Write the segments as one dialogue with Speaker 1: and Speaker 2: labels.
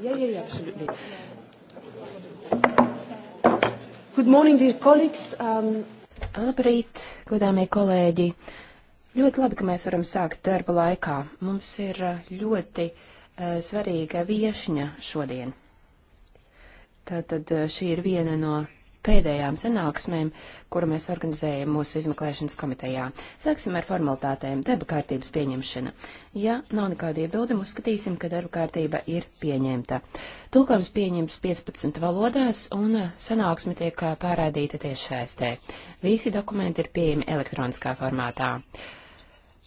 Speaker 1: Yeah, yeah, yeah, absolutely. Good morning, dear colleagues. Um... Labrīt, godāmie kolēģi. Ļoti labi, ka mēs varam sākt darba laikā. Mums ir uh, ļoti uh, svarīga viešņa šodien. Tātad uh, šī ir viena no pēdējām sanāksmēm, kuru mēs organizējam mūsu izmeklēšanas komitejā. Sāksim ar formalitātēm - darba kārtības pieņemšana. Ja nav nekāda iebilduma, uzskatīsim, ka darba kārtība ir pieņemta. Tulkojums pieņems 15 valodās un sanāksme tiek pārādīta tiešsaistē. Visi dokumenti ir pieejami elektroniskā formātā.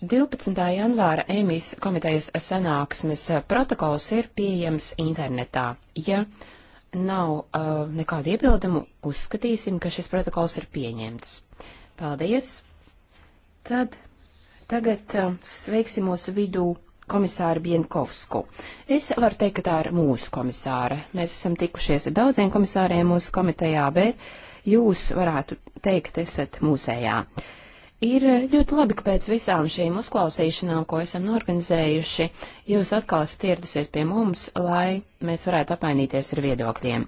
Speaker 1: 12. janvāra emisijas komitejas sanāksmes protokols ir pieejams internetā. Ja nav uh, nekādu iebildumu, uzskatīsim, ka šis protokols ir pieņemts. Paldies! Tad tagad uh, sveiksim mūsu vidū komisāru Bienkovsku. Es varu teikt, ka tā ir mūsu komisāra. Mēs esam tikušies ar daudziem komisāriem mūsu komitejā, bet jūs varētu teikt, esat mūsējā. Uh, Ir eh, ļoti labi, ka pēc visām šīm uzklausīšanām, ko esam norganizējuši, jūs atkal esat ieradusies pie mums, lai mēs varētu apmainīties ar viedokļiem.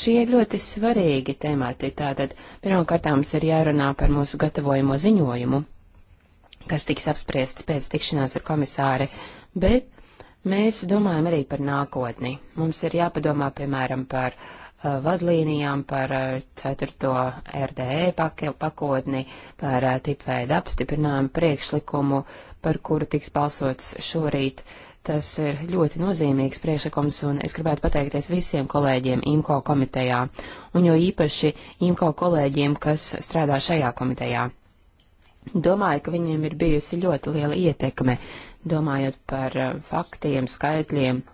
Speaker 1: Šie ir ļoti svarīgi temati, tātad pirmkārt mums ir jārunā par mūsu gatavojamo ziņojumu, kas tiks apspriests pēc tikšanās ar komisāri, bet mēs domājam arī par nākotni. Mums ir jāpadomā, piemēram, par uh, Eh, vadlīnijām, par 4. Eh, RDE pakotni, par eh, tipveida apstiprinājumu priekšlikumu, par kuru tiks balsots šorīt. Tas ir ļoti nozīmīgs priekšlikums, un es gribētu pateikties visiem kolēģiem IMCO komitejā, un jo īpaši IMCO kolēģiem, kas strādā šajā komitejā. Domāju, ka viņiem ir bijusi ļoti liela ietekme, domājot par faktiem, skaitļiem,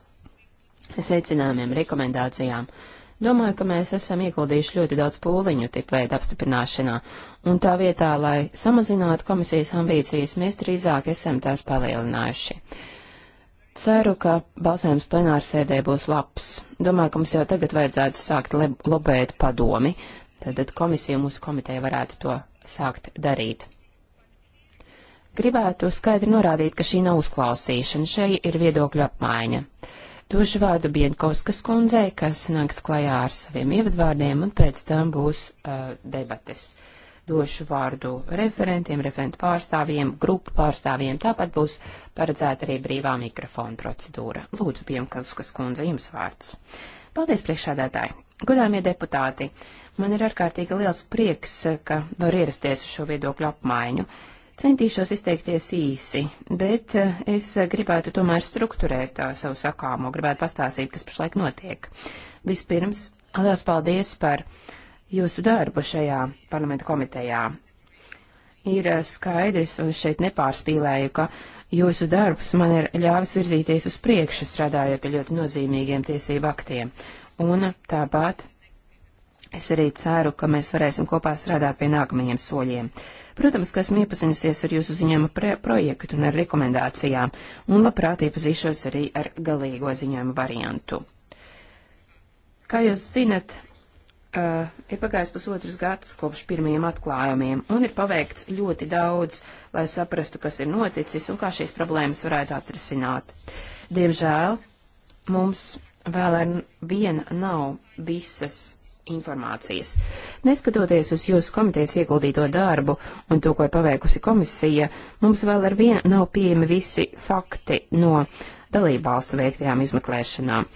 Speaker 1: secinājumiem, rekomendācijām. Uh, Domāju, ka mēs esam ieguldījuši ļoti daudz pūliņu tipveida apstiprināšanā, un tā vietā, lai samazinātu komisijas ambīcijas, mēs drīzāk esam tās palielinājuši. Ceru, ka balsojums plenārsēdē būs labs. Domāju, ka mums jau tagad vajadzētu sākt lobēt padomi, tad komisija mūsu komiteja varētu to sākt darīt. Gribētu skaidri norādīt, ka šī nav uzklausīšana, šeit ir viedokļu apmaiņa. Uh, Došu vārdu Bienkovskas kundzei, kas nāks klajā ar saviem ievadvārdiem, un pēc tam būs uh, debates. Došu vārdu referentiem, referentu pārstāvjiem, grupu pārstāvjiem. Tāpat būs paredzēta arī brīvā mikrofona procedūra. Lūdzu, Bienkovskas kundze, jums vārds. Paldies, priekšādātāji! Godāmie deputāti! Man ir ārkārtīgi liels prieks, ka var ierasties uz šo viedokļu apmaiņu. Centīšos izteikties īsi, bet eh, es gribētu tomēr strukturēt eh, savu sakāmo, gribētu pastāstīt, kas pašlaik notiek. Vispirms, liels paldies par jūsu darbu šajā parlamenta komitejā. Ir eh, skaidrs, un šeit nepārspīlēju, ka jūsu darbs man ir ļāvis virzīties uz priekšu, strādājot pie ļoti nozīmīgiem tiesību aktiem. Un tāpat Es arī ceru, ka mēs varēsim kopā strādāt pie nākamajiem soļiem. Protams, ka esmu iepazinusies ar jūsu ziņojuma projektu un ar rekomendācijām, un labprāt iepazīšos arī ar galīgo ziņojuma variantu. Kā jūs zinat, uh, ir pagājis pusotrs gads kopš pirmajiem atklājumiem, un ir paveikts ļoti daudz, lai saprastu, kas ir noticis un kā šīs problēmas varētu atrisināt. Diemžēl mums vēl ar vienu nav visas informācijas. Neskatoties uz jūsu komitejas ieguldīto darbu un to, ko ir paveikusi komisija, mums vēl ar vienu nav pieejami visi fakti no dalībvalstu veiktajām izmeklēšanām.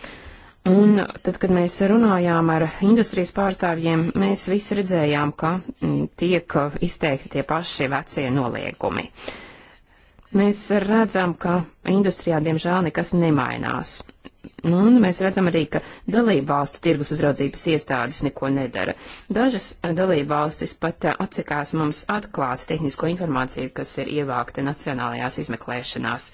Speaker 1: Un tad, kad mēs runājām ar industrijas pārstāvjiem, mēs visi redzējām, ka mm, tiek izteikti tie paši vecie noliegumi. Mēs redzam, ka industrijā diemžēl nekas nemainās. Nu, un mēs redzam arī, ka dalību valstu tirgus uzraudzības iestādes neko nedara. Dažas eh, dalību valstis pat eh, atsakās mums atklāt tehnisko informāciju, kas ir ievākta nacionālajās izmeklēšanās.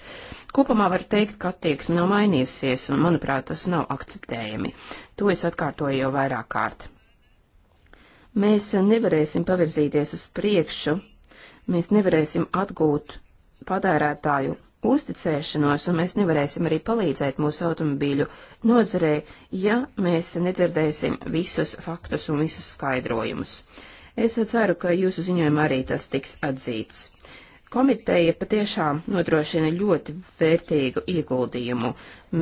Speaker 1: Kopumā var teikt, ka attieksme nav mainījusies, un manuprāt, tas nav akceptējami. To es atkārtoju jau vairāk kārt. Mēs nevarēsim pavirzīties uz priekšu, mēs nevarēsim atgūt patērētāju uzticēšanos, un mēs nevarēsim arī palīdzēt mūsu automobīļu nozarei, ja mēs nedzirdēsim visus faktus un visus skaidrojumus. Es ceru, ka jūsu ziņojumā arī tas tiks atzīts. Komiteja patiešām nodrošina ļoti vērtīgu ieguldījumu,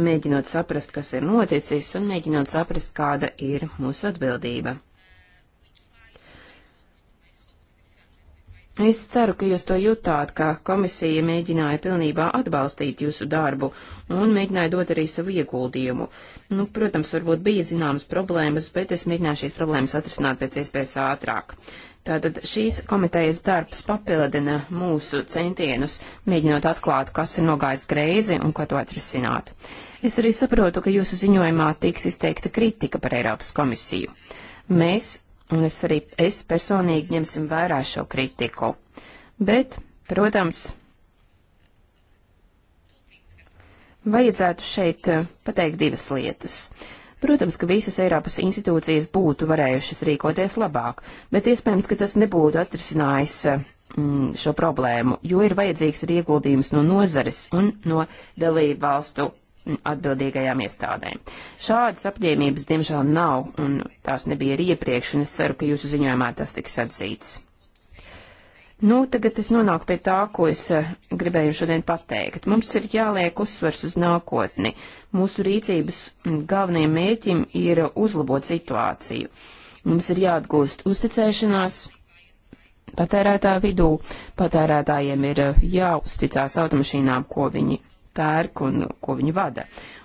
Speaker 1: mēģinot saprast, kas ir noticis, un mēģinot saprast, kāda ir mūsu atbildība. Es ceru, ka jūs to jutāt, ka komisija mēģināja pilnībā atbalstīt jūsu darbu un mēģināja dot arī savu ieguldījumu. Nu, protams, varbūt bija zināmas problēmas, bet es mēģināju šīs problēmas atrisināt pēc iespējas ātrāk. Tātad šīs komitejas darbs papildina mūsu centienus, mēģinot atklāt, kas ir nogājis greizi un ko to atrisināt. Es arī saprotu, ka jūsu ziņojumā tiks izteikta kritika par Eiropas komisiju. Mēs un es arī es personīgi ņemsim vērā šo kritiku. Bet, protams, vajadzētu šeit eh, pateikt divas lietas. Protams, ka visas Eiropas institūcijas būtu varējušas rīkoties labāk, bet iespējams, ka tas nebūtu atrisinājis eh, mm, šo problēmu, jo ir vajadzīgs arī ieguldījums no nozares un no dalību valstu atbildīgajām iestādēm. Šādas apņēmības, diemžēl, nav, un tās nebija arī iepriekš, un es ceru, ka jūsu ziņojumā tas tiks atzīts. Nu, tagad es nonāku pie tā, ko es eh, gribēju šodien pateikt. Mums ir jāliek uzsvers uz nākotni. Mūsu rīcības galvenajam mēķim ir uzlabot situāciju. Mums ir jāatgūst uzticēšanās, patērētāju vidū. Patērētājiem ir eh, jāuzticās automašīnām, ko viņi pērk un ko viņi vada.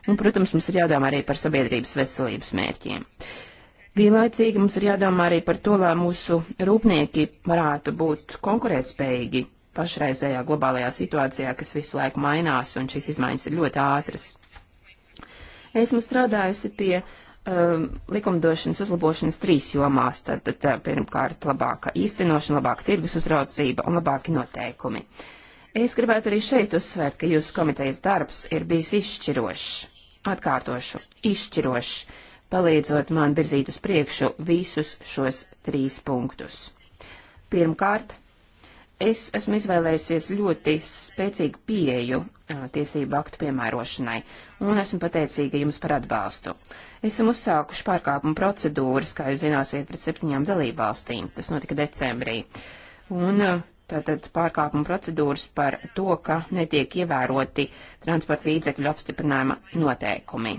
Speaker 1: Un, protams, mums ir jādomā arī par sabiedrības veselības mērķiem. Vienlaicīgi mums ir jādomā arī par to, lai mūsu rūpnieki varētu būt konkurētspējīgi pašreizējā globālajā situācijā, kas visu laiku mainās, un šīs izmaiņas ir ļoti ātras. Esmu strādājusi pie um, likumdošanas uzlabošanas trīs jomās. Tad, tad pirmkārt, labāka īstenošana, labāka tirgus uzraudzība un labāki noteikumi. Uh, Es gribētu arī šeit uzsvērt, ka jūsu komitejas darbs ir bijis izšķirošs. Atkārtošu, izšķirošs, palīdzot man virzīt uz priekšu visus šos trīs punktus. Pirmkārt, es esmu izvēlējusies ļoti spēcīgu pieeju tiesību aktu piemērošanai, un esmu pateicīga jums par atbalstu. Esam uzsākuši pārkāpumu procedūras, kā jūs zināsiet, pret septiņām dalībvalstīm. Tas notika decembrī. Un uh, tātad pārkāpuma procedūras par to, ka netiek ievēroti transporta līdzekļu apstiprinājuma noteikumi.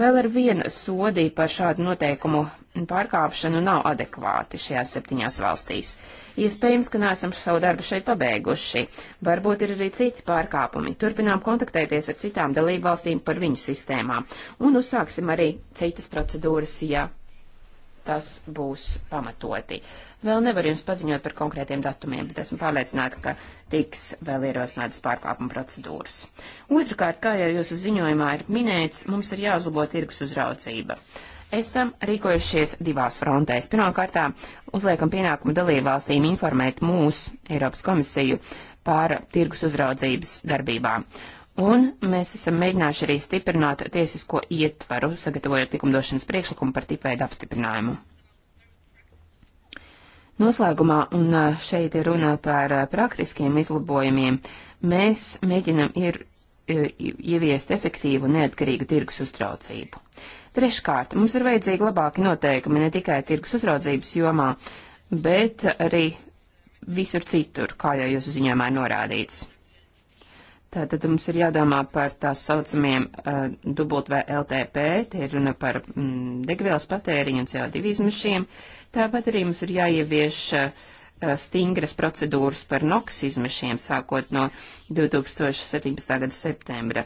Speaker 1: Vēl ar vienu sodi par šādu noteikumu pārkāpšanu nav adekvāti šajās septiņās valstīs. Iespējams, ka neesam savu darbu šeit pabeiguši. Varbūt ir arī citi pārkāpumi. Turpinām kontaktēties ar citām dalībvalstīm par viņu sistēmām un uzsāksim arī citas procedūras, ja tas būs pamatoti. Vēl nevaru jums paziņot par konkrētiem datumiem, bet esmu pārliecināta, ka tiks vēl ierosinātas pārkāpuma procedūras. Otrakārt, kā jau jūsu ziņojumā ir minēts, mums ir jāuzlabo tirgus uzraudzība esam rīkojušies divās frontēs. Pirmkārt, uzliekam pienākumu dalībvalstīm informēt mūsu Eiropas komisiju par tirgus uzraudzības darbībām. Un mēs esam mēģinājuši arī stiprināt tiesisko ietvaru, sagatavojot likumdošanas priekšlikumu par tipveidu apstiprinājumu. Noslēgumā, un šeit ir runa par praktiskiem izlabojumiem, mēs mēģinam ir, ieviest efektīvu neatkarīgu tirgus uztraucību. Treškārt, mums ir vajadzīgi labāki noteikumi ne tikai tirgus uzraudzības jomā, bet arī visur citur, kā jau jūsu ziņojumā norādīts. Tātad mums ir jādomā par tās saucamiem uh, dubult vai LTP, te ir runa par mm, degvielas patēriņu un CO2 izmešiem. Tāpat arī mums ir jāievieš uh, stingras procedūras par NOX izmešiem sākot no 2017. gada septembra.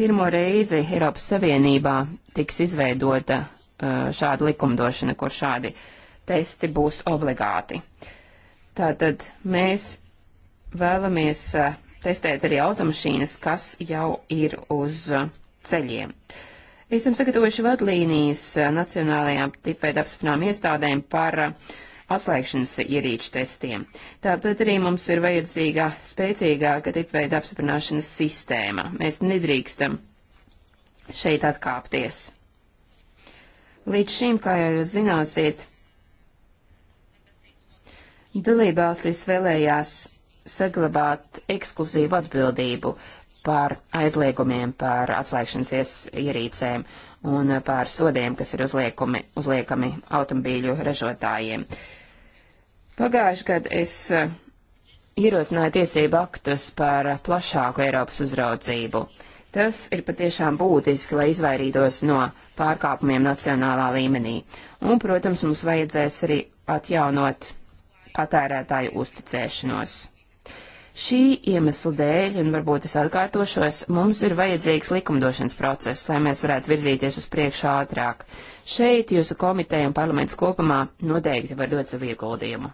Speaker 1: Pirmo reizi Eiropas Savienībā tiks izveidota uh, šāda likumdošana, kur šādi testi būs obligāti. Tātad mēs vēlamies uh, testēt arī automašīnas, kas jau ir uz ceļiem. Esam sagatavojuši vadlīnijas nacionālajām tipveida apstiprinām iestādēm par atslēgšanas ierīču testiem. Tāpat arī mums ir vajadzīga spēcīgāka tipveida apstiprināšanas sistēma. Mēs nedrīkstam šeit atkāpties. Līdz šim, kā jau jūs zināsiet, dalībvalstis vēlējās saglabāt ekskluzīvu atbildību par aizliegumiem, par atslēgšanas ierīcēm un par sodiem, kas ir uzliekumi, uzliekami automobīļu ražotājiem. Pagājuši gadu es eh, ierosināju tiesību aktus par plašāku Eiropas uzraudzību. Tas ir patiešām būtiski, lai izvairītos no pārkāpumiem nacionālā līmenī. Un, protams, mums vajadzēs arī atjaunot patērētāju uzticēšanos. Šī iemesla dēļ, un varbūt es atkārtošos, mums ir vajadzīgs likumdošanas process, lai mēs varētu virzīties uz priekšu ātrāk. Šeit jūsu komiteja un parlaments kopumā noteikti var dot savu ieguldījumu.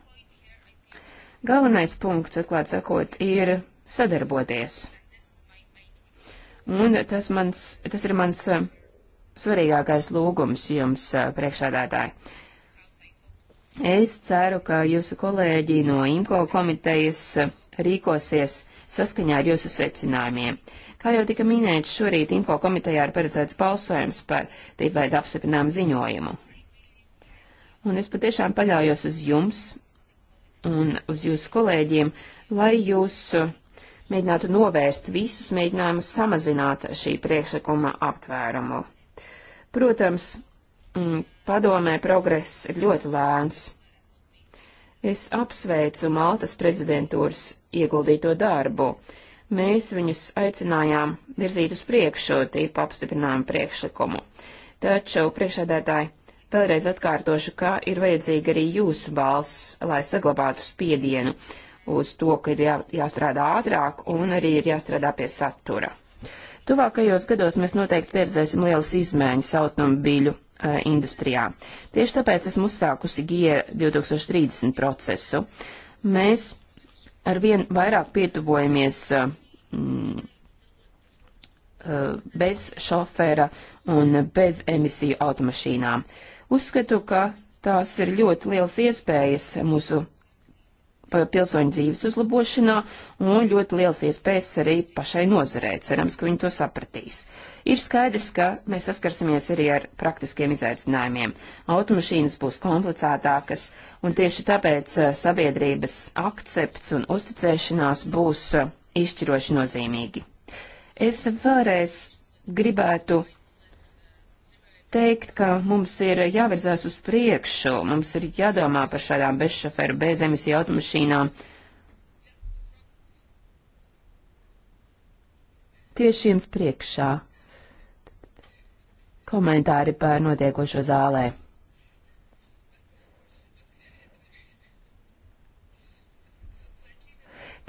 Speaker 1: Galvenais punkts, atklāt sakot, ir sadarboties. Un tas, mans, tas ir mans eh, svarīgākais lūgums jums, eh, priekšādātāji. Es ceru, ka jūsu kolēģi no IMCO komitejas eh, rīkosies saskaņā ar jūsu secinājumiem. Kā jau tika minēts, šorīt info komitejā ir paredzēts balsojums par tīpveidu apsiprinām ziņojumu. Un es patiešām paļaujos uz jums un uz jūsu kolēģiem, lai jūs uh, mēģinātu novērst visus mēģinājumus samazināt šī priekšlikuma aptvērumu. Protams, mm, padomē progress ir ļoti lēns Es apsveicu Maltas prezidentūras ieguldīto darbu. Mēs viņus aicinājām virzīt uz priekšu, tīpa apstiprinājumu priekšlikumu. Taču, priekšādētāji, vēlreiz atkārtošu, ka ir vajadzīga arī jūsu balss, lai saglabātu spiedienu uz to, ka ir jā, jāstrādā ātrāk un arī ir jāstrādā pie satura. Tuvākajos gados mēs noteikti pieredzēsim lielas izmaiņas automobīļu uh, industrijā. Tieši tāpēc esmu uzsākusi GIE 2030 procesu. Mēs arvien vairāk pietuvojamies uh, mm, eh, bez šofēra un bez emisiju automašīnām. Uzskatu, ka tās ir ļoti liels iespējas mūsu pilsoņu dzīves uzlabošanā un ļoti liels iespējas arī pašai nozarē. Cerams, ka viņi to sapratīs. Ir skaidrs, ka mēs saskarsimies arī ar praktiskiem izaicinājumiem. Automašīnas būs komplicētākas, un tieši tāpēc eh, sabiedrības akcepts un uzticēšanās būs eh, izšķiroši nozīmīgi. Es vēlreiz gribētu teikt, ka mums ir jāvirzās uz priekšu, mums ir jādomā par šādām bezšoferu, bezemisiju automašīnām. Tieši jums priekšā komentāri par notiekošo zālē.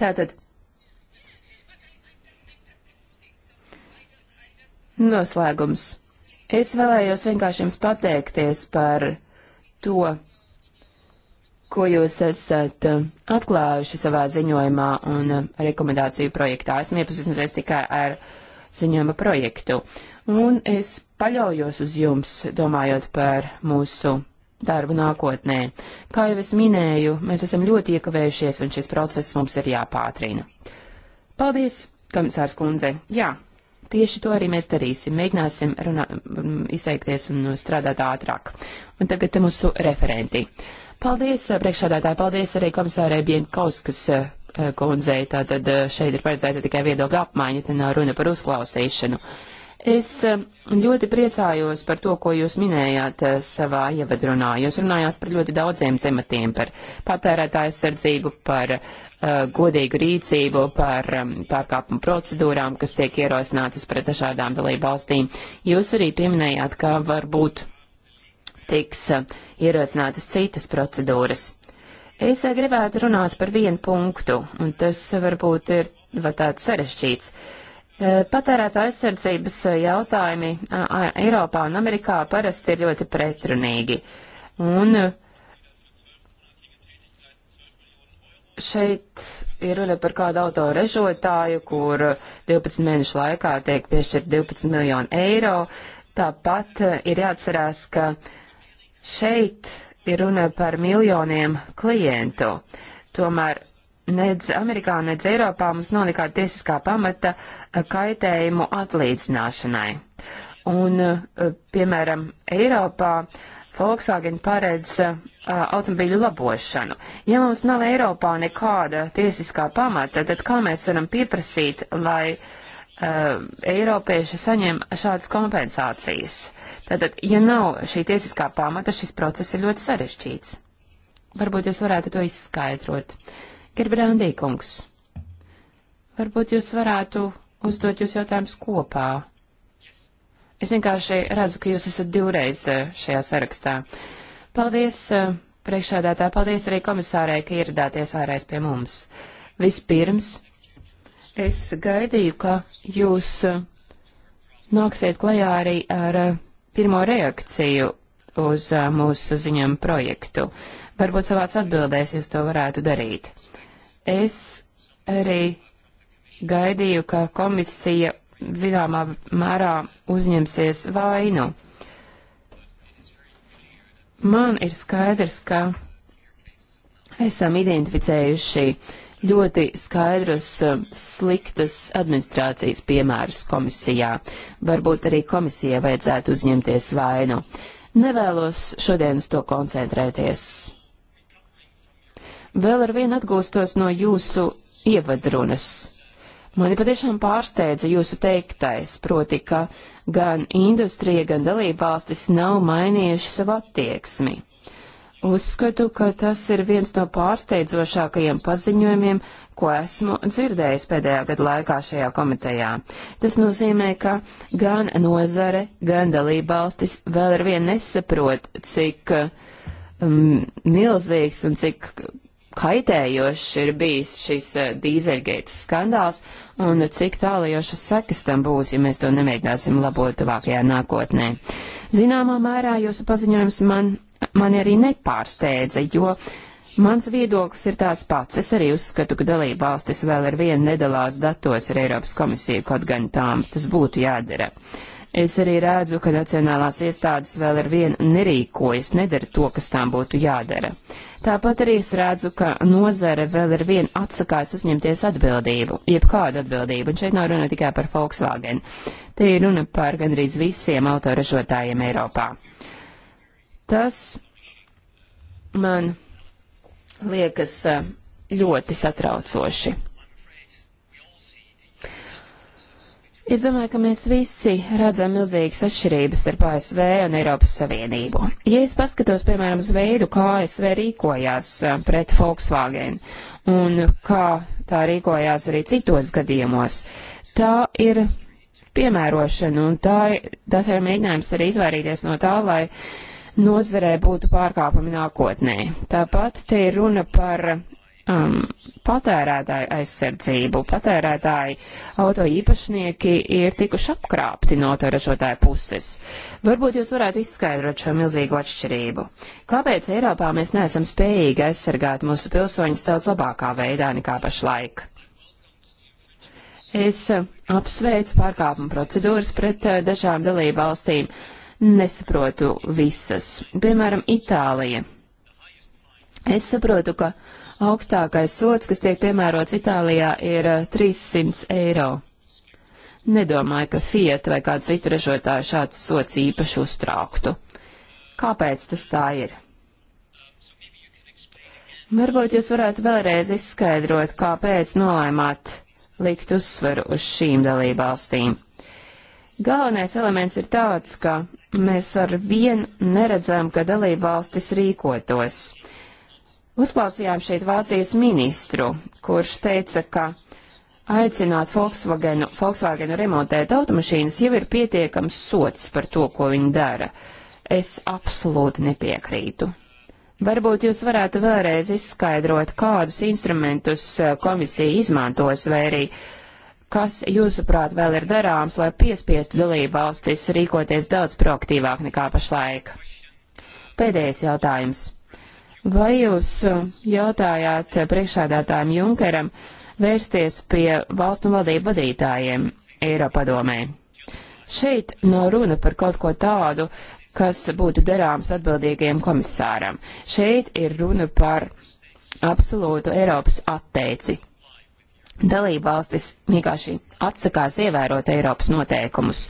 Speaker 1: Tātad noslēgums. Es vēlējos vienkārši jums pateikties par to, ko jūs esat uh, atklājuši savā ziņojumā un uh, rekomendāciju projektā. Esmu iepazinusies tikai ar ziņojuma projektu. Un es paļaujos uz jums, domājot par mūsu darbu nākotnē. Kā jau es minēju, mēs esam ļoti iekavējušies, un šis process mums ir jāpātrina. Paldies, komisārs Kundze. Jā, Tieši to arī mēs darīsim. Mēģināsim runā, mm, izteikties un strādāt ātrāk. Un tagad mūsu referenti. Paldies, priekšādātāji, paldies arī komisārai Bienkauskas kundzei. Tātad šeit ir paredzēta tikai viedokļa apmaiņa, te nav runa par uzklausīšanu. Uh, Es eh, ļoti priecājos par to, ko jūs minējāt eh, savā ievadrunā. Jūs runājāt par ļoti daudziem tematiem, par patērētāju sardzību, par uh, godīgu rīcību, par um, pārkāpumu procedūrām, kas tiek ierosinātas pret dažādām dalību valstīm. Jūs arī pieminējāt, ka varbūt tiks uh, ierosinātas citas procedūras. Es uh, gribētu runāt par vienu punktu, un tas varbūt ir tāds sarežģīts. Uh, Patērēta aizsardzības jautājumi Eiropā un Amerikā parasti ir ļoti pretrunīgi. Un šeit ir runa par kādu autorežotāju, kur 12 mēnešu laikā tiek piešķirt 12 miljonu eiro. Tāpat ir jāatcerās, ka šeit ir runa par miljoniem klientu. Tomēr Nedz Amerikā, nedz Eiropā mums nav nekāda tiesiskā pamata eh, kaitējumu atlīdzināšanai. Un, eh, piemēram, Eiropā Volkswagen paredz eh, automobīļu labošanu. Ja mums nav Eiropā nekāda tiesiskā pamata, tad kā mēs varam pieprasīt, lai uh, Eiropieši saņem šādas kompensācijas? Tātad, ja nav šī tiesiskā pamata, šis process ir ļoti sarežģīts. Varbūt jūs varētu to izskaidrot. Uh, Gerbrandī kungs, varbūt jūs varētu uzdot jūs jautājumus kopā. Es vienkārši redzu, ka jūs esat divreiz eh, šajā sarakstā. Paldies, eh, priekšādātā, paldies arī komisārai, ka ieradāties ārēs pie mums. Vispirms, es gaidīju, ka jūs eh, nāksiet klajā arī ar pirmo reakciju uz mūsu ziņām projektu. Varbūt savās atbildēs jūs to varētu darīt. Es arī gaidīju, ka komisija zināmā mērā uzņemsies vainu. Man ir skaidrs, ka esam identificējuši ļoti skaidrus sliktas administrācijas piemērus komisijā. Varbūt arī komisijai vajadzētu uzņemties vainu. Nevēlos šodienas to koncentrēties. Vēl ar vienu atgūstos no jūsu ievadrunas. Mani patiešām pārsteidza jūsu teiktais, proti, ka gan industrija, gan dalībvalstis nav mainījuši savu attieksmi. Uzskatu, ka tas ir viens no pārsteidzošākajiem paziņojumiem, ko esmu dzirdējis pēdējā gada laikā šajā komitejā. Tas nozīmē, ka gan nozare, gan dalībvalstis vēl ar vienu nesaprot, cik um, milzīgs un cik kaitējošs ir bijis šis eh, dīzeļgeitas skandāls un cik tālajošas sekas tam būs, ja mēs to nemēģināsim labot tuvākajā nākotnē. Zināmā mērā jūsu paziņojums man, man arī nepārsteidza, jo mans viedoklis ir tās pats. Es arī uzskatu, ka dalība valstis vēl ar vienu nedalās datos ar Eiropas komisiju, kaut gan tām tas būtu jādara. Uh, Es arī redzu, ka nacionālās iestādes vēl ar vienu nerīkojas, nedara to, kas tām būtu jādara. Tāpat arī es redzu, ka nozare vēl ar vienu atsakās uzņemties atbildību, jebkādu atbildību, un šeit nav runa tikai par Volkswagen. Te ir runa par gandrīz visiem autoražotājiem Eiropā. Tas man liekas eh, ļoti satraucoši. Es domāju, ka mēs visi redzam milzīgas atšķirības starp ASV un Eiropas Savienību. Ja es paskatos, piemēram, uz veidu, kā ASV rīkojās eh, pret Volkswagen un kā tā rīkojās arī citos gadījumos, tā ir piemērošana un tā, tas ir mēģinājums arī izvairīties no tā, lai nozarē būtu pārkāpumi nākotnē. Tāpat te ir runa par um, patērētāju aizsardzību. Patērētāji auto īpašnieki ir tikuši apkrāpti no autoražotāju puses. Varbūt jūs varētu izskaidrot šo milzīgo atšķirību. Kāpēc Eiropā mēs neesam spējīgi aizsargāt mūsu pilsoņus daudz labākā veidā nekā pašlaik? Es uh, apsveicu pārkāpumu procedūras pret uh, dažām dalību valstīm. Nesaprotu visas. Piemēram, Itālija. Es saprotu, ka uh, Augstākais sots, kas tiek piemērots Itālijā, ir 300 eh, eiro. Nedomāju, ka Fiat vai kādu citu ražotāju šāds sots īpaši uztrauktu. Kāpēc tas tā ir? Varbūt jūs varētu vēlreiz izskaidrot, kāpēc nolēmāt likt uzsveru uz šīm dalībvalstīm. Galvenais elements ir tāds, ka mēs ar vien neredzam, ka dalībvalstis rīkotos. Uzklausījām šeit Vācijas ministru, kurš teica, ka aicināt Volkswagenu, Volkswagenu remontēt automašīnas jau ir pietiekams sots par to, ko viņi dara. Es absolūti nepiekrītu. Varbūt jūs varētu vēlreiz izskaidrot, kādus instrumentus eh, komisija izmantos vai arī kas, jūsuprāt, vēl ir darāms, lai piespiestu dalību valstis rīkoties daudz proaktīvāk nekā pašlaik. Pēdējais jautājums. Vai jūs uh, jautājāt uh, priekšādātājiem Junkeram vērsties pie valstu un valdību vadītājiem Eiropadomē? Šeit nav no runa par kaut ko tādu, kas būtu derāms atbildīgajam komisāram. Šeit ir runa par absolūtu Eiropas atteici. Dalībvalstis vienkārši atsakās ievērot Eiropas noteikumus,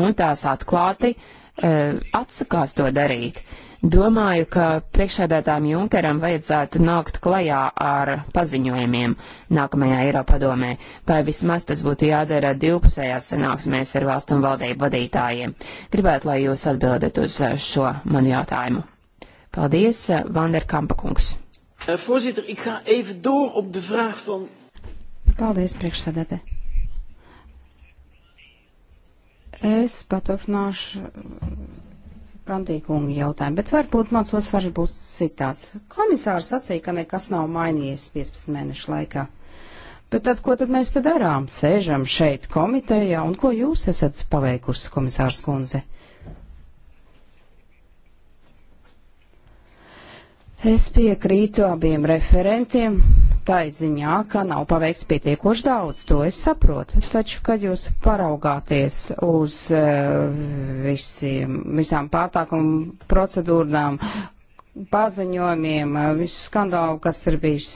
Speaker 1: un tās atklāti e, atsakās to darīt. E, Domāju, ka priekšsēdētām Junkeram vajadzētu nākt klajā ar paziņojumiem nākamajā Eiropadomē, vai vismaz tas būtu jādara divpusējās sanāksmēs ar valstu un valdību vadītājiem. Gribētu, lai jūs atbildat uz eh, šo manu jautājumu. Paldies, eh, Vander Kampakungs.
Speaker 2: Voorzitter, ik ga even door op de vraag van.
Speaker 3: Paldies, priekšsēdētē. Es paturpināšu Brandīkunga jautājumu, bet varbūt mans uzsvars būs citāds. Komisārs sacīja, ka nekas nav mainījies 15 mēnešu laikā. Bet tad, ko tad mēs te darām? Sēžam šeit komitejā, un ko jūs esat paveikusi, komisārs kundze? Es piekrītu abiem referentiem, tai ziņā, ka nav paveikts pietiekoši daudz, to es saprotu. Taču, kad jūs paraugāties uz e, visiem, visām pārtākumu procedūrām, paziņojumiem, e, visu skandālu, kas ir bijis,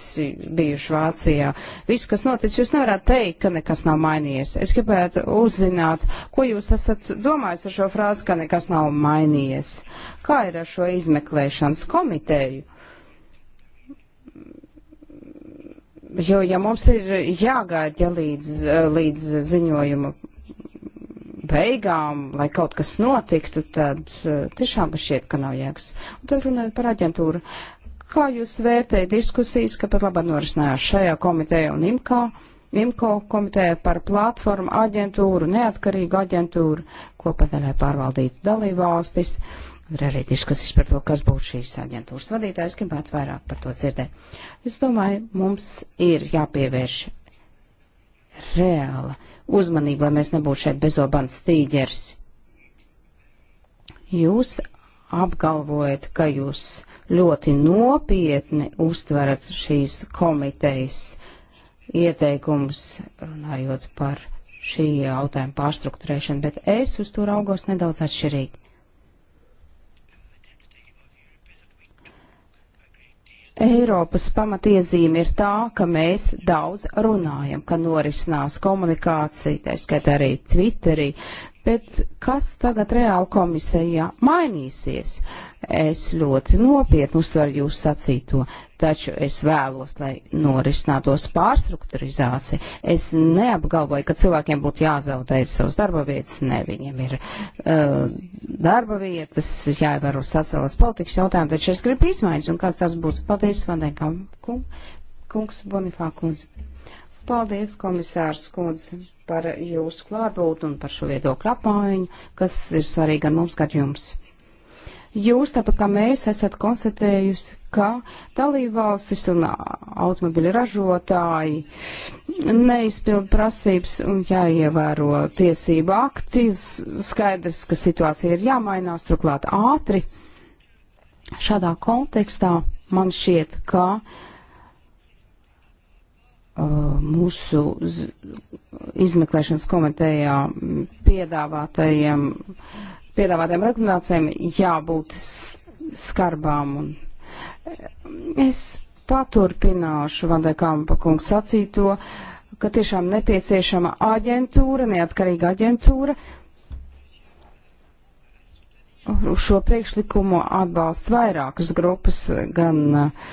Speaker 3: bijuši Vācijā. Visu, kas noticis, jūs nevarat teikt, ka nekas nav mainījies. Es gribētu uzzināt, ko jūs esat domājis ar šo frāzi, ka nekas nav mainījies. Kā ir ar šo izmeklēšanas komiteju? Jo, ja mums ir jāgaida ja līdz, līdz ziņojuma beigām, lai kaut kas notiktu, tad eh, tiešām šķiet, ka nav jēgas. Un tad runājot par aģentūru. Kā jūs vērtējat diskusijas, ka pat labāk norisinājās šajā komitejā un IMKO, IMKO komitejā par platformu aģentūru, neatkarīgu aģentūru, ko padaļai pārvaldītu dalībvalstis? valstis? Ir arī diskusijas par to, kas būs šīs aģentūras vadītājs, gribētu vairāk par to dzirdēt. Es domāju, mums ir jāpievērš reāla uzmanība, lai mēs nebūtu šeit bezobants tīģeris. Jūs apgalvojat, ka jūs ļoti nopietni uztverat šīs komitejas ieteikumus, runājot par šī jautājuma pārstruktūrēšanu, bet es uz to raugos nedaudz atšķirīgi. Eiropas pamatiezīme ir tā, ka mēs daudz runājam, ka norisinās komunikācija, tā skaitā arī Twitterī, Bet kas tagad reāli komisijā mainīsies? Es ļoti nopietni uztveru jūs sacīto, taču es vēlos, lai norisinātos pārstrukturizācija. Es neapgalvoju, ka cilvēkiem būtu jāzaudē savas darba vietas, ne viņiem ir uh, darba vietas, jāievēro sociālās politikas jautājumi, taču es gribu izmaiņas, un kas tas būs? Paldies, Vandenkam, kungs Bonifā kundze. Paldies, komisārs kundze par jūsu klātbūtu un par šo viedokļu apmaiņu, kas ir svarīgi gan mums, gan jums. Jūs, tāpat kā mēs, esat konstatējusi, ka dalībvalstis un automobiļu ražotāji neizpild prasības un jāievēro tiesību akti. Skaidrs, ka situācija ir jāmainās, turklāt ātri. Šādā kontekstā man šķiet, ka uh, Uh, mūsu izmeklēšanas komitejā piedāvātajiem, piedāvātajiem rekomendācijām jābūt skarbām. Un eh, es paturpināšu Vandekāmpa kungs sacīto, ka tiešām nepieciešama aģentūra, neatkarīga aģentūra. Uz šo priekšlikumu atbalsta vairākas grupas, gan uh,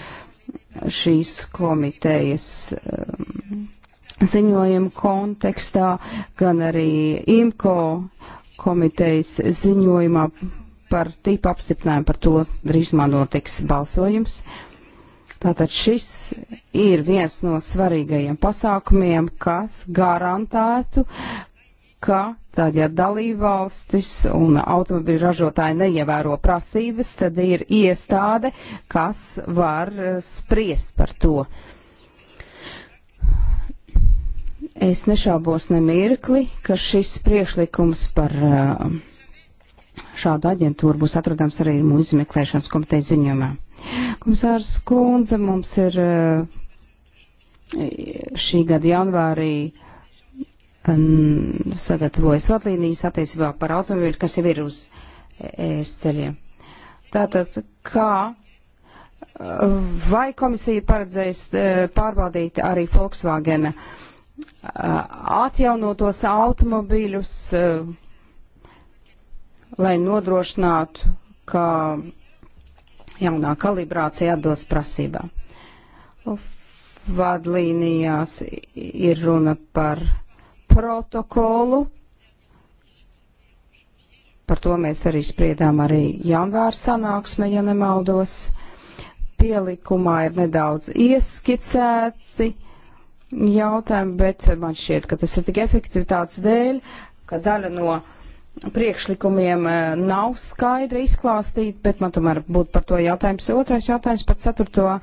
Speaker 3: šīs komitejas um, ziņojuma kontekstā, gan arī IMCO komitejas ziņojumā par tīpa apstiprinājumu par to drīzumā notiks balsojums. Tātad šis ir viens no svarīgajiem pasākumiem, kas garantētu, ka tad, ja dalībvalstis un automobīļu ražotāji neievēro prasības, tad ir iestāde, kas var eh, spriest par to. Es nešaubos nemirkli, ka šis priekšlikums par eh, šādu aģentūru būs atrodams arī mūsu izmeklēšanas komitejas ziņojumā. Komisārs Kunze mums ir eh, šī gada janvārī uh, um, sagatavojas vadlīnijas attiecībā par automobīļu, kas jau ir uz ES ceļiem. Tātad, kā vai komisija paredzēs e, pārbaudīt arī Volkswagen e, atjaunotos automobīļus, e, lai nodrošinātu, ka jaunā kalibrācija atbilst prasībām. Vadlīnijās ir runa par protokolu. Par to mēs arī spriedām arī janvāra sanāksme, ja nemaldos. Pielikumā ir nedaudz ieskicēti jautājumi, bet man šķiet, ka tas ir tik efektivitātes dēļ, ka daļa no priekšlikumiem eh, nav skaidri izklāstīta, bet man tomēr būtu par to jautājums. Otrais jautājums par ceturto eh,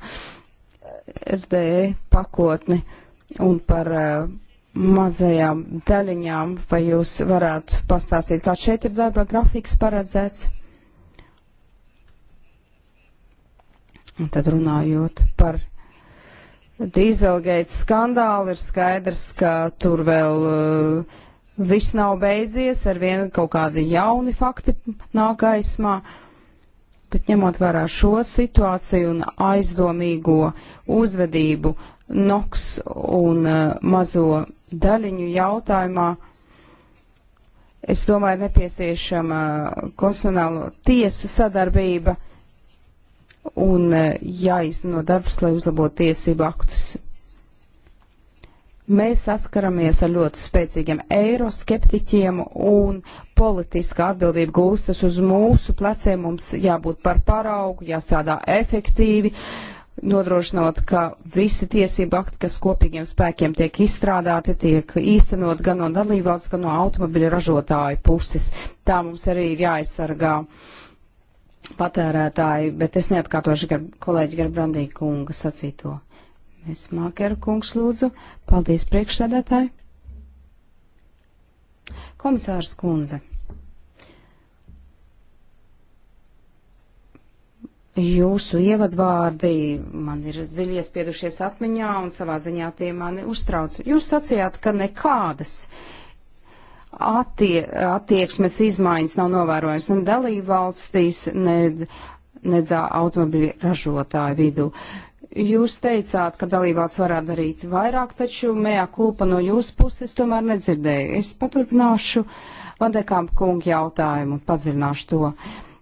Speaker 3: RDE pakotni un par eh, mazajām daļiņām, vai jūs varētu pastāstīt, kā šeit ir darba grafiks paredzēts? Un tad runājot par dīzelgeita skandālu, ir skaidrs, ka tur vēl uh, viss nav beidzies, ar vienu kaut kādi jauni fakti nāk aizsmā. Bet ņemot vērā šo situāciju un aizdomīgo uzvedību NOX un uh, mazo daļiņu jautājumā. Es domāju, nepieciešama konstitucionālo tiesu sadarbība un uh, jāizno darbs, lai uzlabotu tiesību aktus. Mēs saskaramies ar ļoti spēcīgiem eiroskeptiķiem un politiskā atbildība gulstas uz mūsu pleciem. Mums jābūt par paraugu, jāstrādā efektīvi, uh, nodrošinot, ka visi tiesību akti, kas kopīgiem spēkiem tiek izstrādāti, tiek īstenot gan no dalībvalsts, gan no automobiļa ražotāju puses. Tā mums arī ir jāaizsargā patērētāji, bet es neatkārtošu gar, kolēģi Garbrandī kunga sacīto. Mēs Mākera kungs lūdzu. Paldies priekšsēdētāji. Komisārs kundze. Jūsu ievadvārdi man ir dziļi iespiedušies atmiņā un savā ziņā tie mani uztrauc. Jūs sacījāt, ka nekādas attie, attieksmes izmaiņas nav novērojams ne dalību valstīs, ne, ne automobiļu ražotāju vidū. Jūs teicāt, ka dalībvalsts varētu darīt vairāk, taču mējā kulpa no jūsu puses tomēr nedzirdēju. Es paturpināšu Vandekām kungu jautājumu un padziļināšu to. Uh,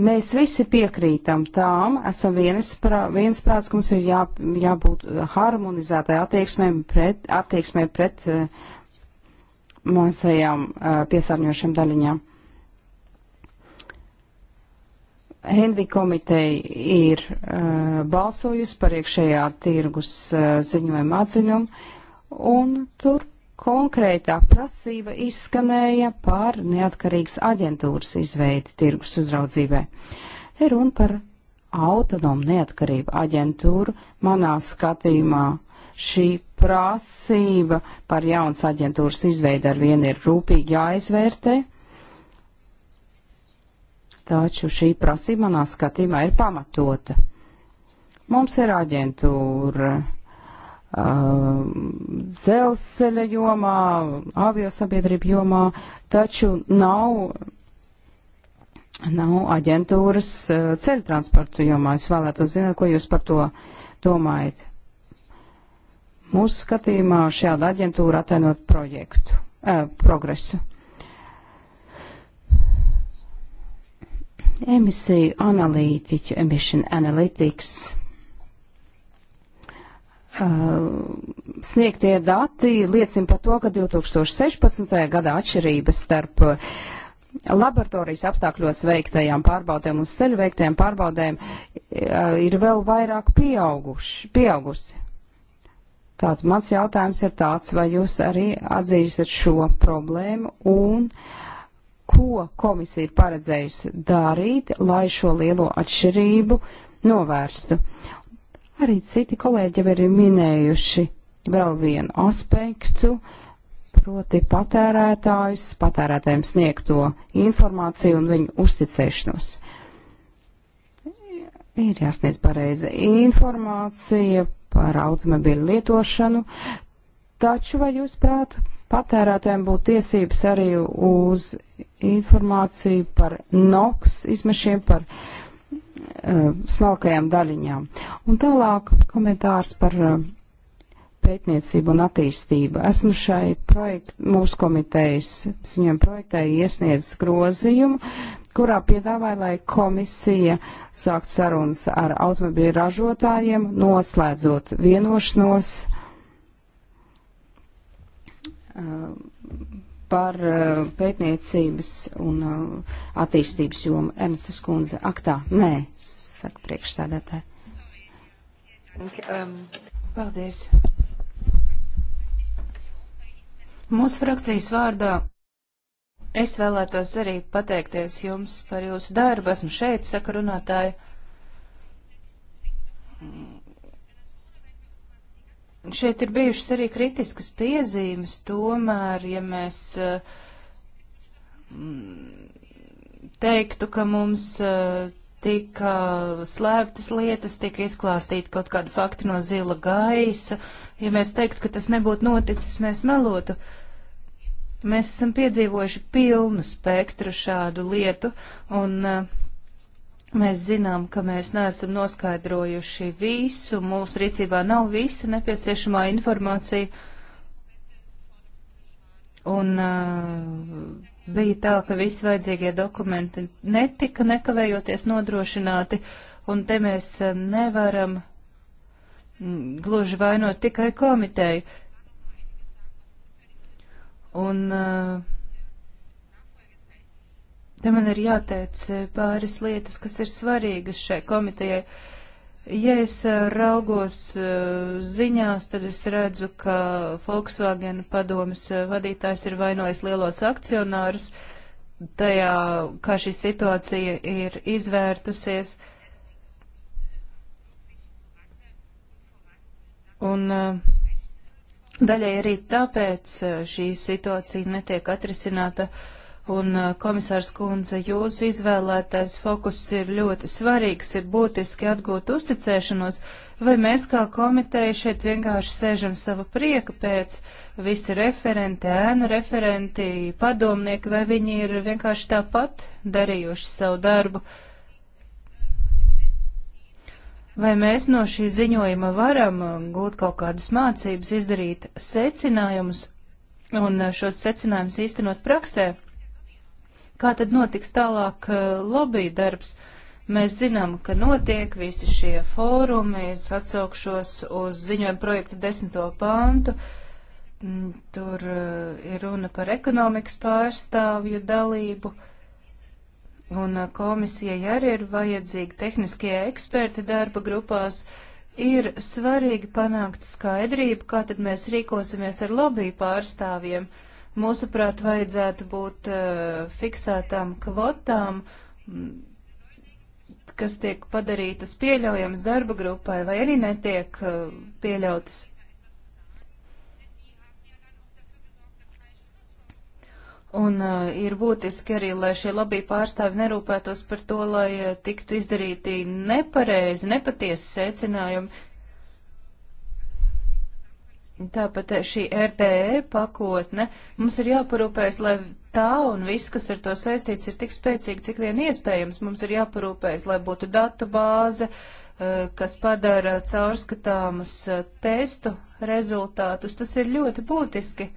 Speaker 3: Mēs visi piekrītam tām, esam viensprāts, viens ka mums ir jā, jābūt harmonizētai attieksmē pret, attieksmē pret uh, mazajām uh, eh, piesārņošiem daļiņām. Henvi komiteja ir uh, balsojusi par iekšējā tirgus uh, ziņojumu atziņumu, un tur konkrētā prasība izskanēja par neatkarīgas aģentūras izveidi tirgus uzraudzībai. Ir runa par autonomu neatkarību aģentūru. Manā skatījumā šī prasība par jaunas aģentūras izveidi ar vienu ir rūpīgi jāizvērtē. Taču šī prasība manā skatījumā ir pamatota. Mums ir aģentūra dzelzceļa jomā, aviosabiedrību jomā, taču nav, nav aģentūras ceļu transportu jomā. Es vēlētos zināt, ko jūs par to domājat. Mūsu skatījumā šāda aģentūra atainot projektu, eh, progresu. Emisiju analītiķu, emission analytics Eh, sniegtie dati liecina par to, ka 2016. gadā atšķirības starp eh, laboratorijas apstākļos veiktajām pārbaudēm un ceļu veiktajām pārbaudēm eh, ir vēl vairāk pieauguši, pieaugusi. Tātad mans jautājums ir tāds, vai jūs arī atzīstat šo problēmu un ko komisija ir paredzējusi darīt, lai šo lielo atšķirību novērstu. Arī citi kolēģi jau ir minējuši vēl vienu aspektu, proti patērētājus, patērētājiem sniegto informāciju un viņu uzticēšanos. Ir jāsniedz pareiza informācija par automobīļu lietošanu, taču vai jūs prāt patērētājiem būtu tiesības arī uz informāciju par NOX izmešiem, par uh, Eh, smalkajām daļiņām. Un tālāk komentārs par eh, pētniecību un attīstību. Esmu šai projekt, mūsu komitejas, viņam projektē iesniedz grozījumu, kurā piedāvāja, lai komisija sākt sarunas ar automobīļu ražotājiem, noslēdzot vienošanos. Uh, par uh, pētniecības un uh, attīstības jomu. Ernstas kundze, aktā, nē, saka priekšsēdētāji.
Speaker 2: Um, Paldies. Mūsu frakcijas vārdā es vēlētos arī pateikties jums par jūsu darbu. Esmu šeit, saka runātāja. Šeit ir bijušas arī kritiskas piezīmes, tomēr, ja mēs mm, teiktu, ka mums eh, tika slēptas lietas, tika izklāstīti kaut kādi fakti no zila gaisa, ja mēs teiktu, ka tas nebūtu noticis, mēs melotu. Mēs esam piedzīvojuši pilnu spektru šādu lietu, un uh, Mēs zinām, ka mēs neesam noskaidrojuši visu, mūsu rīcībā nav visa nepieciešamā informācija. Un uh, bija tā, ka visi vajadzīgie dokumenti netika nekavējoties nodrošināti, un te mēs nevaram gluži vainot tikai komiteju. Un uh, Te man ir jāteic e, pāris lietas, kas ir svarīgas šai komitejai. Ja es e, raugos e, ziņās, tad es redzu, ka Volkswagen padomas vadītājs ir vainojis lielos akcionārus tajā, kā šī situācija ir izvērtusies. Un daļai arī tāpēc šī situācija netiek atrisināta. Uh, Un, uh, komisārs kundze, jūsu izvēlētais fokus ir ļoti svarīgs, ir būtiski atgūt uzticēšanos, vai mēs kā komiteja šeit vienkārši sēžam sava prieka pēc, visi referenti, ēnu referenti, padomnieki, vai viņi ir vienkārši tāpat darījuši savu darbu? Vai mēs no šī ziņojuma varam uh, gūt kaut kādas mācības, izdarīt secinājumus un uh, šos secinājumus īstenot praksē? Kā tad notiks tālāk eh, lobby darbs? Mēs zinām, ka notiek visi šie fórumi, es atsaukšos uz ziņojumu projekta desmito pāntu. Mm, tur eh, ir runa par ekonomikas pārstāvju dalību. Un eh, komisijai arī ir vajadzīgi tehniskie eksperti darba grupās. Ir svarīgi panākt skaidrību, kā tad mēs rīkosimies ar lobby pārstāvjiem. Uh, Mūsuprāt, vajadzētu būt uh, fiksētām kvotām, kas tiek padarītas pieļaujams darba grupai vai arī netiek uh, pieļautas. Un uh, ir būtiski arī, lai šie lobby pārstāvi nerūpētos par to, lai uh, tiktu izdarīti nepareizi, nepatiesi secinājumi, Tāpat eh, šī RTE pakotne mums ir jāparūpēs, lai tā un viss, kas ar to saistīts, ir tik spēcīgi, cik vien iespējams. Mums ir jāparūpēs, lai būtu datu bāze, eh, kas padara caurskatāmus eh, testu rezultātus. Tas ir ļoti būtiski.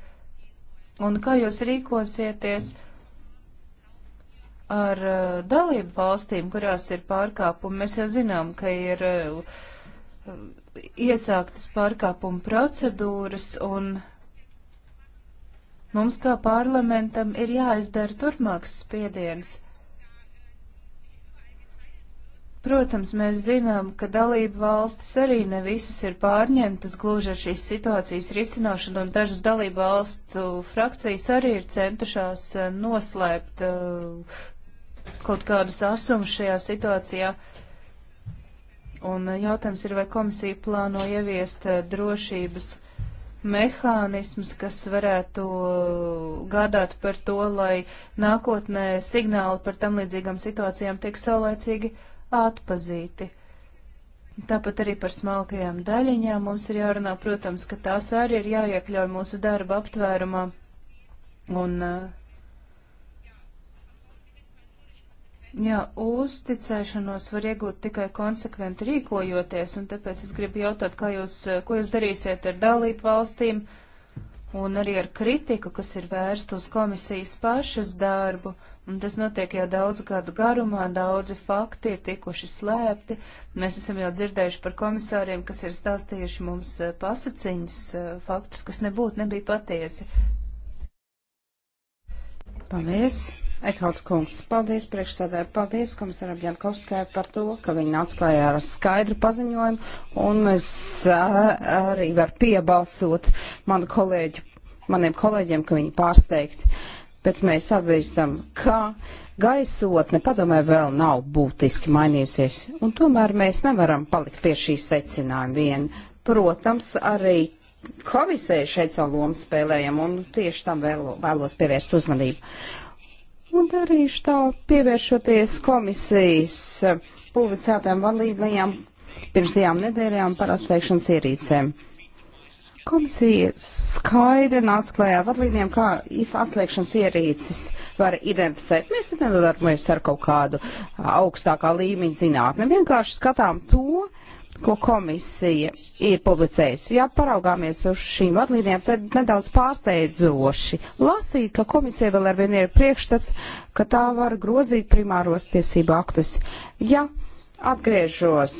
Speaker 2: Un kā jūs rīkosieties ar dalību valstīm, kurās ir pārkāpumi? Mēs jau zinām, ka ir iesāktas pārkāpuma procedūras, un mums kā parlamentam ir jāizdara turpmāks spiediens. Protams, mēs zinām, ka dalību valstis arī ne visas ir pārņemtas gluži ar šīs situācijas risināšanu, un dažas dalību valstu frakcijas arī ir centušās eh, noslēpt uh, kaut kādus asumus šajā situācijā. Uh, Un eh, jautājums ir, vai komisija plāno ieviest eh, drošības mehānismus, kas varētu eh, gādāt par to, lai nākotnē signāli par tam līdzīgām situācijām tiek saulēcīgi atpazīti. Tāpat arī par smalkajām daļiņām mums ir jārunā, protams, ka tās arī ir jāiekļauj mūsu darba aptvērumā. Un uh, Jā, uzticēšanos var iegūt tikai konsekventi rīkojoties, un tāpēc es gribu jautāt, kā jūs, ko jūs darīsiet ar dalību valstīm un arī ar kritiku, kas ir vērsta uz komisijas pašas darbu, un tas notiek jau daudz gadu garumā, daudzi fakti ir tikuši slēpti. Mēs esam jau dzirdējuši par komisāriem, kas ir stāstījuši mums eh, pasaciņas eh, faktus, kas nebūtu nebija patiesi.
Speaker 3: Paldies! Ekaut kungs, paldies priekšsēdētāji, paldies komisaram Jankovskai par to, ka viņi nāca klājā ar skaidru paziņojumu, un es arī varu piebalsot manu kolēģu, maniem kolēģiem, ka viņi pārsteigti, bet mēs atzīstam, ka gaisotne padomē vēl nav būtiski mainījusies, un tomēr mēs nevaram palikt pie šī secinājuma vien. Protams, arī komisēja šeit savu lomu spēlējam, un tieši tam vēlo, vēlos pievērst uzmanību. Un darīšu tā, pievēršoties komisijas eh, publicētām vadlīdlajām pirms tajām nedēļām par atspēkšanas ierīcēm. Komisija skaidri nāca klajā vadlīnijām, kā atliekšanas ierīces var identificēt. Mēs te nedarbojamies ar kaut kādu augstākā līmeņa zinātni. Vienkārši skatām to, uh, ko komisija ir publicējusi. Ja paraugāmies uz šīm vadlīnijām, tad nedaudz pārsteidzoši lasīt, ka komisija vēl ar vienu ir priekšstats, ka tā var grozīt primāros tiesību aktus. Ja atgriežos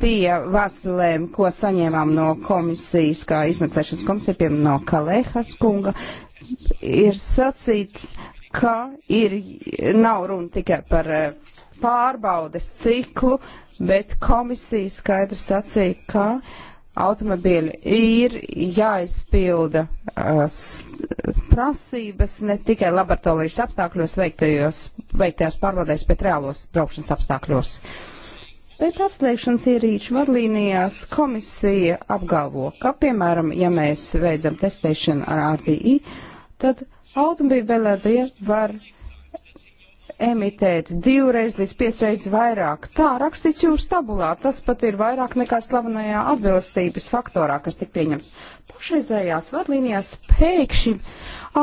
Speaker 3: pie vēstulēm, ko saņēmām no komisijas, kā izmeklēšanas komisija, piemēram, no Kalēhas kunga, ir sacīts, ka ir, nav runa tikai par uh, pārbaudes ciklu, bet komisija skaidri sacīja, ka automobīļi ir jāizpilda uh, prasības ne tikai laboratorijas apstākļos veiktajos, veiktajās pārbaudēs, bet reālos braukšanas apstākļos. Bet atslēgšanas ierīču vadlīnijās komisija apgalvo, ka, piemēram, ja mēs veidzam testēšanu ar RDI, tad automobīļi vēl ar vienu var emitēt divreiz līdz piecreiz vairāk. Tā rakstīts jūsu tabulā, tas pat ir vairāk nekā slavenajā atbilstības faktorā, kas tik pieņems. Pašreizējās vadlīnijās pēkšņi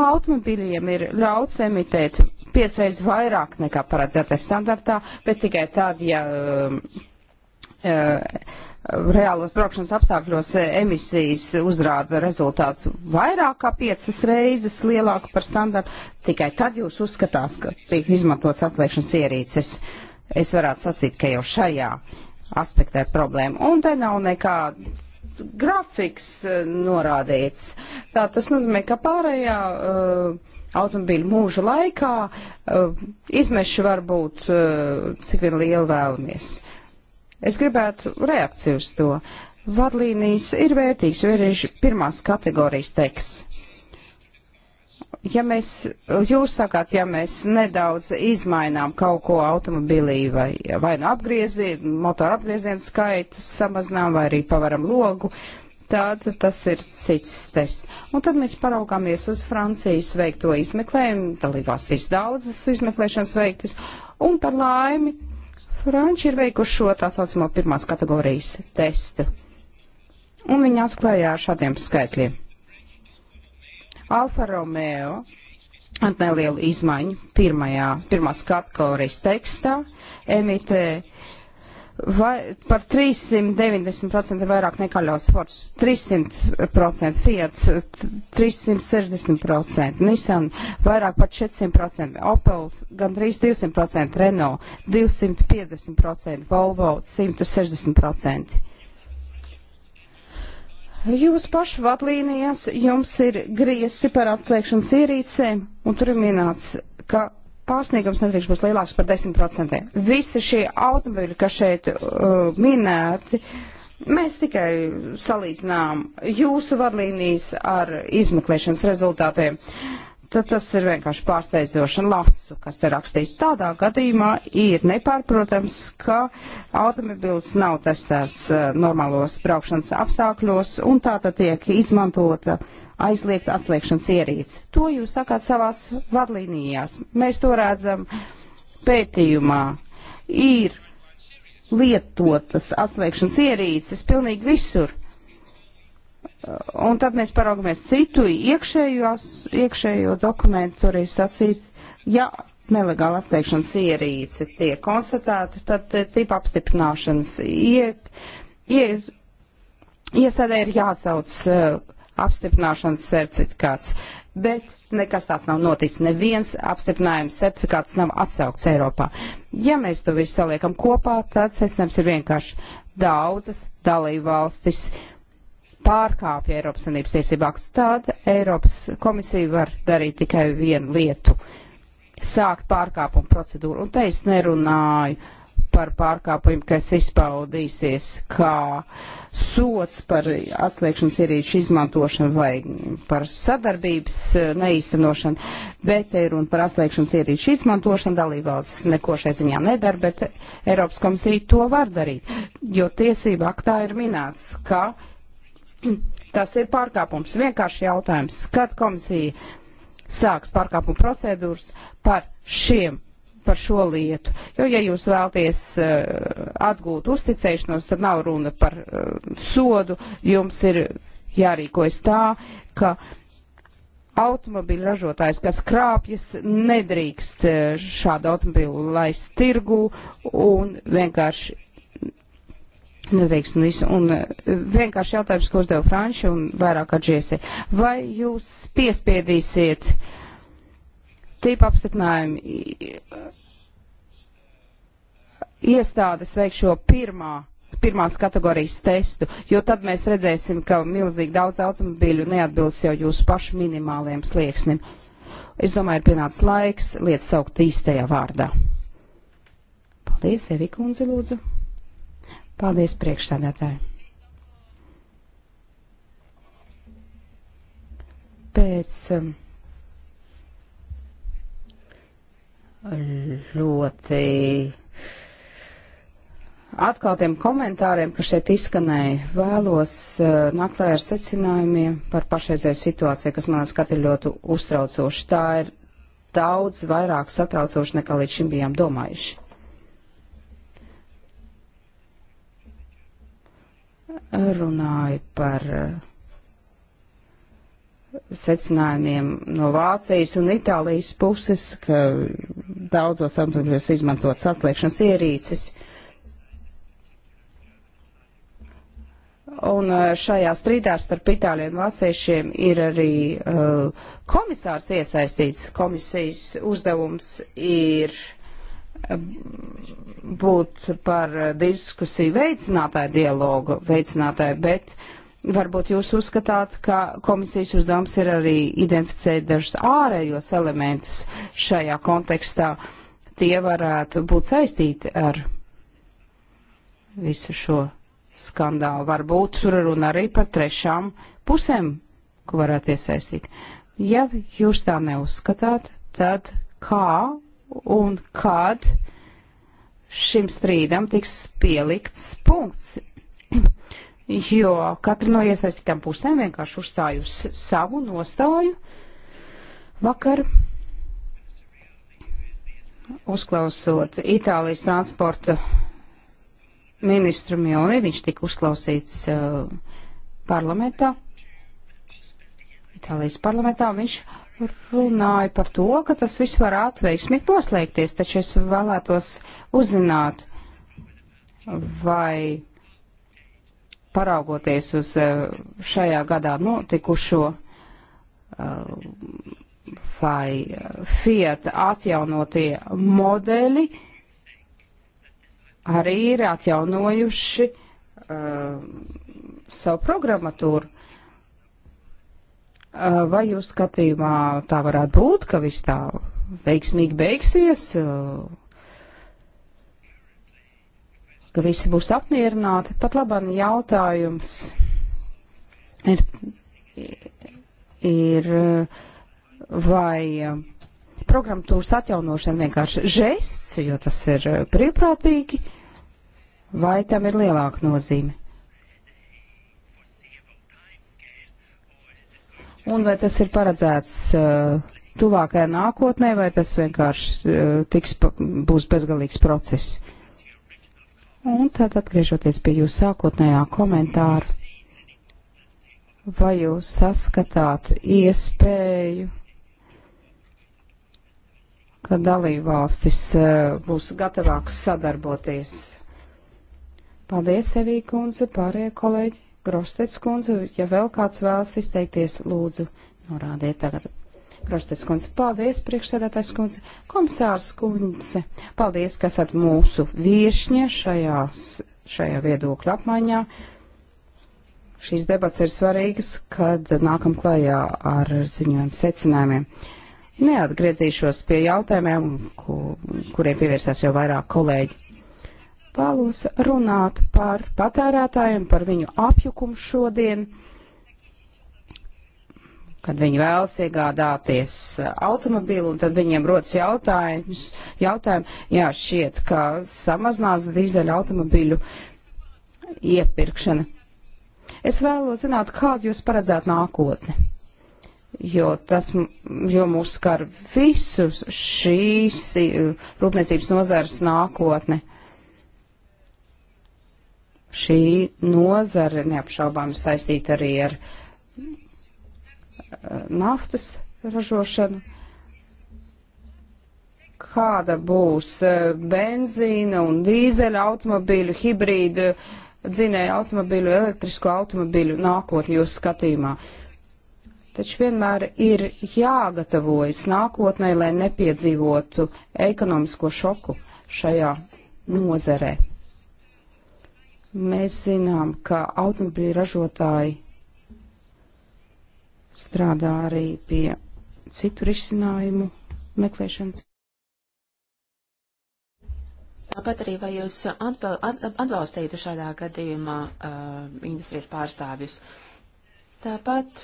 Speaker 3: automobiļiem ir ļauts emitēt piecreiz vairāk nekā paredzētais standartā, bet tikai tad, ja. Um, uh, uh, reālos braukšanas apstākļos e, emisijas uzrāda rezultāts vairāk kā piecas reizes lielāku par standartu, tikai tad jūs uzskatās, ka tiek izmantots atslēgšanas ierīces. Es varētu sacīt, ka jau šajā aspektā ir problēma. Un te nav nekāda grafiks e, norādīts. Tā tas nozīmē, ka pārējā uh, automobīļa mūža laikā uh, izmeši var būt uh, cik vien liela vēlamies. Uh, Es gribētu reakciju uz to. Vadlīnijas ir vērtīgs, jo ir pirmās kategorijas teksts. Ja mēs, jūs sakāt, ja mēs nedaudz izmainām kaut ko automobilī vai, vai nu no apgriezienu, motoru apgriezienu skaitu samazinām vai arī pavaram logu, tad tas ir cits tests. Un tad mēs paraugāmies uz Francijas veikto izmeklējumu, dalībvalstīs daudzas izmeklēšanas veiktas, un par laimi Franči ir veikuši šo tā saucamo pirmās kategorijas testu. Un viņi atklājā ar šādiem skaitļiem. Alfa Romeo ar nelielu izmaiņu pirmajā, pirmās kategorijas tekstā emitē uh, vai, par 390% vairāk nekā Ļausfords, 300% Fiat, 360%, Nissan vairāk par 400%, Opel gandrīz 200%, Renault 250%, Volvo 160%. Jūs pašu vadlīnijās jums ir griezti par atslēgšanas ierīcēm, un tur ir minēts, ka pārsniegums nedrīkst būt lielāks par 10%. Visi šie automobīļi, kas šeit uh, minēti, mēs tikai salīdzinām jūsu vadlīnijas ar izmeklēšanas rezultātiem. Tad tas ir vienkārši pārsteidzoši lasu, kas te rakstīts. Tādā gadījumā ir nepārprotams, ka automobils nav testēts uh, normālos braukšanas apstākļos un tā tad tiek izmantota uh, aizliegt atliekšanas ierīci. To jūs sakāt savās vadlīnijās. Mēs to redzam pētījumā. Ir lietotas atliekšanas ierīces pilnīgi visur. Un tad mēs paraugamies citu iekšējos, iekšējo dokumentu, tur ir sacīt, ja nelegāla atliekšanas ierīce tiek konstatēta, tad eh, tipa apstiprināšanas ie, ie, iestādē ir jāsauc uh, apstiprināšanas certifikāts. Bet nekas tāds nav noticis. Neviens apstiprinājums certifikāts nav atsaukts Eiropā. Ja mēs to visu saliekam kopā, tad secinājums ir vienkārši daudzas dalībvalstis pārkāpja Eiropas Sanības tiesību aktu. Tad Eiropas komisija var darīt tikai vienu lietu - sākt pārkāpumu procedūru. Un te es nerunāju par pārkāpumu, kas izpaudīsies kā sots par atliekšanas ierīču izmantošanu vai par sadarbības eh, neīstenošanu, bet ir un par atliekšanas ierīču izmantošanu dalībvalsts neko šai ziņā nedara, bet Eiropas komisija to var darīt, jo tiesība aktā ir minēts, ka tas ir pārkāpums. Vienkārši jautājums, kad komisija sāks pārkāpumu procedūras par šiem par šo lietu. Jo, ja jūs vēlties uh, atgūt uzticēšanos, tad nav runa par uh, sodu. Jums ir jārīkojas tā, ka automobīļu ražotājs, kas krāpjas, nedrīkst uh, šādu automobīlu laist tirgu un vienkārši. Nedrīkst, un, visu, un vienkārši jautājums, ko uzdeva Franči un vairāk atžiesi. Vai jūs piespiedīsiet uh, tipa apstiprinājumi iestādes veik šo pirmā, pirmās kategorijas testu, jo tad mēs redzēsim, ka milzīgi daudz automobīļu neatbilst jau jūsu pašu minimāliem slieksnim. Es domāju, ir pienācis laiks lietas saukt īstajā vārdā. Paldies, Evi Kunze, lūdzu. Paldies, priekšsādātāji. Pēc um, ļoti atklātiem komentāriem, kas šeit izskanēja. Vēlos uh, eh, naklē ar secinājumiem par pašreizēju situāciju, kas manā skatījumā ir ļoti uztraucoši. Tā ir daudz vairāk satraucoši nekā līdz šim bijām domājuši. Runāju par uh, secinājumiem no Vācijas un Itālijas puses, ka daudzos apstākļos izmantot saslēgšanas ierīces. Un eh, šajā strīdā starp itāļiem un vāciešiem ir arī uh, komisārs iesaistīts. Komisijas uzdevums ir eh, būt par diskusiju veicinātāju dialogu veicinātāju, bet uh, Varbūt jūs uzskatāt, ka komisijas uzdevums ir arī identificēt dažus ārējos elementus šajā kontekstā. Tie varētu būt saistīti ar visu šo skandālu. Varbūt tur runa arī par trešām pusēm, ko varētu iesaistīt. Ja jūs tā neuzskatāt, tad kā un kad šim strīdam tiks pielikts punkts? jo katra no iesaistītām pusēm vienkārši uzstāja uz savu nostāju vakar. Uzklausot Itālijas transporta ministru Mioni, viņš tika uzklausīts uh, parlamentā. Itālijas parlamentā viņš runāja par to, ka tas viss varētu veiksmīgi noslēgties, taču es vēlētos uzzināt, vai paraugoties uz eh, šajā gadā notikušo eh, vai Fiat atjaunotie modeļi arī ir atjaunojuši uh, savu programmatūru. Uh, vai jūs skatījumā tā varētu būt, ka viss tā veiksmīgi beigsies, uh, ka visi būs apmierināti. Pat labam jautājums ir, ir vai programmatūras atjaunošana vienkārši žests, jo tas ir brīvprātīgi, vai tam ir lielāka nozīme? Un vai tas ir paredzēts uh, tuvākajā nākotnē, vai tas vienkārši uh, tiks, būs bezgalīgs process? Un tad atgriežoties pie jūsu sākotnējā komentāra, vai jūs saskatāt iespēju, ka dalībvalstis eh, būs gatavāks sadarboties? Paldies, Evī kundze, pārējie kolēģi, Grostets kundze, ja vēl kāds vēlas izteikties, lūdzu, norādiet tagad. Krastets kundze, paldies, priekšsēdētājs kundze, komisārs kundze, paldies, ka esat mūsu viešņa šajās, šajā viedokļa apmaiņā. Šīs debats ir svarīgas, kad nākam klajā ar ziņojumu secinājumiem. Neatgriezīšos pie jautājumiem, ku, kuriem pievērsās jau vairāk kolēģi vēlos runāt par patērētājiem, par viņu apjukumu šodien kad viņi vēlas iegādāties uh, automobilu, un tad viņiem rodas jautājums, jautājumi, jā, šķiet, ka samazinās dīzeļa automobīļu iepirkšana. Es vēlos zināt, kādu jūs paredzētu nākotni, jo tas, jo mūs skar visus šīs uh, rūpniecības nozares nākotni šī nozare neapšaubām saistīta arī ar naftas ražošanu. Kāda būs e, benzīna un dīzeļa automobīļu, hibrīdu dzinēju automobīļu, elektrisko automobīļu nākotni jūsu skatījumā? Taču vienmēr ir jāgatavojas nākotnē, lai nepiedzīvotu ekonomisko šoku šajā nozerē. Mēs zinām, ka automobīļu ražotāji strādā arī pie citu risinājumu meklēšanas.
Speaker 1: Tāpat arī vai jūs atbal, at, atbalstītu šādā gadījumā uh, industrijas pārstāvjus? Tāpat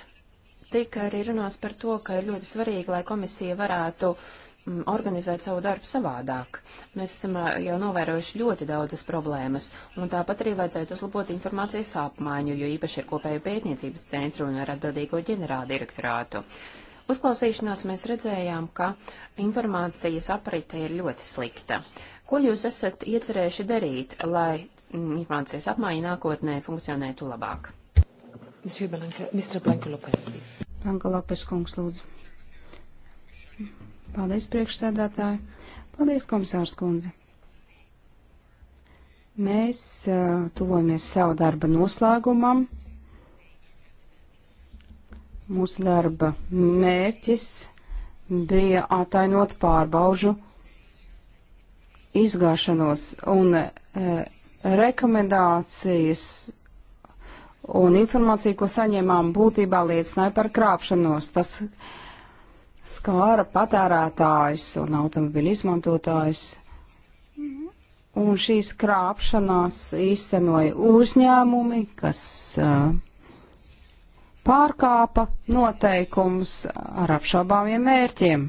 Speaker 1: tika arī runās par to, ka ir ļoti svarīgi, lai komisija varētu uh, Mm, organizēt savu darbu savādāk. Mēs esam jau novērojuši ļoti daudzas problēmas, un tāpat arī vajadzētu uzlabot informācijas apmaiņu, jo īpaši ar kopēju pētniecības centru un ar atbildīgo ģenerāldirektorātu. Uzklausīšanās mēs redzējām, ka informācijas aprite ir ļoti slikta. Ko jūs esat iecerējuši darīt, lai mm, informācijas apmaiņa nākotnē funkcionētu labāk?
Speaker 3: Mr. Blanco Lopes, please. Blanco Lopes kungs, lūdzu. Paldies, priekšsēdētāji. Paldies, komisārs kundze. Mēs uh, tuvojamies savu darba noslēgumam. Mūsu darba mērķis bija atainot pārbaužu izgāšanos un e, rekomendācijas un informācija, ko saņēmām, būtībā liecināja par krāpšanos. Tas skāra patērētājs un automobiļu izmantotājs. Un šīs krāpšanās īstenoja uzņēmumi, kas uh, pārkāpa noteikumus ar apšaubāmiem mērķiem.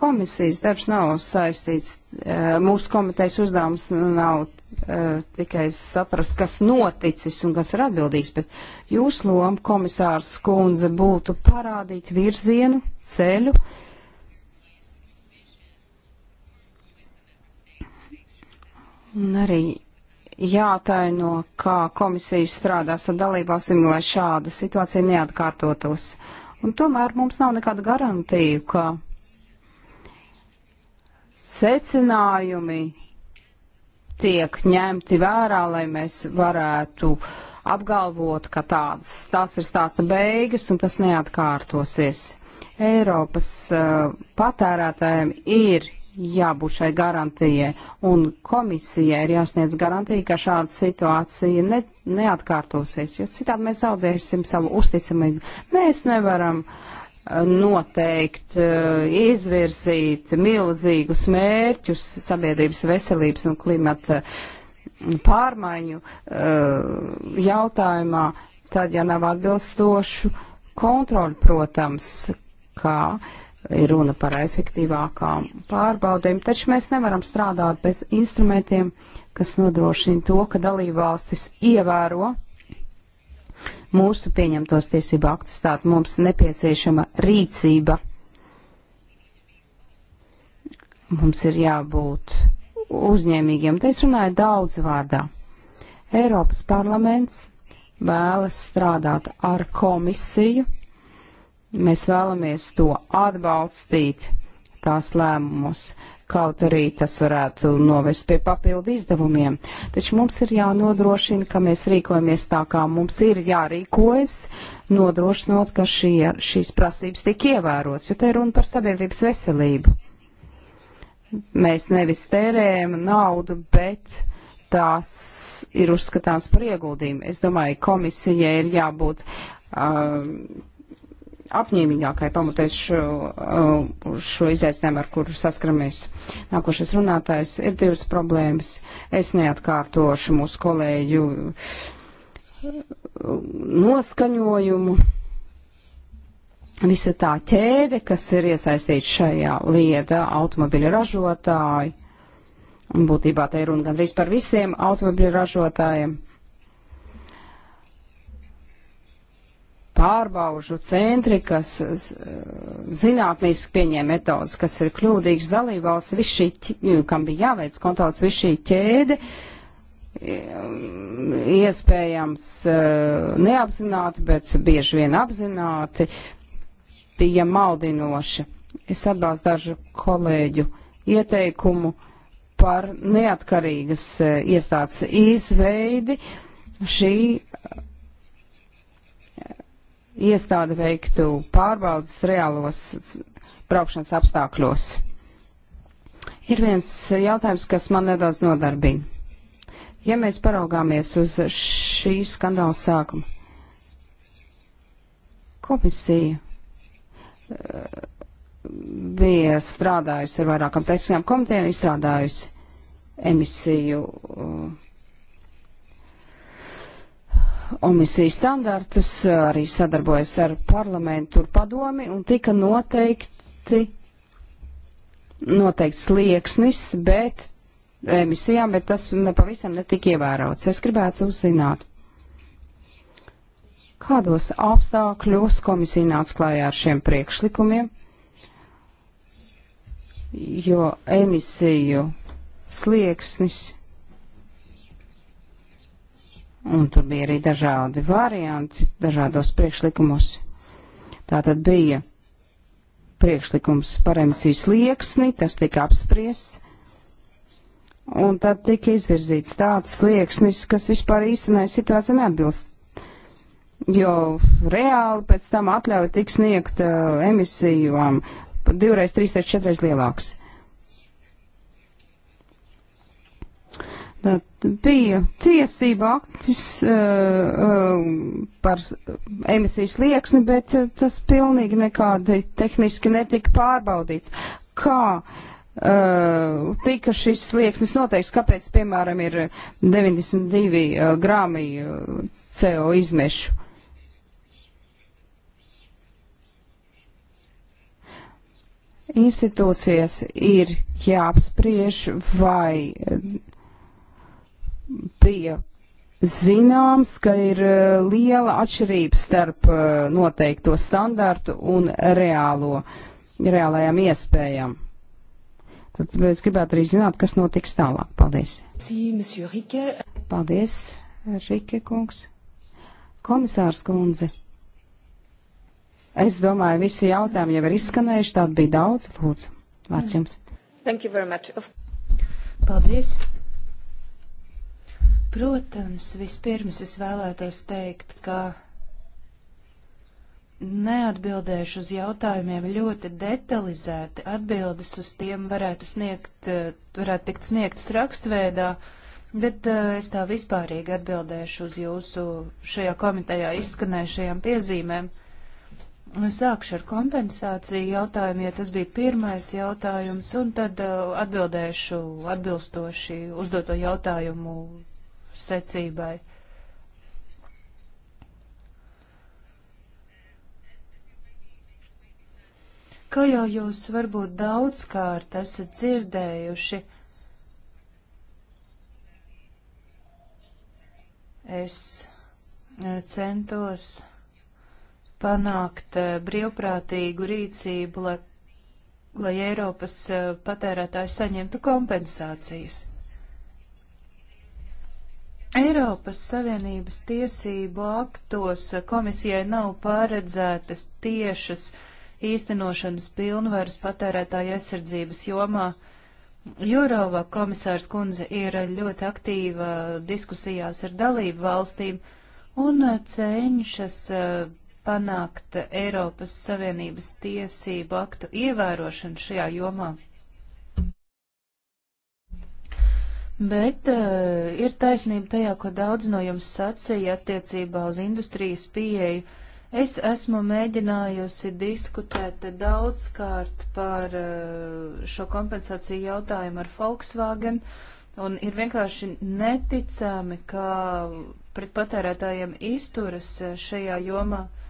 Speaker 3: komisijas darbs nav saistīts, mūsu komitejas uzdevums nav Eh, tikai saprast, kas noticis un kas ir atbildīgs, bet jūs loma, komisārs Kunze, būtu parādīt virzienu, ceļu. Un arī jātaino, kā komisija strādās ar dalībvalstīm, lai šāda situācija neatkārtotos. Un tomēr mums nav nekāda garantija, ka secinājumi tiek ņemti vērā, lai mēs varētu apgalvot, ka tāds, tās ir stāsta beigas un tas neatkārtosies. Eiropas uh, patērētājiem ir jābūt šai garantijai, un komisijai ir jāsniedz garantija, ka šāda situācija ne, neatkārtosies, jo citādi mēs zaudēsim savu uzticamību. Mēs nevaram uh, noteikti eh, izvirzīt milzīgus mērķus sabiedrības veselības un klimata pārmaiņu eh, jautājumā, tad, ja nav atbilstošu kontroli, protams, kā ir runa par efektīvākām pārbaudēm, taču mēs nevaram strādāt bez instrumentiem, kas nodrošina to, ka dalībvalstis ievēro mūsu pieņemtos tiesību aktus, tātad mums nepieciešama rīcība. Mums ir jābūt uzņēmīgiem. Te es runāju daudz vārdā. Eiropas parlaments vēlas strādāt ar komisiju. Mēs vēlamies to atbalstīt tās lēmumus kaut arī tas varētu novest pie papildu izdevumiem. Taču mums ir jānodrošina, ka mēs rīkojamies tā, kā mums ir jārīkojas, nodrošinot, ka šie, šīs prasības tiek ievērots, jo te runa par sabiedrības veselību. Mēs nevis tērējam naudu, bet tās ir uzskatāms par ieguldījumu. Es domāju, komisijai ir jābūt um, apņēmīgākai pamotēs šo, uh, šo izaicinājumu, ar kuru saskaramies. Nākošais runātājs ir divas problēmas. Es neatkārtošu mūsu kolēģu uh, noskaņojumu. Visa tā ķēde, kas ir iesaistīta šajā lietā, automobiļu ražotāji, un būtībā te ir runa gandrīz par visiem automobiļu ražotājiem pārbaužu centri, kas eh, zinātniski pieņēma metodas, kas ir kļūdīgs dalībvalsts, viss šī, nu, kam bija jāveic kontrols, viss šī ķēde, eh, iespējams eh, neapzināti, bet bieži vien apzināti, bija maldinoši. Es atbalstu dažu kolēģu ieteikumu par neatkarīgas iestādes izveidi. Šī iestāde veiktu pārbaudas reālos braukšanas apstākļos. Ir viens jautājums, kas man nedaudz nodarbina. Ja mēs paraugāmies uz šī skandāla sākumu, komisija eh, bija strādājusi ar vairākām tehniskām komitejām, izstrādājusi emisiju eh, omisijas standartus, arī sadarbojas ar parlamentu un padomi, un tika noteikti, noteikts lieksnis, bet emisijām, bet tas nepavisam netika ievērots. Es gribētu uzzināt, kādos apstākļos komisija nāca klājā ar šiem priekšlikumiem, jo emisiju slieksnis Un tur bija arī dažādi varianti dažādos priekšlikumos. Tā tad bija priekšlikums par emisiju slieksni, tas tika apspriests. Un tad tika izvirzīts tāds slieksnis, kas vispār īstenai situācija neatbilst. Jo reāli pēc tam atļauja tik sniegt uh, emisijām divreiz, trīsreiz, četreiz lielāks. Tad bija tiesība aktis uh, uh, par emisijas lieksni, bet eh, tas pilnīgi nekādi tehniski netika pārbaudīts. Kā uh, tika šis slieksnis noteikts, kāpēc, piemēram, ir 92 uh, grāmi CO izmešu? Institūcijas ir jāapspriež, vai bija zināms, ka ir e, liela atšķirība starp e, noteikto standartu un reālo, reālajām iespējām. Tad es gribētu arī zināt, kas notiks tālāk. Paldies. Paldies, Rike kungs. Komisārs kundze. Es domāju, visi jautājumi jau ir izskanējuši, tādu bija daudz. Lūdzu, vārds jums.
Speaker 1: Paldies.
Speaker 2: Protams, vispirms es vēlētos teikt, ka neatbildēšu uz jautājumiem ļoti detalizēti. Atbildes uz tiem varētu, sniegt, varētu tikt sniegtas rakstveidā, bet eh, es tā vispārīgi atbildēšu uz jūsu šajā komitejā izskanējušajām piezīmēm. Sākšu ar kompensāciju jautājumu, jo tas bija pirmais jautājums, un tad eh, atbildēšu atbilstoši uzdoto jautājumu secībai. Kā jau jūs varbūt daudzkārt esat dzirdējuši, es eh, centos panākt eh, brīvprātīgu rīcību, lai, lai Eiropas eh, patērētāji saņemtu kompensācijas. Eiropas Savienības tiesību aktos komisijai nav paredzētas tiešas īstenošanas pilnvaras patērētāja aizsardzības jomā. Jurova komisārs kundze ir ļoti aktīva diskusijās ar dalību valstīm un cenšas eh, panākt Eiropas Savienības tiesību aktu ievērošanu šajā jomā. Bet uh, ir taisnība tajā, ko daudz no jums sacīja attiecībā uz industrijas pieeju. Es esmu mēģinājusi diskutēt daudzkārt par uh, šo kompensāciju jautājumu ar Volkswagen, un ir vienkārši neticami, kā pret patērētājiem izturas eh, šajā jomā. Mm.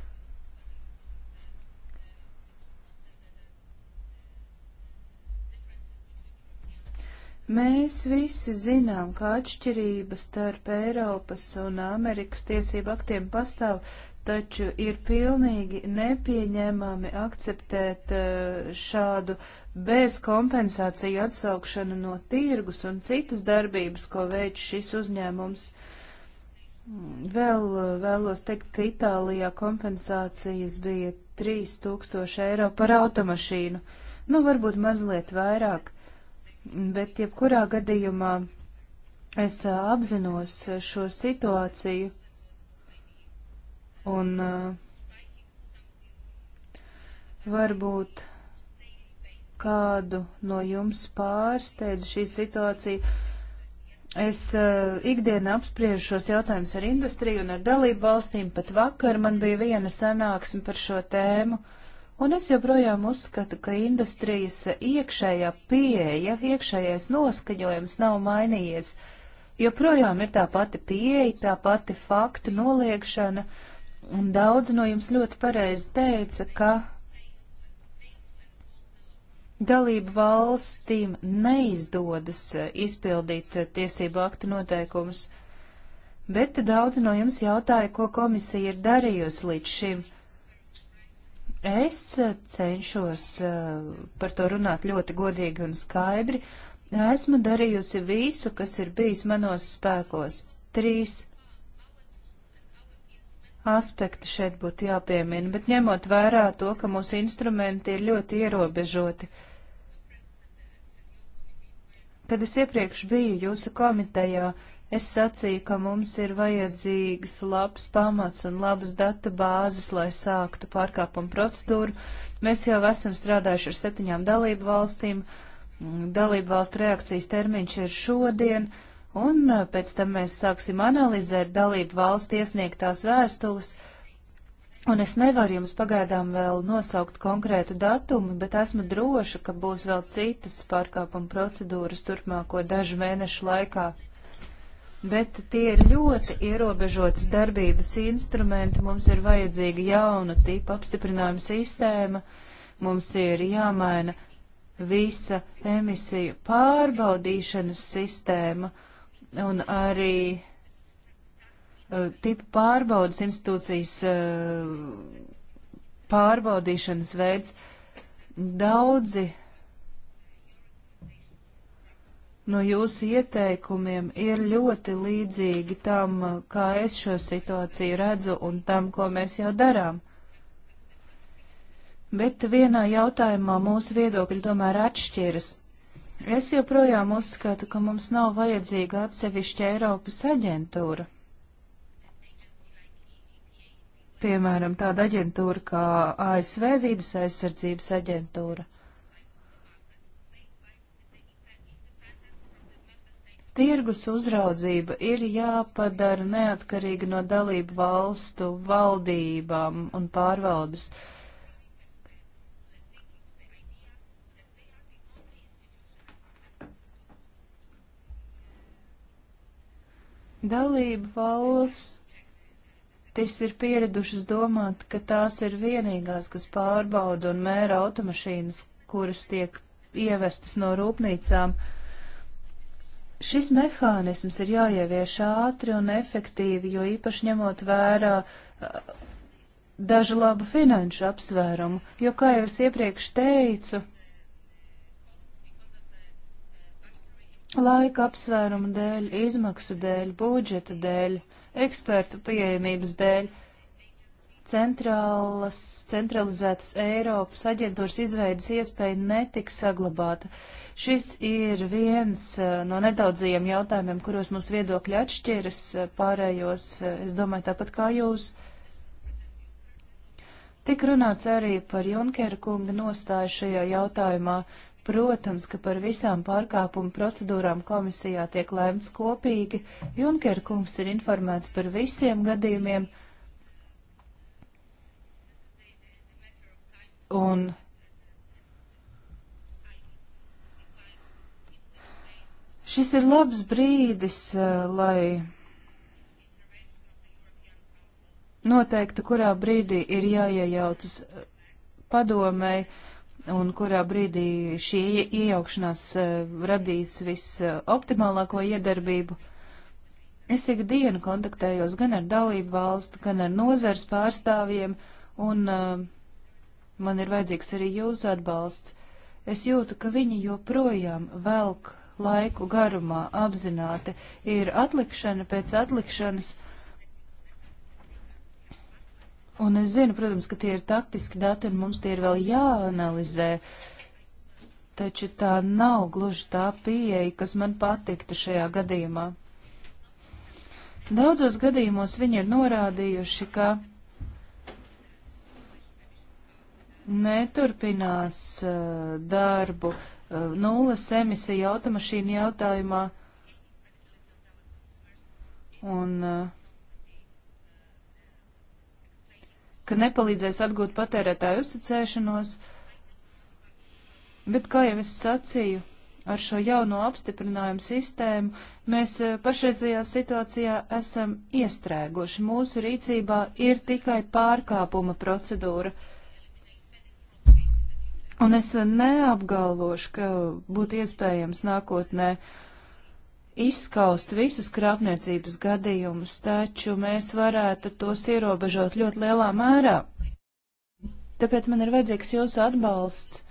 Speaker 2: Mēs visi zinām, ka atšķirība starp Eiropas un Amerikas tiesību aktiem pastāv, taču ir pilnīgi nepieņemami akceptēt eh, šādu bez kompensāciju atsaukšanu no tirgus un citas darbības, ko veic šis uzņēmums. Vēl eh, vēlos teikt, ka Itālijā kompensācijas bija 3000 eiro par automašīnu, nu varbūt mazliet vairāk bet jebkurā gadījumā es apzinos šo situāciju un varbūt kādu no jums pārsteidz šī situācija. Es uh, ikdienā apspriežu šos jautājumus ar industriju un ar dalību valstīm. Pat vakar man bija viena sanāksme par šo tēmu. Uh, Un es joprojām uzskatu, ka industrijas iekšējā pieeja, iekšējais noskaņojums nav mainījies. Joprojām ir tā pati pieeja, tā pati faktu noliekšana, un daudz no jums ļoti pareizi teica, ka dalību valstīm neizdodas izpildīt tiesību aktu noteikumus, bet daudz no jums jautāja, ko komisija ir darījusi līdz šim. Es eh, cenšos eh, par to runāt ļoti godīgi un skaidri. Esmu darījusi visu, kas ir bijis manos spēkos. Trīs aspekti šeit būtu jāpiemina, bet ņemot vērā to, ka mūsu instrumenti ir ļoti ierobežoti. Kad es iepriekš biju jūsu komitejā, uh, Es sacīju, ka mums ir vajadzīgs labs pamats un labas datu bāzes, lai sāktu pārkāpumu procedūru. Mēs jau esam strādājuši ar septiņām dalību valstīm. Dalību valstu reakcijas termiņš ir šodien, un pēc tam mēs sāksim analizēt dalību valstu iesniegtās vēstules. Un es nevaru jums pagaidām vēl nosaukt konkrētu datumu, bet esmu droša, ka būs vēl citas pārkāpuma procedūras turpmāko dažu mēnešu laikā bet tie ir ļoti ierobežotas darbības instrumenti. Mums ir vajadzīga jauna tipa apstiprinājuma sistēma, mums ir jāmaina visa emisiju pārbaudīšanas sistēma un arī uh, tipa pārbaudas institūcijas uh, pārbaudīšanas veids. Daudzi no nu, jūsu ieteikumiem ir ļoti līdzīgi tam, kā es šo situāciju redzu un tam, ko mēs jau darām. Bet vienā jautājumā mūsu viedokļi tomēr atšķiras. Es joprojām uzskatu, ka mums nav vajadzīga atsevišķa Eiropas aģentūra. Piemēram, tāda aģentūra kā ASV vīdas aizsardzības aģentūra. Tirgus uzraudzība ir jāpadara neatkarīgi no dalību valstu valdībām un pārvaldes. Dalību valstis ir pieradušas domāt, ka tās ir vienīgās, kas pārbauda un mēra automašīnas, kuras tiek ievestas no rūpnīcām. Uh, Šis mehānisms ir jāievieš ātri un efektīvi, jo īpaši ņemot vērā dažu labu finanšu apsvērumu, jo, kā jau es iepriekš teicu, laika apsvērumu dēļ, izmaksu dēļ, budžeta dēļ, ekspertu pieejamības dēļ, centrālas, centralizētas Eiropas aģentūras izveidas iespēja netika saglabāta. Šis ir viens eh, no nedaudzajiem jautājumiem, kuros mūsu viedokļi atšķiras eh, pārējos, eh, es domāju, tāpat kā jūs. Tik runāts arī par Junkera kunga nostāju šajā jautājumā. Protams, ka par visām pārkāpumu procedūrām komisijā tiek lēmts kopīgi. Junkera kungs ir informēts par visiem gadījumiem. Un Šis ir labs brīdis, eh, lai noteikti, kurā brīdī ir jāiejaucas eh, padomēji un kurā brīdī šī iejaukšanās eh, radīs visoptimālāko iedarbību. Es ik dienu kontaktējos gan ar dalību valstu, gan ar nozars pārstāvjiem, un man ir vajadzīgs arī jūsu atbalsts. Es jūtu, ka viņi joprojām velk laiku garumā apzināti. Ir atlikšana pēc atlikšanas. Un es zinu, protams, ka tie ir taktiski dati un mums tie ir vēl jāanalizē, taču tā nav gluži tā pieeja, kas man patikta šajā gadījumā. Daudzos gadījumos viņi ir norādījuši, ka neturpinās uh, darbu nulles emisiju automašīnu jautājumā. Un uh, ka nepalīdzēs atgūt patērētāju uzticēšanos, bet, kā jau es sacīju, ar šo jauno apstiprinājumu sistēmu mēs uh, pašreizajā situācijā esam iestrēguši. Mūsu rīcībā ir tikai pārkāpuma procedūra. Uh, Un es neapgalvošu, ka būtu iespējams nākotnē izskaust visus krāpniecības gadījumus, taču mēs varētu tos ierobežot ļoti lielā mērā. Tāpēc man ir vajadzīgs jūsu atbalsts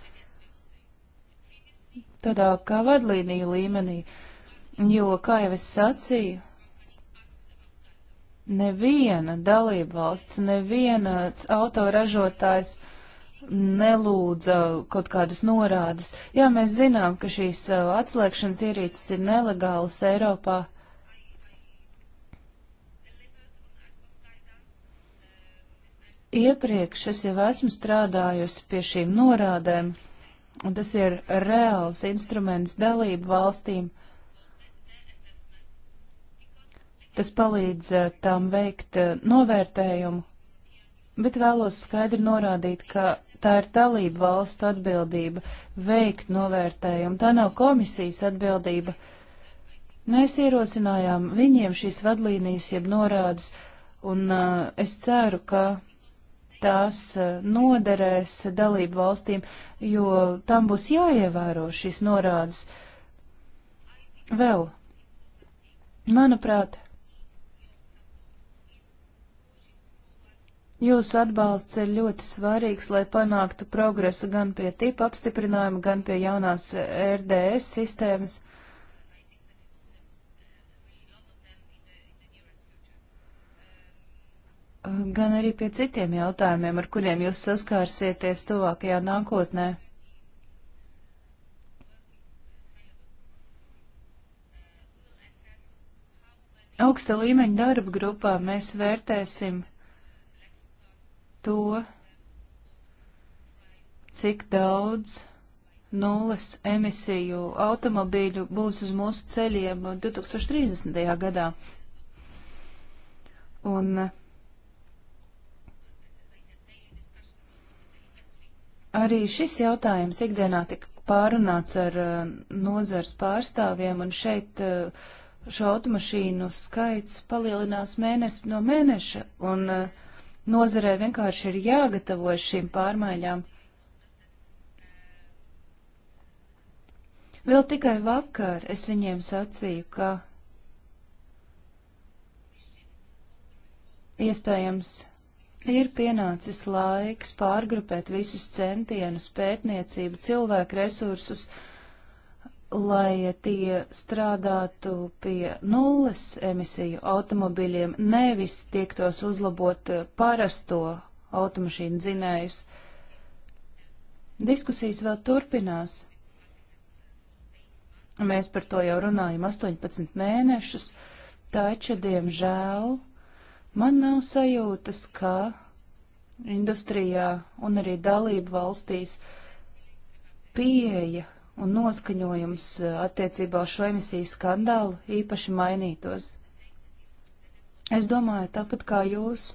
Speaker 2: tādā kā vadlīniju līmenī, jo, kā jau es sacīju, neviena dalība valsts, nevienāds autoražotājs nelūdza kaut kādas norādes. Jā, mēs zinām, ka šīs uh, atslēgšanas ierīces ir nelegālas Eiropā. Iepriekš es jau esmu strādājusi pie šīm norādēm, un tas ir reāls instruments dalību valstīm. Tas palīdz uh, tām veikt uh, novērtējumu, bet vēlos skaidri norādīt, ka Tā ir dalība valstu atbildība veikt novērtējumu, tā nav komisijas atbildība. Mēs ierosinājām viņiem šīs vadlīnijas jeb norādes, un uh, es ceru, ka tās uh, noderēs dalību valstīm, jo tam būs jāievēro šīs norādes. Vēl, manuprāt, Jūsu atbalsts ir ļoti svarīgs, lai panāktu progresu gan pie tipa apstiprinājuma, gan pie jaunās RDS sistēmas. Gan arī pie citiem jautājumiem, ar kuriem jūs saskārsieties tuvākajā nākotnē. Augsta līmeņa darba grupā mēs vērtēsim to, cik daudz nulles emisiju automobīļu būs uz mūsu ceļiem 2030. gadā. Un arī šis jautājums ikdienā tika pārunāts ar uh, nozars pārstāvjiem, un šeit uh, šo automašīnu skaits palielinās mēnesi no mēneša. Un, uh, Nozarē vienkārši ir jāgatavojas šīm pārmaiņām. Vēl tikai vakar es viņiem sacīju, ka iespējams ir pienācis laiks pārgrupēt visus centienus, pētniecību, cilvēku resursus, uh, lai tie strādātu pie nulles emisiju automobiļiem, nevis tiektos uzlabot parasto automašīnu dzinējus. Diskusijas vēl turpinās. Mēs par to jau runājam 18 mēnešus, taču, diemžēl, man nav sajūtas, ka industrijā un arī dalību valstīs pieeja un noskaņojums eh, attiecībā uz šo emisiju skandālu īpaši mainītos. Es domāju, tāpat kā jūs,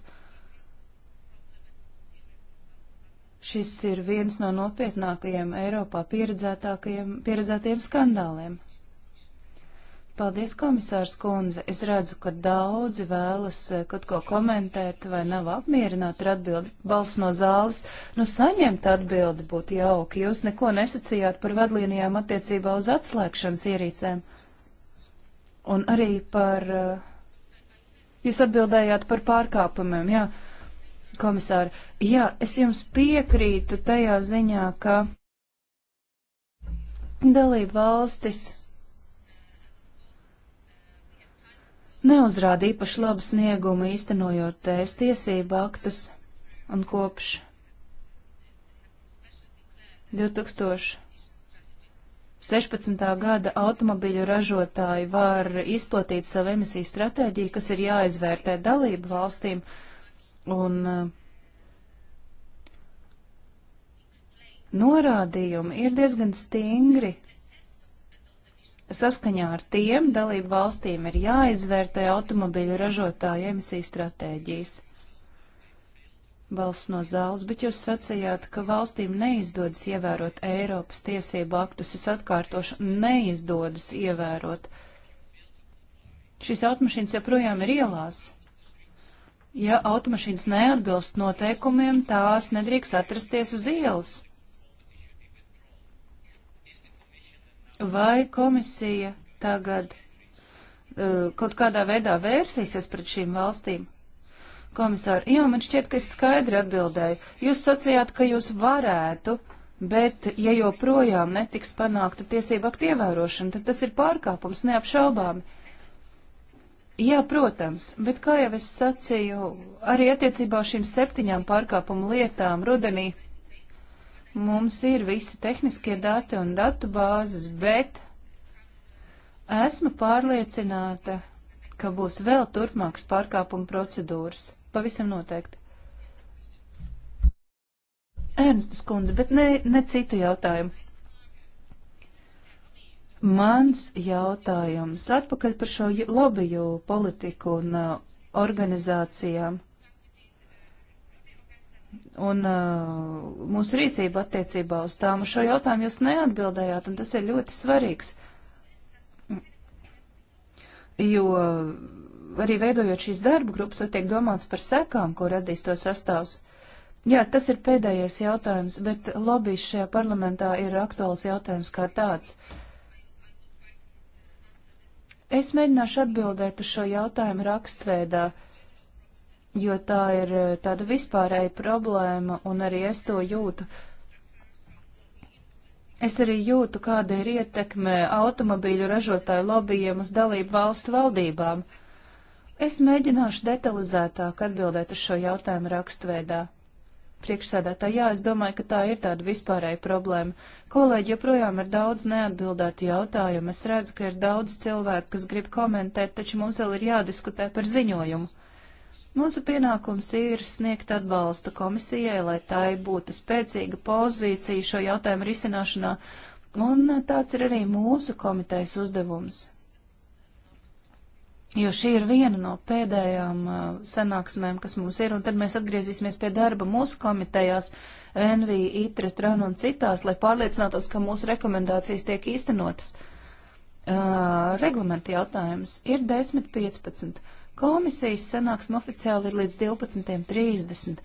Speaker 2: šis ir viens no nopietnākajiem Eiropā pieredzētiem skandāliem. Paldies, komisārs kundze. Es redzu, ka daudzi vēlas eh, kaut ko komentēt vai nav apmierināti ar atbildi. Balsts no zāles. Nu, saņemt atbildi būtu jauki. Jūs neko nesacījāt par vadlīnijām attiecībā uz atslēgšanas ierīcēm. Un arī par. Eh, jūs atbildējāt par pārkāpumiem, jā. Komisāri, jā, es jums piekrītu tajā ziņā, ka dalība valstis neuzrāda īpaši labu sniegumu īstenojot ES tiesību aktus, un kopš 2016. gada automobiļu ražotāji var izplatīt savu emisiju stratēģiju, kas ir jāizvērtē dalību valstīm, un eh, norādījumi ir diezgan stingri Saskaņā ar tiem dalību valstīm ir jāizvērtē automobīļu ražotāju emisiju stratēģijas. Balsts no zāles, bet jūs sacījāt, ka valstīm neizdodas ievērot Eiropas tiesību aktus, es atkārtošu, neizdodas ievērot. Šīs automašīnas joprojām ir ielās. Ja automašīnas neatbilst noteikumiem, tās nedrīkst atrasties uz ielas. Vai komisija tagad uh, kaut kādā veidā vērsīsies pret šīm valstīm? Komisāri, jā, man šķiet, ka es skaidri atbildēju. Jūs sacījāt, ka jūs varētu, bet ja joprojām netiks panākta tiesība aktu ievērošana, tad tas ir pārkāpums neapšaubāmi. Jā, protams, bet kā jau es sacīju, arī attiecībā uz šīm septiņām pārkāpumu lietām rudenī Mums ir visi tehniskie dati un datu bāzes, bet esmu pārliecināta, ka būs vēl turpmākas pārkāpuma procedūras. Pavisam noteikti. Ernstas kundze, bet ne, ne citu jautājumu. Mans jautājums atpakaļ par šo lobiju politiku un uh, organizācijām. Uh, un uh, mūsu rīcība attiecībā uz tām. Uz šo jautājumu jūs neatbildējāt, un tas ir ļoti svarīgs, jo arī veidojot šīs darba grupas, var tiek domāts par sekām, ko radīs to sastāvs. Jā, tas ir pēdējais jautājums, bet lobbyis šajā parlamentā ir aktuāls jautājums kā tāds. Es mēģināšu atbildēt uz šo jautājumu rakstveidā. Uh, jo tā ir eh, tāda vispārēja problēma, un arī es to jūtu. Es arī jūtu, kāda ir ietekme automobīļu ražotāju lobbyiem uz dalību valstu valdībām. Es mēģināšu detalizētāk atbildēt uz šo jautājumu rakstveidā. Priekšsēdētā, jā, es domāju, ka tā ir tāda vispārēja problēma. Kolēģi joprojām ir daudz neatbildētu jautājumu. Es redzu, ka ir daudz cilvēku, kas grib komentēt, taču mums vēl ir jādiskutē par ziņojumu. Mūsu pienākums ir sniegt atbalstu komisijai, lai tai būtu spēcīga pozīcija šo jautājumu risināšanā, un tāds ir arī mūsu komitejas uzdevums. Jo šī ir viena no pēdējām uh, sanāksmēm, kas mums ir, un tad mēs atgriezīsimies pie darba mūsu komitejās, NV, ITRE, TRAN un citās, lai pārliecinātos, ka mūsu rekomendācijas tiek īstenotas. Uh, reglamenta jautājums ir 10.15. Komisijas sanāksme oficiāli ir līdz 12.30.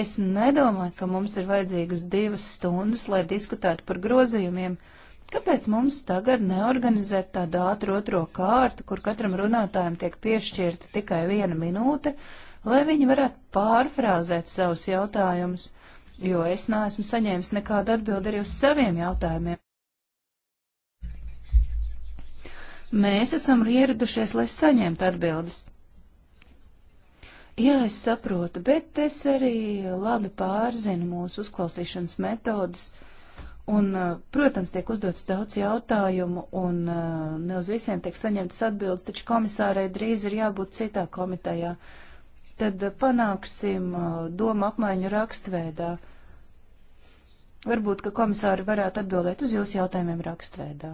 Speaker 2: Es nedomāju, ka mums ir vajadzīgas divas stundas, lai diskutētu par grozījumiem. Kāpēc mums tagad neorganizēt tādu ātru otro kārtu, kur katram runātājam tiek piešķirta tikai viena minūte, lai viņi varētu pārfrāzēt savus jautājumus, jo es neesmu saņēmis nekādu atbildi arī uz saviem jautājumiem. Mēs esam ieradušies, lai saņemtu atbildes. Jā, es saprotu, bet es arī labi pārzinu mūsu uzklausīšanas metodas. Un, eh, protams, tiek uzdots daudz jautājumu, un eh, ne uz visiem tiek saņemtas atbildes, taču komisārai drīz ir jābūt citā komitejā. Tad eh, panāksim domu apmaiņu rakstveidā. Varbūt, ka komisāri varētu atbildēt uz jūsu jautājumiem rakstveidā.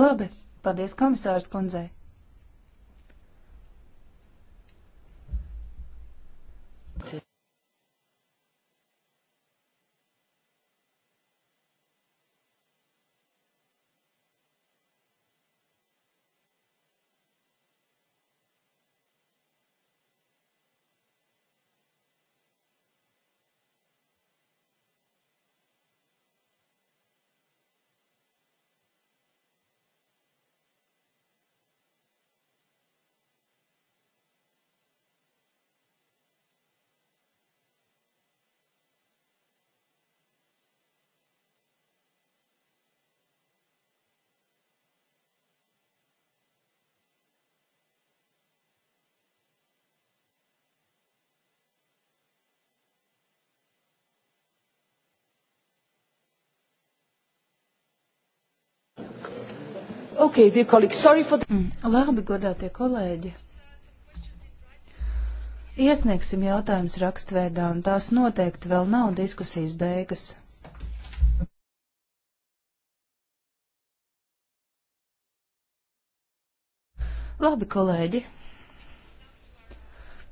Speaker 2: Labi, paldies komisārs kundzei. Okay, dear colleagues, sorry for... Mm, labi, godātie kolēģi. Iesniegsim jautājumus rakstveidā, un tās noteikti vēl nav diskusijas beigas. Labi, kolēģi.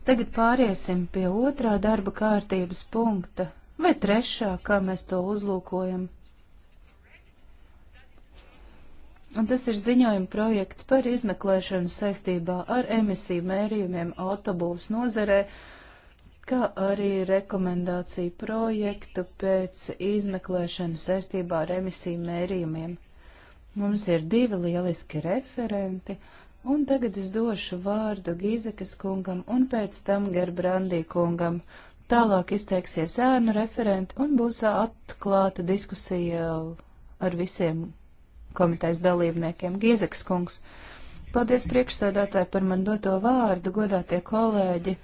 Speaker 2: Tagad pāriesim pie otrā darba kārtības punkta, vai trešā, kā mēs to uzlūkojam. un tas ir ziņojuma projekts par izmeklēšanu saistībā ar emisiju mērījumiem autobūvas nozarē, kā arī rekomendāciju projektu pēc izmeklēšanu saistībā ar emisiju mērījumiem. Mums ir divi lieliski referenti, un tagad es došu vārdu Gīzekas kungam un pēc tam Gerbrandī kungam. Tālāk izteiksies ēnu referenti un būs atklāta diskusija ar visiem komitejas dalībniekiem. Gīzeks kungs, paldies priekšsēdētāji par man doto vārdu, godātie kolēģi.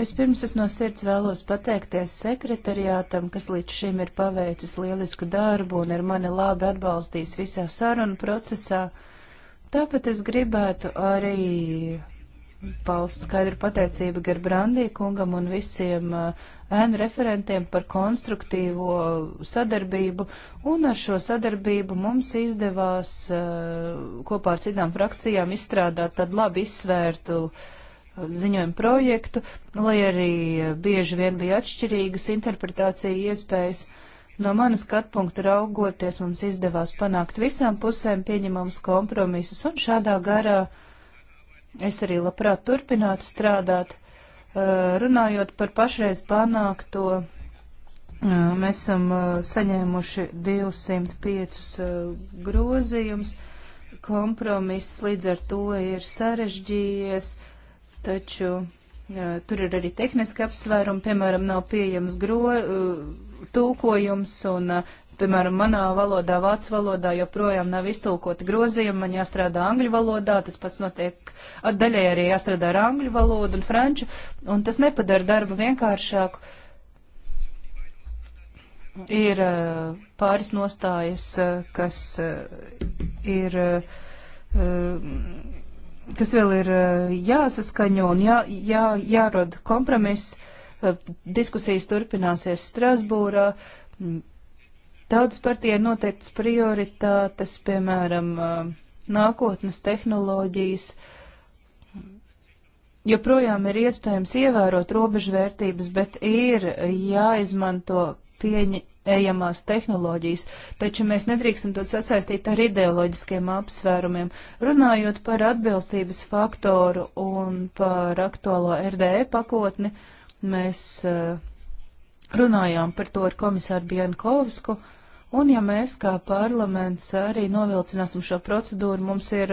Speaker 2: Vispirms es no sirds vēlos pateikties sekretariātam, kas līdz šim ir paveicis lielisku darbu un ir mani labi atbalstījis visā sarunu procesā. Tāpēc es gribētu arī paust skaidru pateicību Gerbrandī kungam un visiem uh, ēnu referentiem par konstruktīvo sadarbību, un ar šo sadarbību mums izdevās eh, kopā ar citām frakcijām izstrādāt tādu labi izsvērtu eh, ziņojumu projektu, lai arī eh, bieži vien bija atšķirīgas interpretācija iespējas. No manas skatu punkta raugoties, mums izdevās panākt visām pusēm pieņemams kompromisus, un šādā garā es arī labprāt turpinātu strādāt. Eh, runājot par pašreiz panākto, eh, mēs esam eh, saņēmuši 205 grozījumus. Kompromiss līdz ar to ir sarežģījies, taču tur ir arī tehniski apsvērumi, piemēram, nav pieejams gro, tulkojums un Piemēram, manā valodā, vācu valodā joprojām nav iztulkoti grozījumi, man jāstrādā angļu valodā, tas pats notiek daļai arī jāstrādā ar angļu valodu un franču, un tas nepadara darbu vienkāršāku. Ir pāris nostājas, kas ir kas vēl ir jāsaskaņo un jā, jā, jārod kompromiss. Diskusijas turpināsies Strasbūrā. Tautas partija ir noteikts prioritātes, piemēram, nākotnes tehnoloģijas. Joprojām ir iespējams ievērot robežvērtības, bet ir jāizmanto pieņemamās tehnoloģijas, taču mēs nedrīkstam to sasaistīt ar ideoloģiskiem apsvērumiem. Runājot par atbilstības faktoru un par aktuālo RDE pakotni, mēs runājām par to ar komisāru Bienkovsku. Uh, Un ja mēs kā parlaments arī novilcināsim šo procedūru, mums ir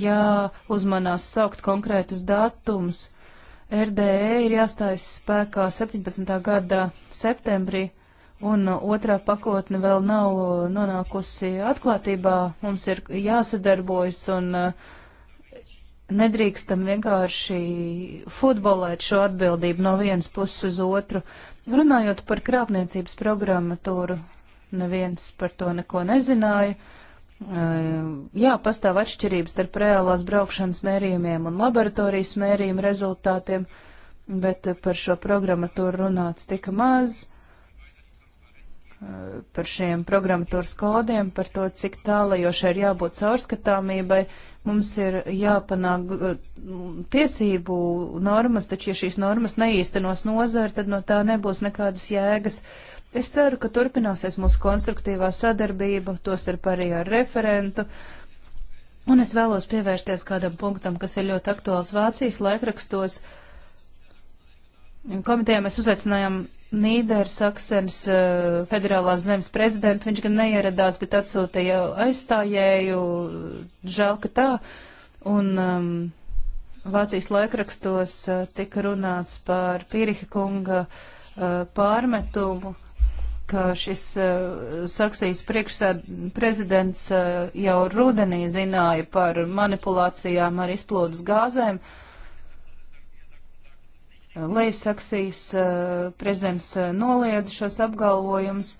Speaker 2: jāuzmanās saukt konkrētus datums. RDE ir jāstājas spēkā 17. gada septembrī, un otrā pakotne vēl nav nonākusi atklātībā. Mums ir jāsadarbojas un eh, nedrīkstam vienkārši futbolēt šo atbildību no vienas puses uz otru. Runājot par krāpniecības programmatūru, neviens par to neko nezināja. Eh, jā, pastāv atšķirības starp reālās braukšanas mērījumiem un laboratorijas mērījuma rezultātiem, bet par šo programmatūru runāts tika maz, eh, par šiem programmatūras kodiem, par to, cik tālajošai ir jābūt caurskatāmībai. Mums ir jāpanāk eh, tiesību normas, taču ja šīs normas neīstenos nozara, tad no tā nebūs nekādas jēgas. Uh, Es ceru, ka turpināsies mūsu konstruktīvā sadarbība, tostarp arī ar referentu. Un es vēlos pievērsties kādam punktam, kas ir ļoti aktuāls Vācijas laikrakstos. Komitejā mēs uzaicinājām Nīdersaksens eh, federālās zemes prezidentu. Viņš gan neieradās, bet atsūtīja aizstājēju. Žēl, ka tā. Un um, Vācijas laikrakstos uh, tika runāts par Pīriha kunga uh, pārmetumu. Uh, ka šis eh, Saksijas priekšsēd prezidents eh, jau rudenī zināja par manipulācijām ar izplūdes gāzēm. Lejas Saksijas eh, prezidents noliedza šos apgalvojumus.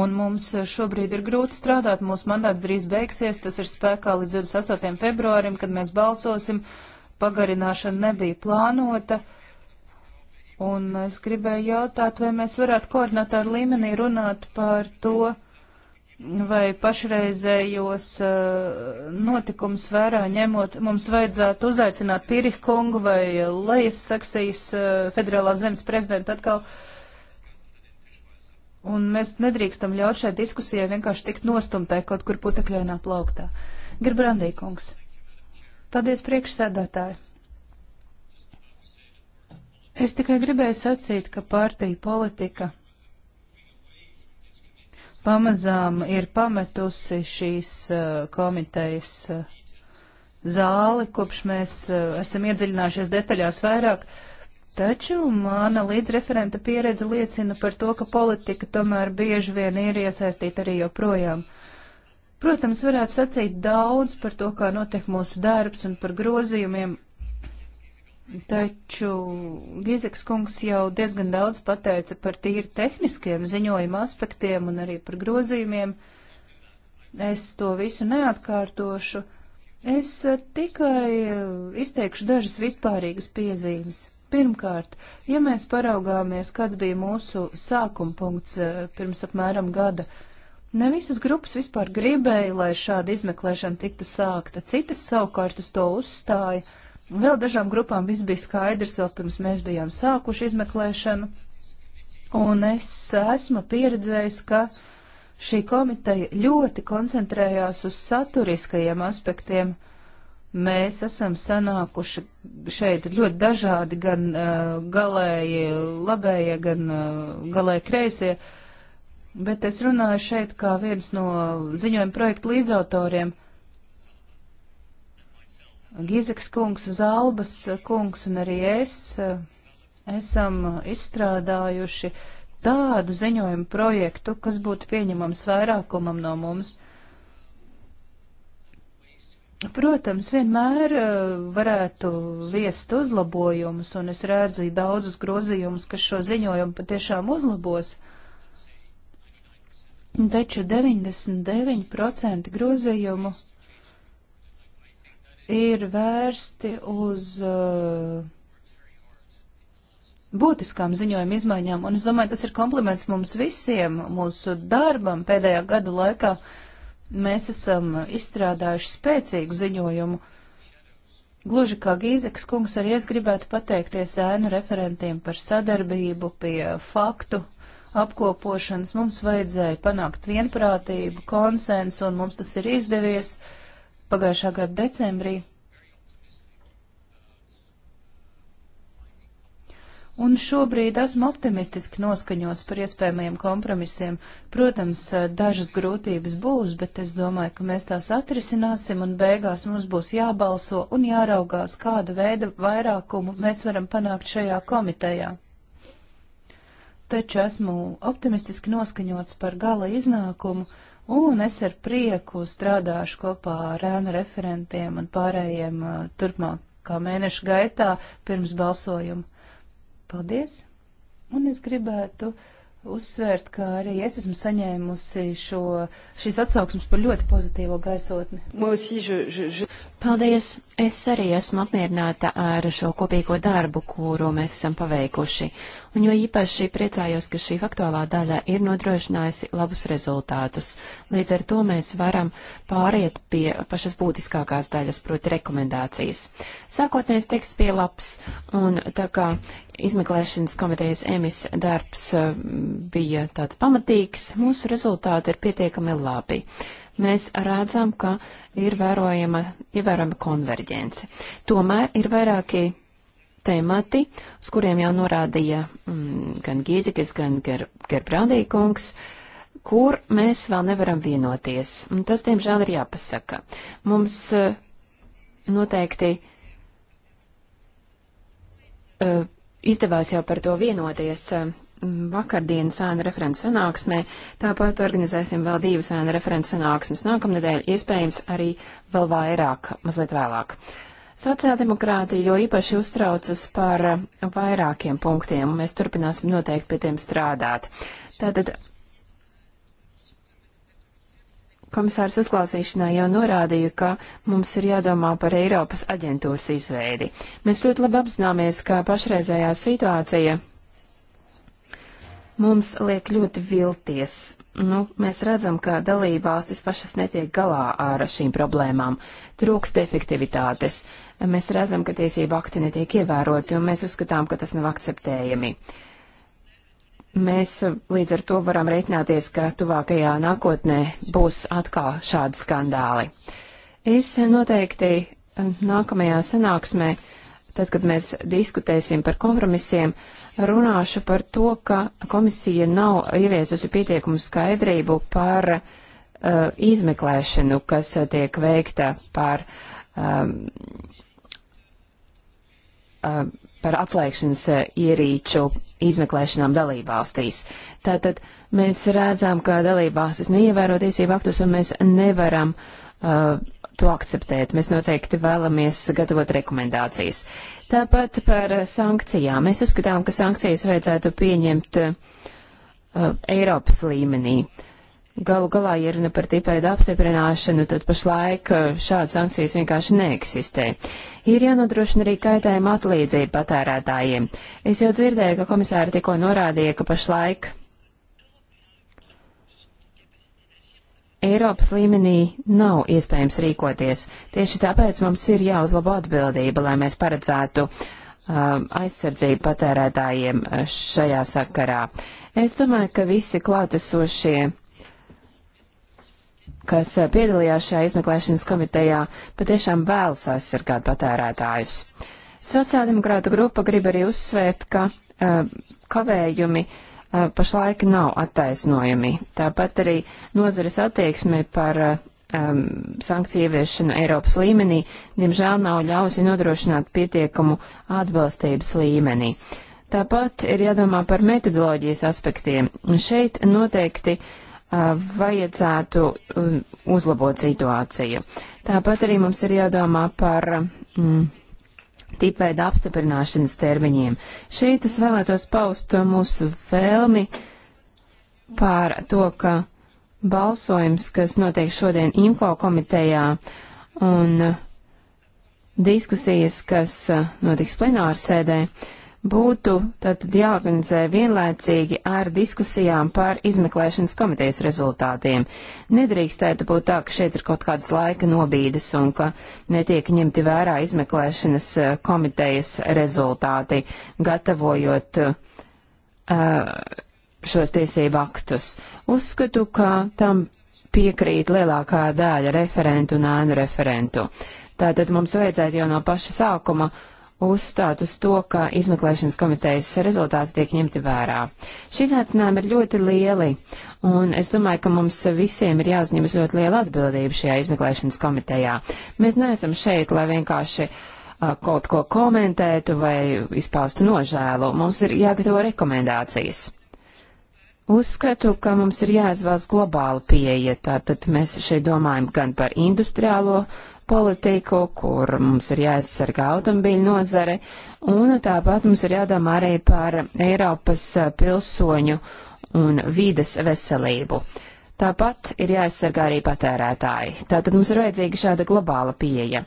Speaker 2: Un mums šobrīd ir grūti strādāt, mūsu mandāts drīz beigsies, tas ir spēkā līdz 28. februārim, kad mēs balsosim, pagarināšana nebija plānota. Uh, Un es gribēju jautāt, vai mēs varētu koordinatoru līmenī runāt par to, vai pašreizējos uh, eh, notikums vērā ņemot, mums vajadzētu uzaicināt Pīrihu kungu vai Lejas Saksijas uh, federālās zemes prezidentu atkal. Un mēs nedrīkstam ļaut šai diskusijai vienkārši tikt nostumtai kaut kur putekļainā plauktā. Girbrandī kungs. Paldies priekšsēdētāji. Es tikai gribēju sacīt, ka partija politika pamazām ir pametusi šīs uh, komitejas uh, zāli, kopš mēs uh, esam iedziļinājušies detaļās vairāk. Taču mana līdzreferenta pieredze liecina par to, ka politika tomēr bieži vien ir iesaistīta arī joprojām. Protams, varētu sacīt daudz par to, kā notiek mūsu darbs un par grozījumiem, Taču Gizeks kungs jau diezgan daudz pateica par tīri tehniskiem ziņojuma aspektiem un arī par grozījumiem. Es to visu neatkārtošu. Es tikai izteikšu dažas vispārīgas piezīmes. Pirmkārt, ja mēs paraugāmies, kāds bija mūsu sākuma punkts eh, pirms apmēram gada, ne visas grupas vispār gribēja, lai šāda izmeklēšana tiktu sākta, citas savukārt uz to uzstāja Vēl dažām grupām viss bija skaidrs, vēl pirms mēs bijām sākuši izmeklēšanu, un es esmu pieredzējis, ka šī komiteja ļoti koncentrējās uz saturiskajiem aspektiem. Mēs esam sanākuši šeit ļoti dažādi, gan uh, galēji labējie, gan uh, galēji kreisie, bet es runāju šeit kā viens no ziņojuma projekta līdzautoriem. Uh, Gizeks kungs, Zalbas kungs un arī es eh, esam izstrādājuši tādu ziņojumu projektu, kas būtu pieņemams vairākumam no mums. Protams, vienmēr eh, varētu viest uzlabojumus, un es redzu daudzus grozījumus, kas šo ziņojumu patiešām uzlabos. Taču 99% grozījumu ir vērsti uz uh, būtiskām ziņojuma izmaiņām, un es domāju, tas ir kompliments mums visiem, mūsu darbam pēdējā gadu laikā. Mēs esam izstrādājuši spēcīgu ziņojumu. Gluži kā Gīzeks kungs arī es gribētu pateikties ēnu referentiem par sadarbību pie faktu apkopošanas. Mums vajadzēja panākt vienprātību, konsensu, un mums tas ir izdevies. Uh, pagājušā gada decembrī. Un šobrīd esmu optimistiski noskaņots par iespējamajiem kompromisiem. Protams, eh, dažas grūtības būs, bet es domāju, ka mēs tās atrisināsim un beigās mums būs jābalso un jāraugās, kāda veida vairākumu mēs varam panākt šajā komitejā. Taču esmu optimistiski noskaņots par gala iznākumu un es ar prieku strādāšu kopā ar ēnu referentiem un pārējiem turpmākā mēneša gaitā pirms balsojuma. Paldies! Un es gribētu uzsvērt, ka arī es esmu saņēmusi šo, šīs atsauksmes par ļoti pozitīvo gaisotni.
Speaker 1: Paldies! Es arī esmu apmierināta ar šo kopīgo darbu, kuru mēs esam paveikuši. Uh, un jo īpaši priecājos, ka šī faktuālā daļa ir nodrošinājusi labus rezultātus. Līdz ar to mēs varam pāriet pie pašas būtiskākās daļas, proti rekomendācijas. Sākotnējais teksts bija labs, un tā kā izmeklēšanas komitejas emis darbs eh, bija tāds pamatīgs, mūsu rezultāti ir pietiekami labi mēs redzam, ka ir vērojama, ievērojama konverģence. Tomēr ir vairāki temati, uz kuriem jau norādīja mm, gan Gīzikas, gan Ger, Gerbraudīkungs, kur mēs vēl nevaram vienoties. Un tas, diemžēl, ir jāpasaka. Mums eh, noteikti uh, izdevās jau par to vienoties uh, vakardienas ēna referents sanāksmē, tāpat organizēsim vēl divas ēna referents sanāksmes nākamnedēļ, iespējams arī vēl vairāk, mazliet vēlāk. Uh, Sociāldemokrāti jo īpaši uztraucas par eh, vairākiem punktiem, un mēs turpināsim noteikti pie tiem strādāt. Tātad Komisārs uzklausīšanā jau norādīja, ka mums ir jādomā par Eiropas aģentūras izveidi. Mēs ļoti labi apzināmies, ka pašreizējā situācija mums liek ļoti vilties. Nu, mēs redzam, ka dalībvalstis pašas netiek galā ar šīm problēmām. Trūkst efektivitātes mēs redzam, ka tiesība akti netiek ievēroti, un mēs uzskatām, ka tas nav akceptējami. Mēs uh, līdz ar to varam reiķināties, ka tuvākajā nākotnē būs atkal šādi skandāli. Es noteikti uh, nākamajā sanāksmē, tad, kad mēs diskutēsim par kompromisiem, runāšu par to, ka komisija nav ieviesusi pietiekumu skaidrību par uh, izmeklēšanu, kas uh, tiek veikta par um, Eh, par atslēgšanas eh, ierīču izmeklēšanām dalībvalstīs. Tātad mēs redzam, ka dalībvalstis neievēro tiesību aktus un mēs nevaram uh, to akceptēt. Mēs noteikti vēlamies gatavot rekomendācijas. Tāpat par sankcijām. Mēs uzskatām, ka sankcijas vajadzētu pieņemt uh, Eiropas līmenī. Uh, Galu galā, ja runa par tipēdu apstiprināšanu, tad pašlaik eh, šādas sankcijas vienkārši neeksistē. Ir jānodrošina arī kaitējuma atlīdzība patērētājiem. Es jau dzirdēju, ka komisāri tikko norādīja, ka pašlaik Eiropas līmenī nav iespējams rīkoties. Tieši tāpēc mums ir jāuzlabo atbildība, lai mēs paredzētu uh, aizsardzību patērētājiem eh, šajā sakarā. Es domāju, ka visi klātesošie kas eh, piedalījās šajā izmeklēšanas komitejā, patiešām vēlas aizsargāt patērētājus. Sociāldemokrātu grupa grib arī uzsvērt, ka uh, kavējumi uh, pašlaik nav attaisnojami. Tāpat arī nozares attieksme par uh, um, sankciju ieviešanu Eiropas līmenī, diemžēl nav ļausi nodrošināt pietiekamu atbalstības līmenī. Tāpat ir jādomā par metodoloģijas aspektiem. Šeit noteikti uh, vajadzētu uzlabot situāciju. Tāpat arī mums ir jādomā par mm, tipēda apstiprināšanas termiņiem. Šeit es vēlētos paust mūsu vēlmi par to, ka balsojums, kas notiek šodien IMCO komitejā un diskusijas, kas notiks plenārsēdē, sēdē, būtu tātad jāorganizē vienlaicīgi ar diskusijām par izmeklēšanas komitejas rezultātiem. Nedrīkstētu būt tā, ka šeit ir kaut kādas laika nobīdes un ka netiek ņemti vērā izmeklēšanas eh, komitejas rezultāti, gatavojot uh, šos tiesību aktus. Uzskatu, ka tam piekrīt lielākā daļa referentu un ēnu referentu. Tātad mums vajadzētu jau no paša sākuma uh, uzstāt uz to, ka izmeklēšanas komitejas rezultāti tiek ņemti vērā. Šī izaicinājuma ir ļoti lieli, un es domāju, ka mums visiem ir jāuzņemas ļoti liela atbildība šajā izmeklēšanas komitejā. Mēs neesam šeit, lai vienkārši uh, kaut ko komentētu vai izpaustu nožēlu. Mums ir jāgatavo rekomendācijas. Uzskatu, ka mums ir jāizvēlas globāla pieeja, tātad mēs šeit domājam gan par industriālo politiku, kur mums ir jāaizsargā automobīļu nozare, un tāpat mums ir jādomā arī par Eiropas pilsoņu un vīdes veselību. Tāpat ir jāaizsargā arī patērētāji. Tātad mums ir vajadzīga šāda globāla pieeja.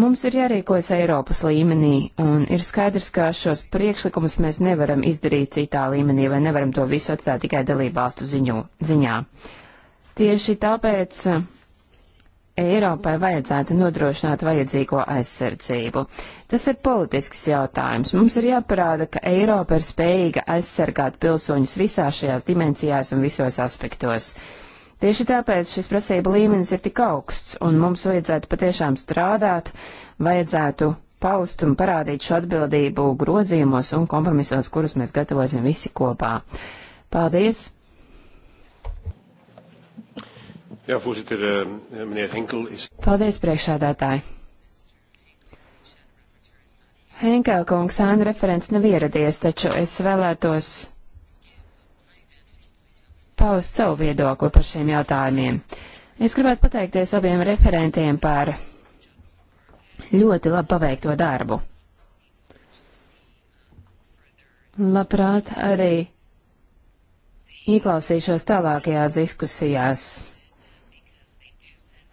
Speaker 1: Mums ir jārīkojas Eiropas līmenī, un ir skaidrs, ka šos priekšlikumus mēs nevaram izdarīt citā līmenī, vai nevaram to visu atstāt tikai dalībvalstu ziņā. Tieši tāpēc Eiropai vajadzētu nodrošināt vajadzīgo aizsardzību. Tas ir politisks jautājums. Mums ir jāparāda, ka Eiropa ir spējīga aizsargāt pilsoņus visās šajās dimensijās un visos aspektos. Tieši tāpēc šis prasība līmenis ir tik augsts, un mums vajadzētu patiešām strādāt, vajadzētu paust un parādīt šo atbildību grozījumos un kompromisos, kurus mēs gatavosim visi kopā. Paldies! Jā, voorzitter, eh, meneer Henkel is. Paldies, priekšādātāji. Henkel kungs, Āna referents nav ieradies, taču es vēlētos paust savu viedokli par šiem jautājumiem. Es gribētu pateikties abiem referentiem par ļoti labi paveikto darbu. Labprāt arī ieklausīšos tālākajās diskusijās.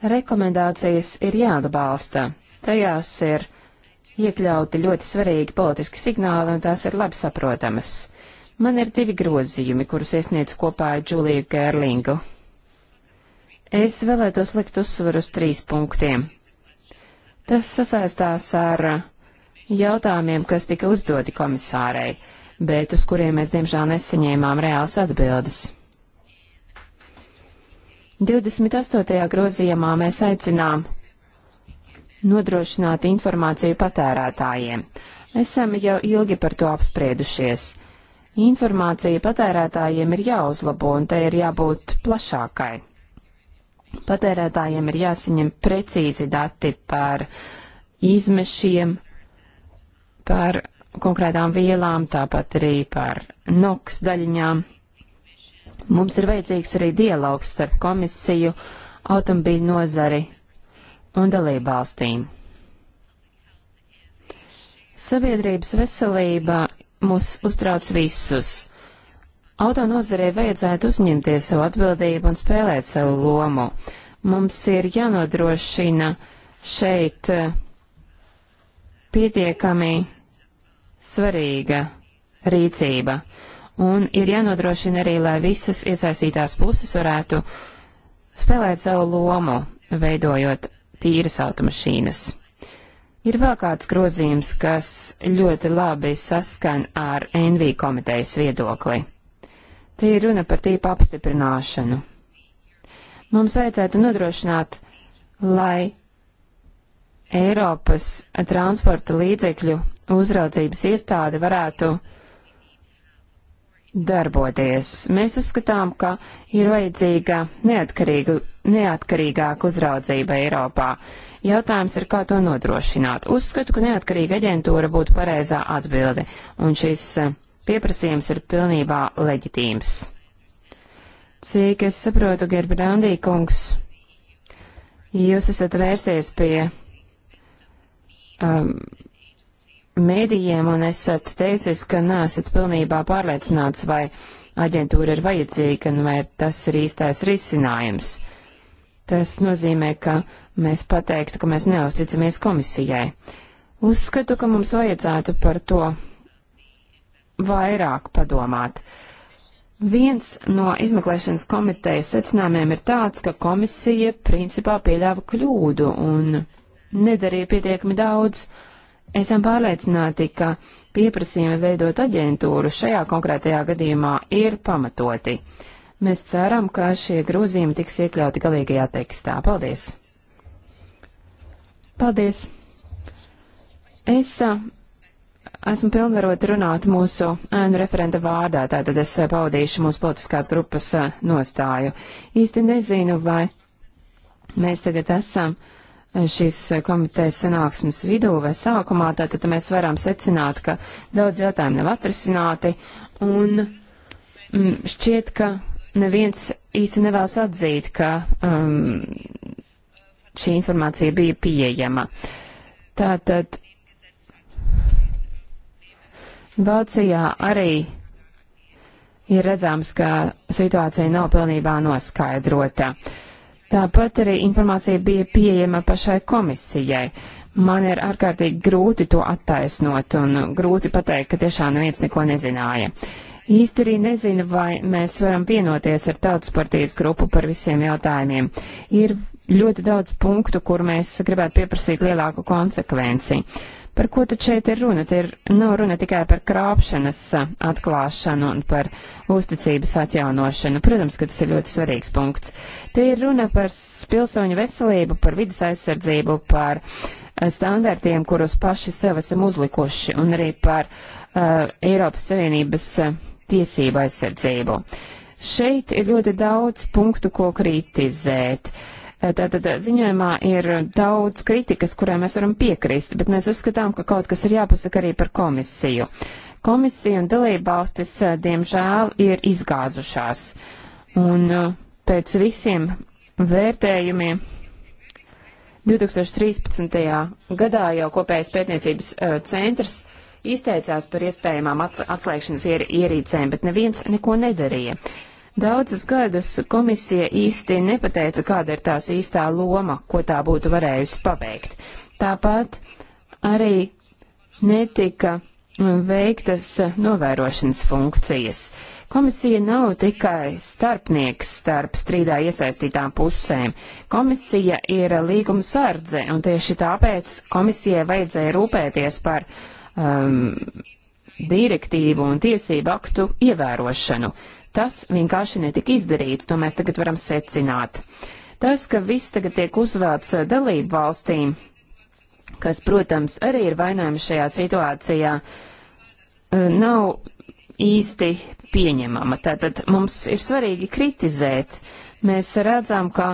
Speaker 1: Rekomendācijas ir jāatbalsta. Tajās ir iekļauti ļoti svarīgi politiski signāli, un tās ir labi saprotamas. Man ir divi grozījumi, kurus iesniedz kopā ar Džuliju Gērlingu. Es vēlētos likt uzsvaru uz trīs punktiem. Tas sasaistās ar jautājumiem, kas tika uzdoti komisārei, bet uz kuriem mēs diemžēl nesaņēmām reāls atbildes. 28. grozījumā mēs aicinām nodrošināt informāciju patērētājiem. Esam jau ilgi par to apspriedušies. Informācija patērētājiem ir jāuzlabo un tai ir jābūt plašākai. Patērētājiem ir jāsaņem precīzi dati par izmešiem, par konkrētām vielām, tāpat arī par NOX daļiņām. Mums ir vajadzīgs arī dialogs starp komisiju, automobīļu nozari un dalībvalstīm. Sabiedrības veselība mūs uztrauc visus. Auto nozarei vajadzētu uzņemties savu atbildību un spēlēt savu lomu. Mums ir jānodrošina šeit eh, pietiekami svarīga rīcība un ir jānodrošina arī, lai visas iesaistītās puses varētu spēlēt savu lomu, veidojot tīras automašīnas. Ir vēl kāds grozījums, kas ļoti labi saskan ar NV komitejas viedokli. Te ir runa par tīpa apstiprināšanu. Mums vajadzētu nodrošināt, lai Eiropas transporta līdzekļu uzraudzības iestāde varētu uh, darboties. Mēs uzskatām, ka ir vajadzīga neatkarīga, neatkarīgāka uzraudzība Eiropā. Jautājums ir, kā to nodrošināt. Uzskatu, ka neatkarīga aģentūra būtu pareizā atbilde, un šis eh, pieprasījums ir pilnībā leģitīms. Cik es saprotu, Gerbrandī kungs, jūs esat vērsies pie um, mēdījiem un esat teicis, ka nesat pilnībā pārliecināts, vai aģentūra ir vajadzīga un vai tas ir īstais risinājums. Tas nozīmē, ka mēs pateiktu, ka mēs neusticamies komisijai. Uzskatu, ka mums vajadzētu par to vairāk padomāt. Viens no izmeklēšanas komitejas secinājumiem ir tāds, ka komisija principā pieļāva kļūdu un nedarīja pietiekami daudz, uh, Esam pārliecināti, ka pieprasījumi veidot aģentūru šajā konkrētajā gadījumā ir pamatoti. Mēs ceram, ka šie grozījumi tiks iekļauti galīgajā tekstā. Paldies! Paldies! Es esmu pilnvarot runāt mūsu ēnu referenta vārdā, tātad es paudīšu mūsu politiskās grupas nostāju. Īsti nezinu, vai mēs tagad esam. Uh, šīs eh, komitejas sanāksmes vidū vai sākumā, tātad mēs varam secināt, ka daudz jautājumu nav atrisināti, un mm, šķiet, ka neviens īsti nevēlas atzīt, ka um, šī informācija bija pieejama. Tātad Vācijā arī ir redzams, ka situācija nav pilnībā noskaidrota. Uh, Tāpat arī informācija bija pieejama pašai komisijai. Man ir ārkārtīgi grūti to attaisnot un grūti pateikt, ka tiešām neviens neko nezināja. Īsti arī nezinu, vai mēs varam vienoties ar tautas partijas grupu par visiem jautājumiem. Ir ļoti daudz punktu, kur mēs gribētu pieprasīt lielāku konsekvenci. Par ko tad šeit ir runa? Te ir nav runa tikai par krāpšanas atklāšanu un par uzticības atjaunošanu. Protams, ka tas ir ļoti svarīgs punkts. Te ir runa par pilsoņu veselību, par vidas aizsardzību, par standartiem, kurus paši sev esam uzlikuši, un arī par uh, Eiropas Savienības tiesību aizsardzību. Šeit ir ļoti daudz punktu, ko kritizēt. Uh, Tātad ziņojumā ir daudz kritikas, kurai mēs varam piekrist, bet mēs uzskatām, ka kaut kas ir jāpasaka arī par komisiju. Komisija un dalībvalstis, eh, diemžēl, ir izgāzušās. Un eh, pēc visiem vērtējumiem 2013. gadā jau kopējais pētniecības eh, centrs izteicās par iespējamām atslēgšanas ierīcēm, bet neviens neko nedarīja. Daudzus gadus komisija īsti nepateica, kāda ir tās īstā loma, ko tā būtu varējusi paveikt. Tāpat arī netika mm, veiktas eh, novērošanas funkcijas. Komisija nav tikai starpnieks starp strīdā iesaistītām pusēm. Komisija ir līguma sardze, un tieši tāpēc komisijai vajadzēja rūpēties par um, direktīvu un tiesību aktu ievērošanu. Tas vienkārši netika izdarīts, to mēs tagad varam secināt. Tas, ka viss tagad tiek uzvēlts eh, dalību valstīm, kas, protams, arī ir vainojami šajā situācijā, eh, nav īsti pieņemama. Tātad mums ir svarīgi kritizēt. Mēs redzam, ka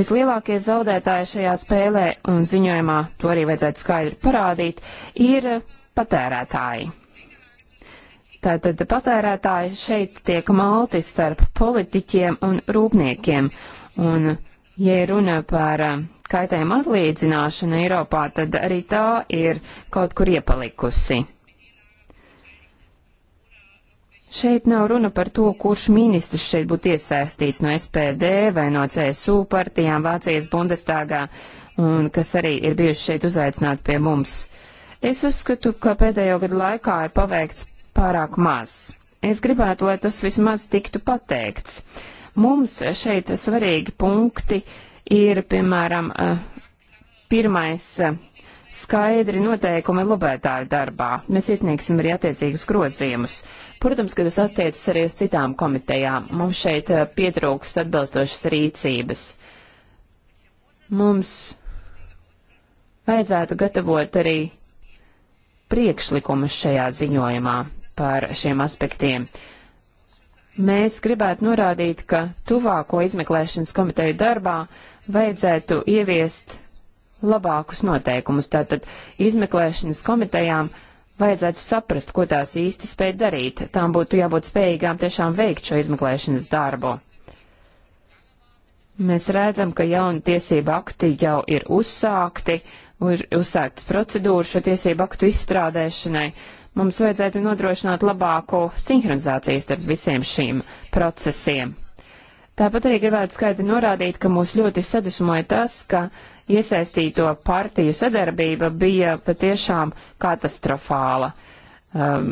Speaker 1: vislielākie zaudētāji šajā spēlē, un ziņojumā to arī vajadzētu skaidri parādīt, ir patērētāji. Tātad patērētāji šeit tiek malti starp politiķiem un rūpniekiem. Un, ja runa par eh, kaitējuma atlīdzināšanu Eiropā, tad arī tā ir kaut kur iepalikusi. Šeit nav runa par to, kurš ministrs šeit būtu iesaistīts no SPD vai no CSU partijām Vācijas Bundestāgā, un kas arī ir bijuši šeit uzaicināti pie mums. Es uzskatu, ka pēdējo gadu laikā ir paveikts pārāk maz. Es gribētu, lai tas vismaz tiktu pateikts. Mums šeit svarīgi punkti ir, piemēram, eh, pirmais eh, skaidri noteikumi lobētāju darbā. Mēs iesniegsim arī attiecīgus grozījumus. Protams, ka tas attiecas arī uz citām komitejām. Mums šeit eh, pietrūkst atbilstošas rīcības. Mums vajadzētu gatavot arī priekšlikumus šajā ziņojumā par šiem aspektiem. Mēs gribētu norādīt, ka tuvāko izmeklēšanas komiteju darbā vajadzētu ieviest labākus noteikumus. Tātad izmeklēšanas komitejām vajadzētu saprast, ko tās īsti spēj darīt. Tām būtu jābūt spējīgām tiešām veikt šo izmeklēšanas darbu. Mēs redzam, ka jauni tiesība akti jau ir uzsākti, ir uzsāktas procedūras šo tiesību aktu izstrādēšanai, Mums vajadzētu nodrošināt labāku sinhronizāciju starp visiem šīm procesiem. Tāpat arī gribētu skaidri norādīt, ka mūs ļoti sadusmoja tas, ka iesaistīto partiju sadarbība bija patiešām katastrofāla. Um,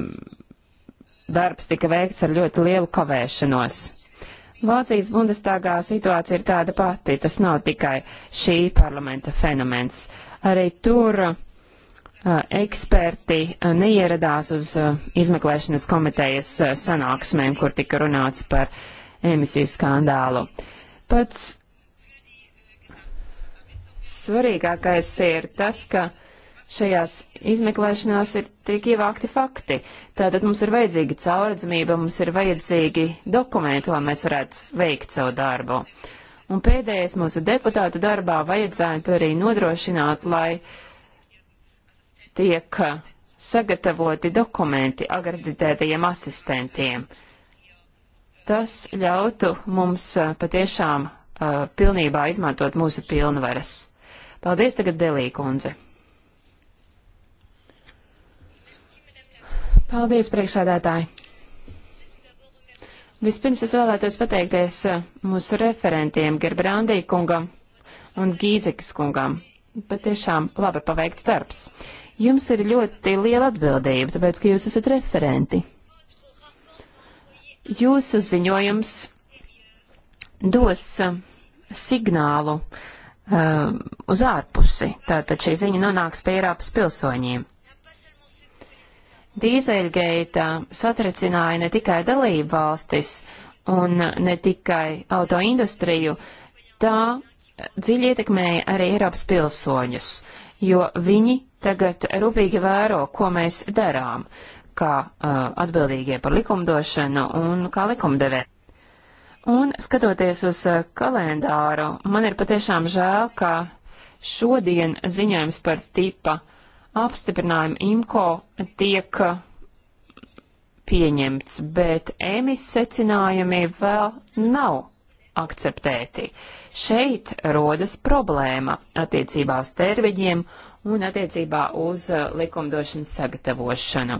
Speaker 1: darbs tika veikts ar ļoti lielu kavēšanos. Vācijas bundestāgā situācija ir tāda pati, tas nav tikai šī parlamenta fenomens. Arī tur uh, eksperti neieradās uz izmeklēšanas komitejas sanāksmēm, kur tika runāts par emisiju skandālu. Pats svarīgākais ir tas, ka šajās izmeklēšanās ir tiek ievākti fakti. Tātad mums ir vajadzīga caurredzamība, mums ir vajadzīgi dokumenti, lai mēs varētu veikt savu darbu. Un pēdējais mūsu deputātu darbā vajadzētu arī nodrošināt, lai uh, tiek sagatavoti dokumenti agreditētajiem asistentiem. Tas ļautu mums uh, patiešām uh, pilnībā izmantot mūsu pilnvaras. Paldies tagad Delī kundze. Paldies, priekšsādātāji. Vispirms es vēlētos pateikties uh, mūsu referentiem Gerbrandī kungam un Gīzekas kungam. Patiešām labi paveikts darbs. Jums ir ļoti liela atbildība, tāpēc, ka jūs esat referenti. Jūsu ziņojums dos um, signālu uh, uz ārpusi, tātad šī ziņa nonāks pie Eiropas pilsoņiem. Dīzeļgeita um, satricināja ne tikai dalību valstis un ne tikai autoindustriju, tā dziļi ietekmēja arī Eiropas pilsoņus. Uh, jo viņi tagad rūpīgi vēro, ko mēs darām, kā uh, atbildīgie par likumdošanu un kā likumdevē. Un skatoties uz uh, kalendāru, man ir patiešām žēl, ka šodien ziņojums par tipa apstiprinājumu IMCO tiek uh, pieņemts, bet emis secinājumi vēl nav akceptēti. Šeit rodas problēma attiecībā uz terviģiem un attiecībā uz uh, likumdošanas sagatavošanu.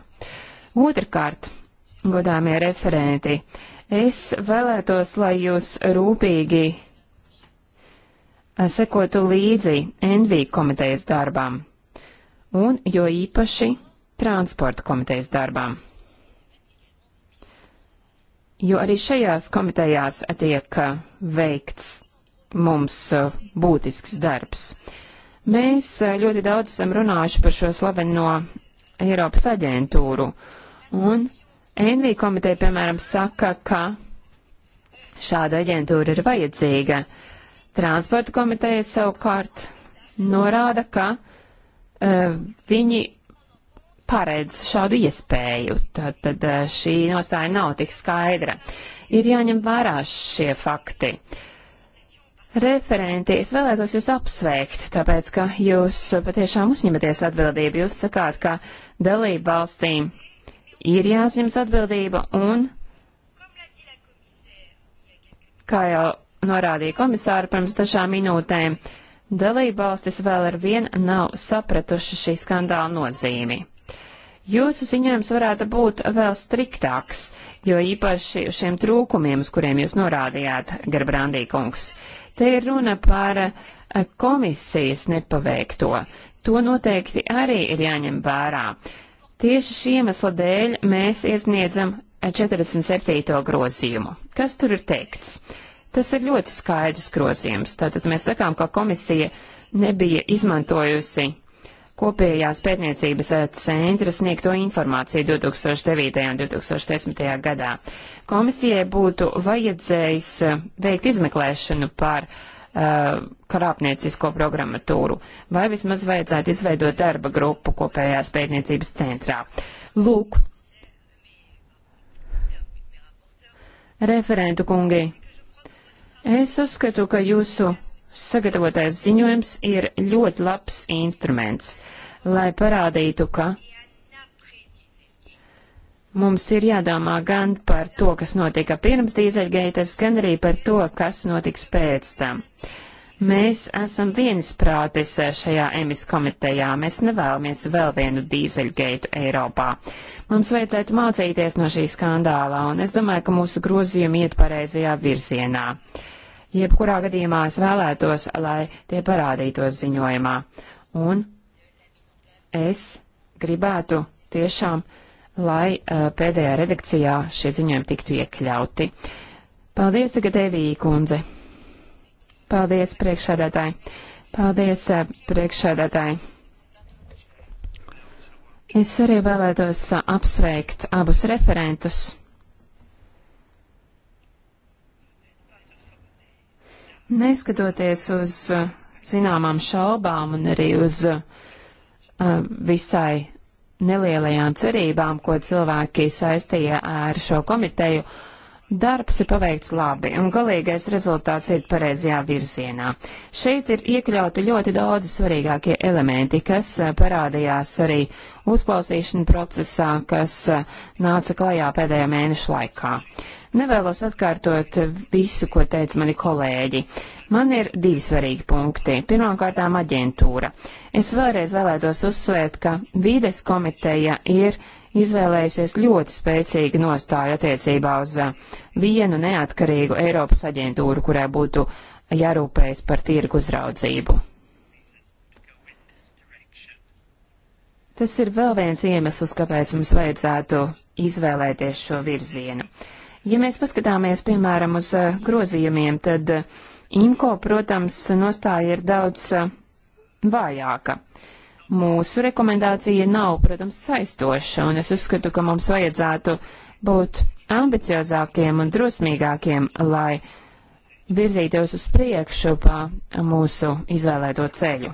Speaker 1: Otrakārt, godāmie referenti, es vēlētos, lai jūs rūpīgi uh, sekotu līdzi NV komitejas darbām un jo īpaši transporta komitejas darbām jo arī šajās komitejās tiek uh, veikts mums uh, būtisks darbs. Mēs uh, ļoti daudz esam runājuši par šo slaveno Eiropas aģentūru, un NV komiteja, piemēram, saka, ka šāda aģentūra ir vajadzīga. Transporta komiteja savukārt norāda, ka uh, viņi paredz šādu iespēju. Tad, tad eh, šī nostāja nav tik skaidra. Ir jāņem vērā šie fakti. Referenti, es vēlētos jūs apsveikt, tāpēc, ka jūs patiešām uzņematies atbildību. Jūs sakāt, ka dalību valstīm ir jāuzņemas atbildība un, kā jau norādīja komisāra pirms dažām minūtēm, dalību valstis vēl ar vien nav sapratuši šī skandāla nozīmi. Jūsu ziņojums varētu būt vēl striktāks, jo īpaši šiem trūkumiem, uz kuriem jūs norādījāt, Gerbrandī kungs, te ir runa par eh, komisijas nepaveikto. To noteikti arī ir jāņem vērā. Tieši šī iemesla dēļ mēs iesniedzam 47. Eh, grozījumu. Kas tur ir teikts? Tas ir ļoti skaidrs grozījums. Tātad mēs sakām, ka komisija nebija izmantojusi kopējās pētniecības eh, centra sniegto informāciju 2009. un 2010. gadā. Komisijai būtu vajadzējis eh, veikt izmeklēšanu par uh, krāpniecisko programmatūru, vai vismaz vajadzētu izveidot darba grupu kopējās pētniecības centrā. Lūk, referentu kungi, es uzskatu, ka jūsu sagatavotais ziņojums ir ļoti labs instruments, lai parādītu, ka mums ir jādomā gan par to, kas notika pirms dīzeļgeitas, gan arī par to, kas notiks pēc tam. Mēs esam viensprātis šajā emis komitejā. Mēs nevēlamies vēl vienu dīzeļgeitu Eiropā. Mums vajadzētu mācīties no šī skandāla, un es domāju, ka mūsu grozījumi iet pareizajā virzienā. Uh, Jebkurā gadījumā es vēlētos, lai tie parādītos ziņojumā. Un es gribētu tiešām, lai uh, pēdējā redakcijā šie ziņojumi tiktu iekļauti. Paldies, tagad Evija kundze. Paldies, priekšsēdētāji. Paldies, eh, priekšsēdētāji. Es arī vēlētos eh, apsveikt abus referentus. Neskatoties uz eh, zināmām šaubām un arī uz uh, visai nelielajām cerībām, ko cilvēki saistīja ar šo komiteju, uh, Darbs ir paveikts labi, un galīgais rezultāts ir pareizajā virzienā. Šeit ir iekļauti ļoti daudzi svarīgākie elementi, kas eh, parādījās arī uzklausīšana procesā, kas eh, nāca klajā pēdējā mēneša laikā. Nevēlos atkārtot visu, ko teica mani kolēģi. Man ir divi svarīgi punkti. Pirmkārtām aģentūra. Es vēlreiz vēlētos uzsvērt, ka vīdes komiteja ir izvēlējusies ļoti spēcīgu nostāju attiecībā uz uh, vienu neatkarīgu Eiropas aģentūru, kurai būtu jārūpējas par tirgu uzraudzību. Tas ir vēl viens iemesls, kāpēc mums vajadzētu izvēlēties šo virzienu. Ja mēs paskatāmies, piemēram, uz uh, grozījumiem, tad uh, IMCO, protams, nostāja ir daudz vājāka. Uh, Mūsu rekomendācija nav, protams, saistoša, un es uzskatu, ka mums vajadzētu būt ambiciozākiem un drosmīgākiem, lai virzītos uz priekšu pa mūsu izvēlēto ceļu.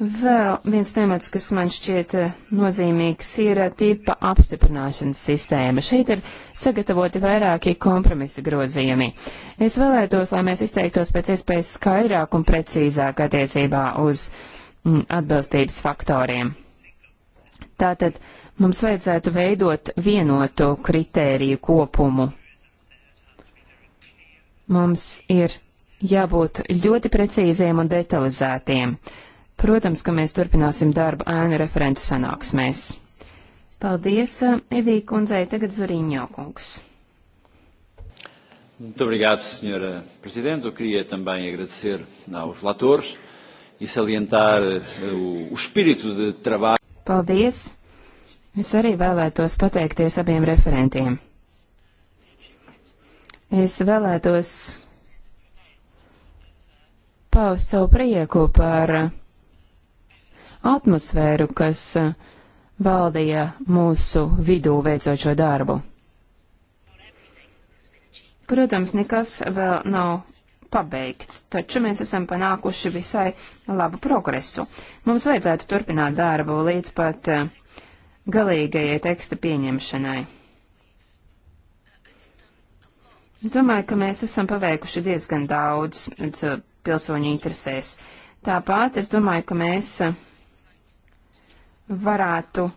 Speaker 1: Vēl viens temats, kas man šķiet eh, nozīmīgs, ir eh, tipa apstiprināšanas sistēma. Šeit ir sagatavoti vairāki kompromisa grozījumi. Es vēlētos, lai mēs izteiktos pēc iespējas skaidrāk un precīzāk attiecībā uz m, mm, atbilstības faktoriem. Tātad mums vajadzētu veidot vienotu kritēriju kopumu. Mums ir jābūt ļoti precīziem un detalizētiem. Uh, Protams, ka mēs turpināsim darbu ēnu referentu sanāksmēs. Paldies, uh, Evī kundzei, tagad Zuriņo kungs.
Speaker 2: Muito obrigado, Sra. Presidente. Eu queria também agradecer aos relatores e salientar uh, o, o espírito de trabalho.
Speaker 1: Paldies! Es arī vēlētos pateikties abiem referentiem. Es vēlētos paust savu prieku par atmosfēru, kas uh, valdīja mūsu vidū veicot šo darbu. Protams, nekas vēl nav pabeigts, taču mēs esam panākuši visai labu progresu. Mums vajadzētu turpināt darbu līdz pat uh, galīgajai teksta pieņemšanai. Domāju, ka mēs esam paveikuši diezgan daudz uh, pilsoņu interesēs. Tāpat es domāju, ka mēs varētu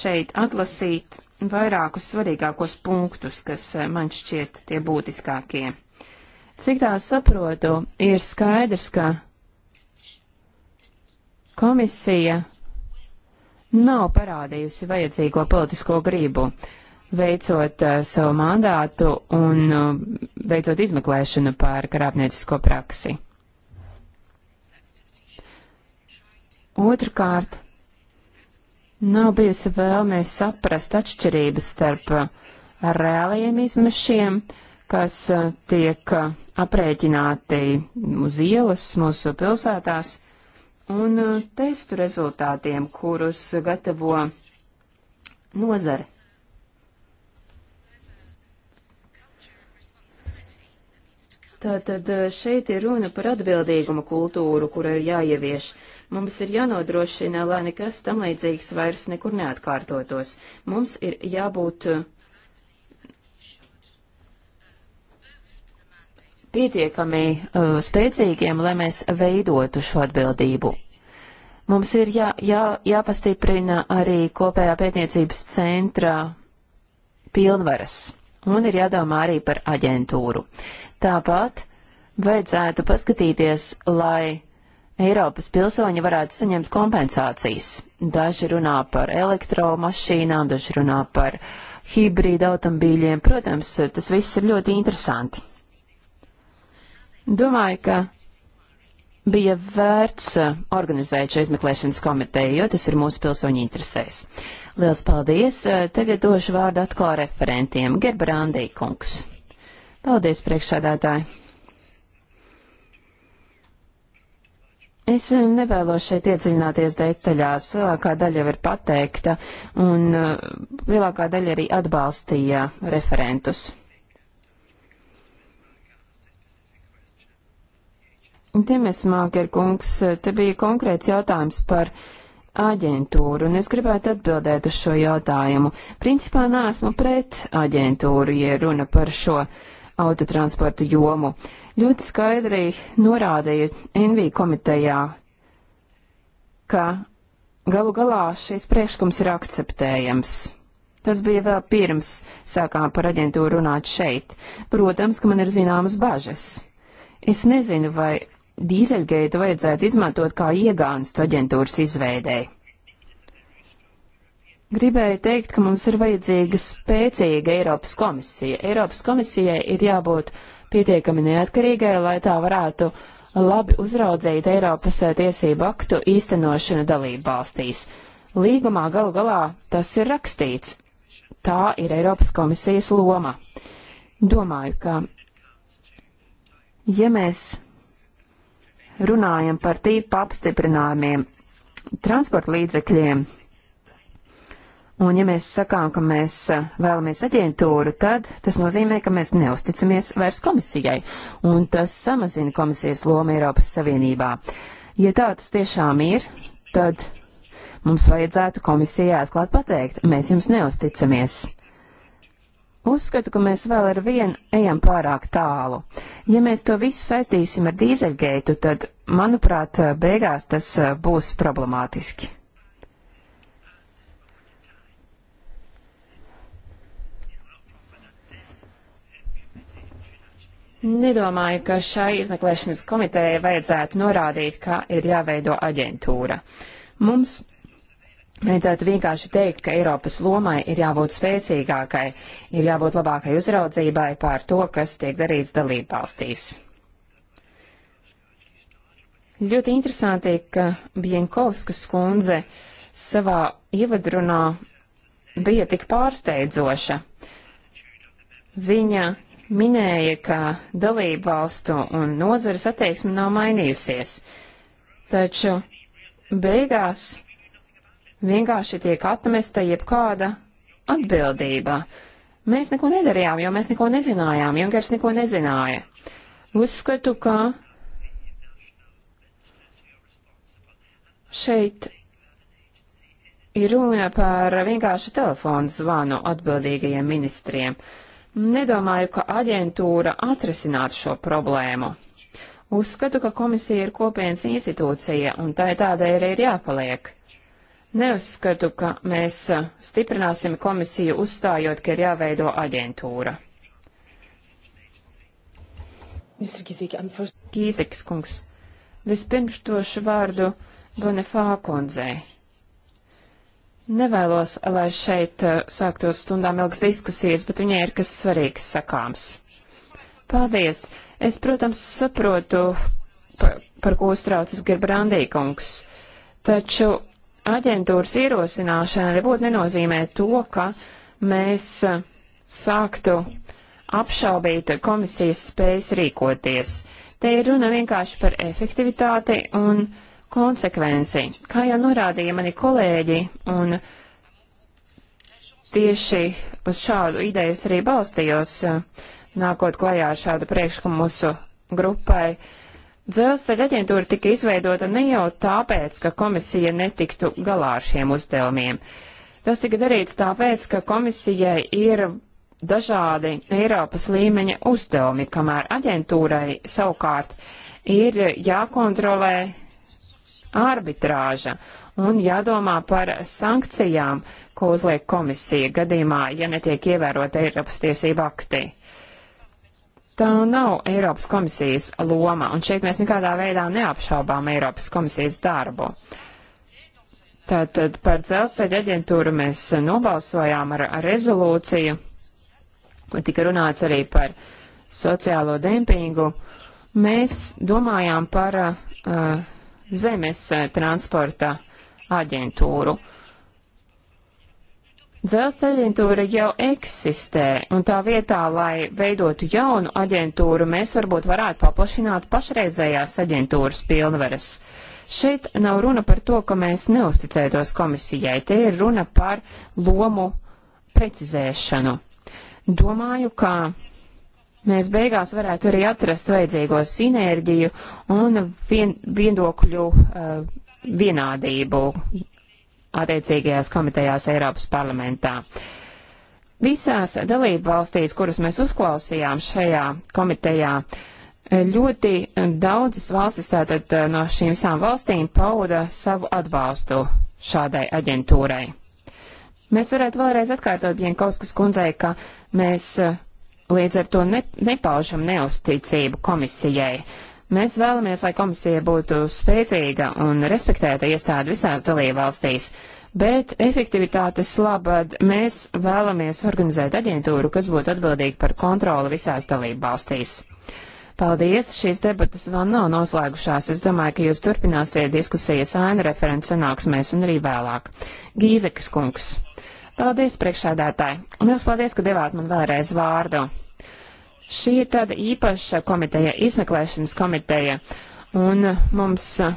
Speaker 1: šeit atlasīt vairākus svarīgākos punktus, kas eh, man šķiet tie būtiskākie. Cik tā saprotu, ir skaidrs, ka komisija nav parādījusi vajadzīgo politisko gribu, veicot uh, savu mandātu un uh, veicot izmeklēšanu par krāpniecisko praksi. Otrkārt, Nav bijusi vēlme saprast atšķirības starp uh, reālajiem izmešiem, kas uh, tiek uh, aprēķināti uz ielas mūsu pilsētās, un testu rezultātiem, kurus gatavo nozare. Tātad eh, šeit ir runa par atbildīguma kultūru, kura ir jāievieš. Mums ir jānodrošina, lai nekas tam līdzīgs vairs nekur neatkārtotos. Mums ir jābūt eh, pietiekami uh, spēcīgiem, lai mēs veidotu šo atbildību. Mums ir jā, jā, jāpastiprina arī kopējā pētniecības centra pilnvaras un ir jādomā arī par aģentūru. Tāpat vajadzētu paskatīties, lai Eiropas pilsoņi varētu saņemt kompensācijas. Daži runā par elektromašīnām, daži runā par hibrīda automobīļiem. Protams, tas viss ir ļoti interesanti. Domāju, ka bija vērts uh, organizēt šo izmeklēšanas komiteju, jo tas ir mūsu pilsoņu interesēs. Liels paldies! Uh, Tagad došu vārdu atkal referentiem. Gerberandī kungs. Paldies, priekšsādātāji! Es nevēlos šeit iedziļināties detaļās, lielākā daļa jau ir pateikta, un uh, lielākā daļa arī atbalstīja referentus. Demes Māker kungs, te bija konkrēts jautājums par aģentūru, un es gribētu atbildēt uz šo jautājumu. Principā nāsmu pret aģentūru, ja runa par šo aģentūru autotransporta jomu. Ļoti skaidri norādīja NV komitejā, ka galu galā šis priekšlikums ir akceptējams. Tas bija vēl pirms sākām par aģentūru runāt šeit. Protams, ka man ir zināmas bažas. Es nezinu, vai dīzeļgeitu vajadzētu izmantot kā iegānstu aģentūras izveidēji. Gribēju teikt, ka mums ir vajadzīga spēcīga Eiropas komisija. Eiropas komisijai ir jābūt pietiekami neatkarīgai, lai tā varētu labi uzraudzīt Eiropas eh, tiesību aktu īstenošanu dalību valstīs. Līgumā galu galā tas ir rakstīts. Tā ir Eiropas komisijas loma. Domāju, ka ja mēs runājam par tīpa apstiprinājumiem, transporta līdzekļiem, Un ja mēs sakām, ka mēs eh, vēlamies aģentūru, tad tas nozīmē, ka mēs neusticamies vairs komisijai, un tas samazina komisijas lomu Eiropas Savienībā. Ja tā tas tiešām ir, tad mums vajadzētu komisijai atklāt pateikt, mēs jums neusticamies. Uzskatu, ka mēs vēl ar vienu ejam pārāk tālu. Ja mēs to visu saistīsim ar dīzeļgeitu, tad, manuprāt, beigās tas eh, būs problemātiski. Nedomāju, ka šai izmeklēšanas komitejai vajadzētu norādīt, ka ir jāveido aģentūra. Mums Vajadzētu vienkārši teikt, ka Eiropas lomai ir jābūt spēcīgākai, ir jābūt labākai uzraudzībai pār to, kas tiek darīts dalībvalstīs. Ļoti interesanti, ka Bienkovskas kundze savā ievadrunā bija tik pārsteidzoša. Viņa minēja, ka dalību valstu un nozares attieksme nav mainījusies, taču beigās vienkārši tiek atmesta jebkāda atbildība. Mēs neko nedarījām, jo mēs neko nezinājām, Junkers neko nezināja. Uzskatu, ka šeit ir runa par vienkāršu telefonu zvanu atbildīgajiem ministriem. Uh, Nedomāju, ka aģentūra atrisinātu šo problēmu. Uzskatu, ka komisija ir kopienas institūcija, un tai tādai arī ir jāpaliek. Neuzskatu, ka mēs uh, stiprināsim komisiju uzstājot, ka ir jāveido aģentūra. Gīzeks kungs, vispirms tošu vārdu Bonifā kundzei. Nevēlos, lai šeit eh, sāktos stundām ilgas diskusijas, bet viņai ir kas svarīgs sakāms. Paldies! Es, protams, saprotu, par, par ko uztraucas Gerbrandīkungs, taču aģentūras ierosināšana nebūtu nenozīmē to, ka mēs eh, sāktu apšaubīt komisijas spējas rīkoties. Te ir runa vienkārši par efektivitāti un. Mm konsekvenci. Kā jau norādīja mani kolēģi, un tieši uz šādu ideju es arī balstījos, nākot klajā ar šādu priekšlikumu mūsu grupai. Dzelzceļa aģentūra tika izveidota ne jau tāpēc, ka komisija netiktu galā ar šiem uzdevumiem. Tas tika darīts tāpēc, ka komisijai ir dažādi Eiropas līmeņa uzdevumi, kamēr aģentūrai savukārt ir jākontrolē arbitrāža un jādomā par sankcijām, ko uzliek komisija gadījumā, ja netiek ievērota Eiropas tiesība akti. Tā nav Eiropas komisijas loma, un šeit mēs nekādā veidā neapšaubām Eiropas komisijas darbu. Tātad par dzelzceļa aģentūru mēs nobalsojām ar, ar rezolūciju, kur tika runāts arī par sociālo dempingu. Mēs domājām par uh, zemes eh, transporta aģentūru. Dzelzceļa aģentūra jau eksistē, un tā vietā, lai veidotu jaunu aģentūru, mēs varbūt varētu paplašināt pašreizējās aģentūras pilnvaras. Šeit nav runa par to, ka mēs neusticētos komisijai, te ir runa par lomu precizēšanu. Domāju, ka mēs beigās varētu arī atrast vajadzīgo sinerģiju un vien, viendokļu uh, eh, vienādību attiecīgajās komitejās Eiropas parlamentā. Visās dalību valstīs, kuras mēs uzklausījām šajā komitejā, eh, ļoti daudzas valstis tātad eh, no šīm visām valstīm pauda savu atbalstu šādai aģentūrai. Mēs varētu vēlreiz atkārtot Bienkauskas kundzei, ka mēs līdz ar to ne, nepaužam neusticību komisijai. Mēs vēlamies, lai komisija būtu spēcīga un respektēta iestāde visās dalībvalstīs, bet efektivitātes labad mēs vēlamies organizēt aģentūru, kas būtu atbildīga par kontroli visās dalībvalstīs. Paldies, šīs debatas vēl nav noslēgušās. Es domāju, ka jūs turpināsiet diskusijas ēnu referents sanāksmēs un arī vēlāk. Gīzekas kungs. Paldies, priekšādātāji! Liels paldies, ka devāt man vēlreiz vārdu! Šī ir tāda īpaša komiteja, izmeklēšanas komiteja, un mums uh,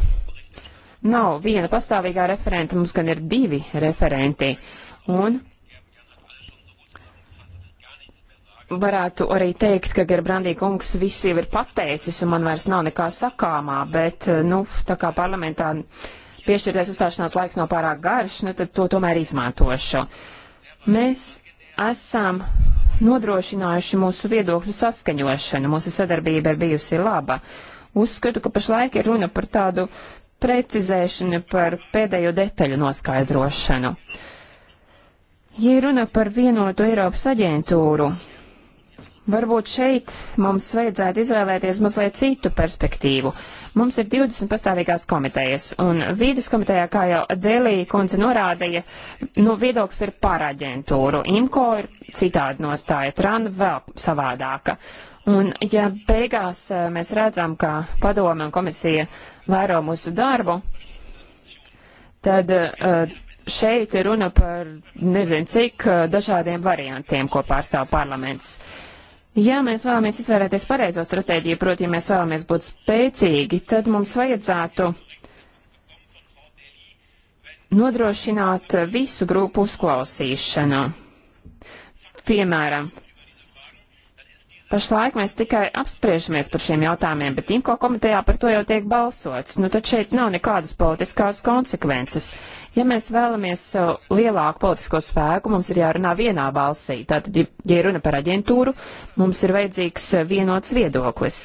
Speaker 1: nav viena pastāvīgā referenta, mums gan ir divi referenti. Un varētu arī teikt, ka Gerbrandī kungs viss jau ir pateicis, un man vairs nav nekā sakāmā, bet, uh, nu, tā kā parlamentā piešķirtais uzstāšanās laiks nav no pārāk garš, nu tad to tomēr izmantošu. Mēs esam nodrošinājuši mūsu viedokļu saskaņošanu, mūsu sadarbība ir bijusi laba. Uzskatu, ka pašlaik ir runa par tādu precizēšanu, par pēdējo detaļu noskaidrošanu. Ja runa par vienotu Eiropas aģentūru, varbūt šeit mums vajadzētu izvēlēties mazliet citu perspektīvu. Mums ir 20 pastāvīgās komitejas, un vīdes komitejā, kā jau Delī kundze norādīja, nu, viedoklis ir par aģentūru. IMCO ir citādi nostāja, TRAN vēl savādāka. Un ja beigās eh, mēs redzam, ka padome un komisija vēro mūsu darbu, tad eh, šeit ir runa par nezinu cik eh, dažādiem variantiem, ko pārstāv parlaments. Uh, Ja mēs vēlamies izvērēties pareizo stratēģiju, proti, ja mēs vēlamies būt spēcīgi, tad mums vajadzētu nodrošināt visu grupu uzklausīšanu. Piemēram, Pašlaik mēs tikai apspriežamies par šiem jautājumiem, bet IMCO komitejā par to jau tiek balsots. Nu, tad šeit nav nekādas politiskās konsekvences. Ja mēs vēlamies uh, lielāku politisko spēku, mums ir jārunā vienā balsī. Tātad, ja runa par aģentūru, mums ir vajadzīgs uh, vienots viedoklis.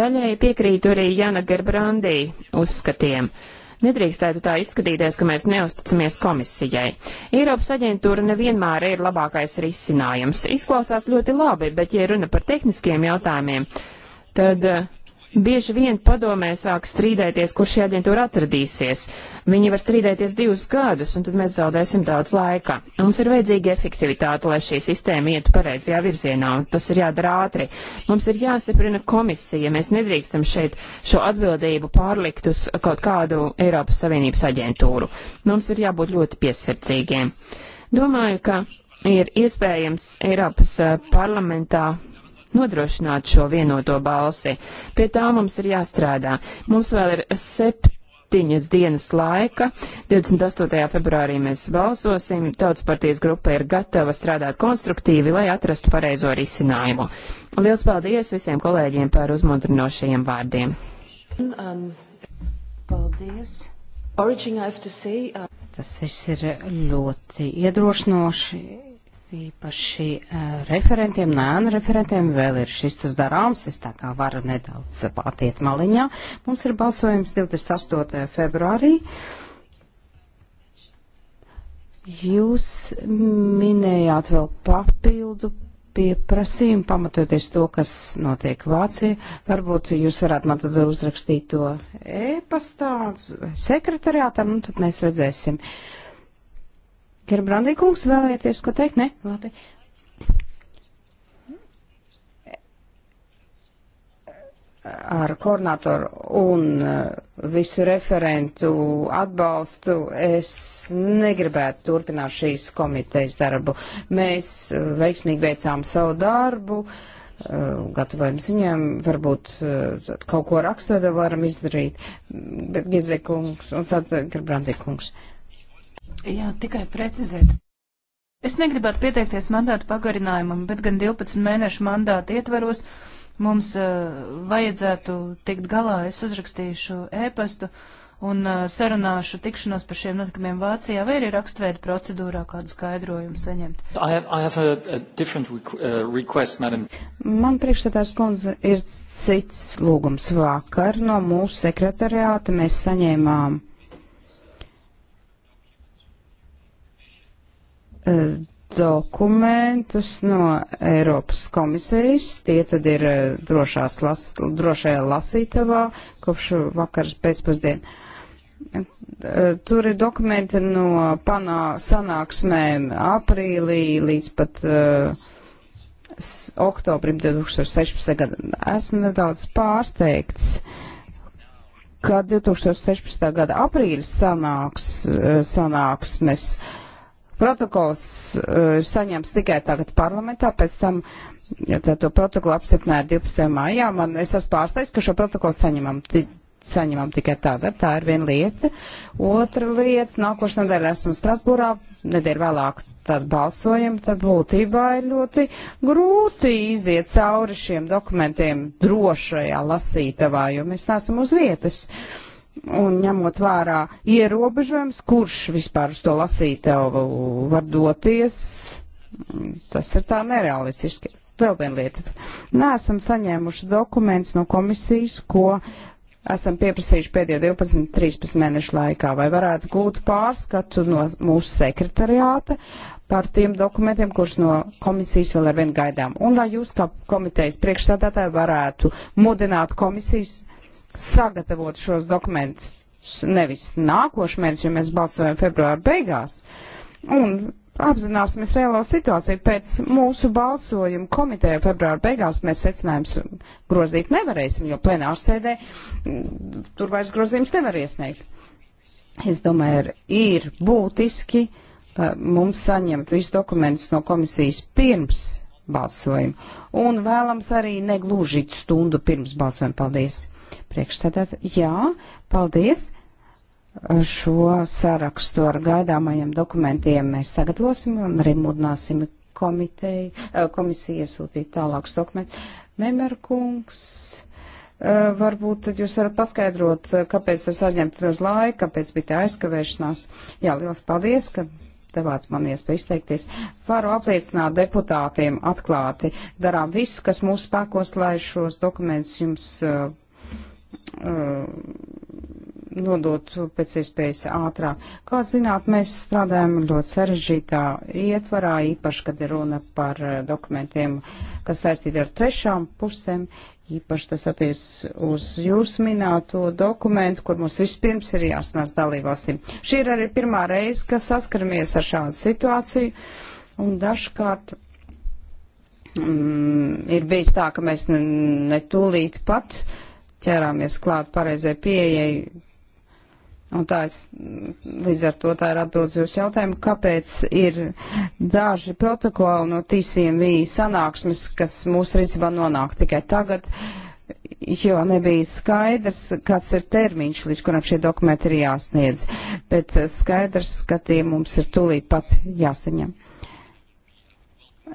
Speaker 1: Daļai piekrītu arī Jana Gerbrandī uzskatiem. Uh, Nedrīkstētu tā izskatīties, ka mēs neusticamies komisijai. Eiropas aģentūra nevienmēr ir labākais risinājums. Izklausās ļoti labi, bet ja runa par tehniskiem jautājumiem, tad uh, Bieži vien padomē sāk strīdēties, kur šī aģentūra atradīsies. Viņi var strīdēties divus gadus, un tad mēs zaudēsim daudz laika. Mums ir vajadzīga efektivitāte, lai šī sistēma ietu pareizajā virzienā, un tas ir jādara ātri. Mums ir jāstiprina komisija. Mēs nedrīkstam šeit šo atbildību pārlikt uz kaut kādu Eiropas Savienības aģentūru. Mums ir jābūt ļoti piesardzīgiem. Domāju, ka ir iespējams Eiropas eh, parlamentā nodrošināt šo vienoto balsi. Pie tā mums ir jāstrādā. Mums vēl ir septiņas dienas laika. 28. februārī mēs balsosim. Tautas partijas grupa ir gatava strādāt konstruktīvi, lai atrastu pareizo risinājumu. Lielas paldies visiem kolēģiem par uzmundrinošajiem vārdiem. Um,
Speaker 2: paldies. Origin, say, uh...
Speaker 1: Tas viss ir ļoti
Speaker 3: iedrošinoši īpaši eh, referentiem, nē, referentiem vēl ir šis tas darāms, es tā kā varu nedaudz patiet maliņā. Mums ir balsojums 28. februārī. Jūs minējāt vēl papildu pieprasījumu, pamatoties to, kas notiek Vācijā. Varbūt jūs varētu man tad uzrakstīt to e-pastā sekretariātam, un tad mēs redzēsim. Uh, Gerbrandī kungs vēlēties ko teikt? Ne? Labi. Ar koordinatoru un uh, visu referentu atbalstu es negribētu turpināt šīs komitejas darbu. Mēs uh, veiksmīgi veicām savu darbu, uh, gatavojam ziņām, varbūt kaut ko rakstot varam izdarīt, bet Gizekungs un tad Gerbrandī kungs. Uh,
Speaker 2: Jā, tikai precizēt. Es negribētu pieteikties mandātu pagarinājumam, bet gan 12 mēnešu mandātu ietveros mums uh, vajadzētu tikt galā. Es uzrakstīšu ēpastu un uh, sarunāšu tikšanos par šiem notikumiem Vācijā, vai arī rakstveida procedūrā kādu skaidrojumu saņemt.
Speaker 3: I have, I have a, a uh, request, madam. Man priekšstādās kundze ir cits lūgums vakar no mūsu sekretariāta. Mēs saņēmām Eh, dokumentus no Eiropas komisijas. Tie tad ir eh, drošās las, drošajā lasītavā kopš vakaras pēcpusdien. Eh, tur ir dokumenti no panā, sanāksmēm aprīlī līdz pat uh, oktobrim 2016. gadam. Esmu nedaudz pārsteigts, ka 2016. gada aprīļa sanāks, sanāksmes uh, Protokols uh, ir saņemts tikai tagad parlamentā, pēc tam ja to protokolu apstiprināja 12. maijā. Man, es esmu pārsteigts, ka šo protokolu saņemam, saņemam tikai tagad. Tā ir viena lieta. Otra lieta, nākošais nedēļa esmu Strasbūrā, nedēļa vēlāk tad balsojam, tad būtībā ir ļoti grūti iziet cauri šiem dokumentiem drošajā lasītavā, jo mēs neesam uz vietas. Uh, Un ņemot vērā ierobežojums, kurš vispār uz to lasītāju var doties, tas ir tā nerealistiski. Vēl viena lieta. Nēsam saņēmuši dokumentus no komisijas, ko esam pieprasījuši pēdējo 12-13 mēnešu laikā, vai varētu gūt pārskatu no mūsu sekretariāta par tiem dokumentiem, kurus no komisijas vēl ar vienu gaidām. Un lai jūs kā komitejas priekšstādātāji varētu mudināt komisijas sagatavot šos dokumentus nevis nākošu mēnesi, jo mēs balsojam februāra beigās. Un apzināsimies reālo situāciju. Pēc mūsu balsojuma komiteja februāra beigās mēs secinājums grozīt nevarēsim, jo plenārsēdē tur vairs grozījums nevar iesniegt. Es domāju, ir, ir būtiski mums saņemt visus dokumentus no komisijas pirms balsojuma. Un vēlams arī negluži stundu pirms balsojuma. Paldies! Priekšstādāt, jā, paldies. Šo sarakstu ar gaidāmajiem dokumentiem mēs sagatavosim un arī mudināsim komiteju, eh, komisiju iesūtīt tālākus dokumentus. Memerkungs eh, varbūt tad jūs varat paskaidrot, eh, kāpēc tas aizņemt uz laiku, kāpēc bija tā aizkavēšanās. Jā, liels paldies, ka devāt man iespēju izteikties. Varu apliecināt deputātiem atklāti, darām visu, kas mūsu spēkos, lai šos dokumentus jums Uh, nodot pēc iespējas ātrāk. Kā zināt, mēs strādājam ļoti sarežģītā ietvarā, īpaši, kad ir runa par uh, dokumentiem, kas saistīti ar trešām pusēm, īpaši tas attiec uz jūs minēto dokumentu, kur mums vispirms ir jāsnāc dalībvalstīm. Šī ir arī pirmā reize, kas saskaramies ar šādu situāciju, un dažkārt. Mm, ir bijis tā, ka mēs ne, ne tūlīt pat uh, ķērāmies klāt pareizai pieejai. Un tā es, līdz ar to tā ir atbildes uz jautājumu, kāpēc ir daži protokoli no tīsiem bija sanāksmes, kas mūsu rīcībā nonāk tikai tagad, jo nebija skaidrs, kāds ir termiņš, līdz kuram šie dokumenti ir jāsniedz, bet skaidrs, ka tie mums ir tūlīt pat jāsaņem.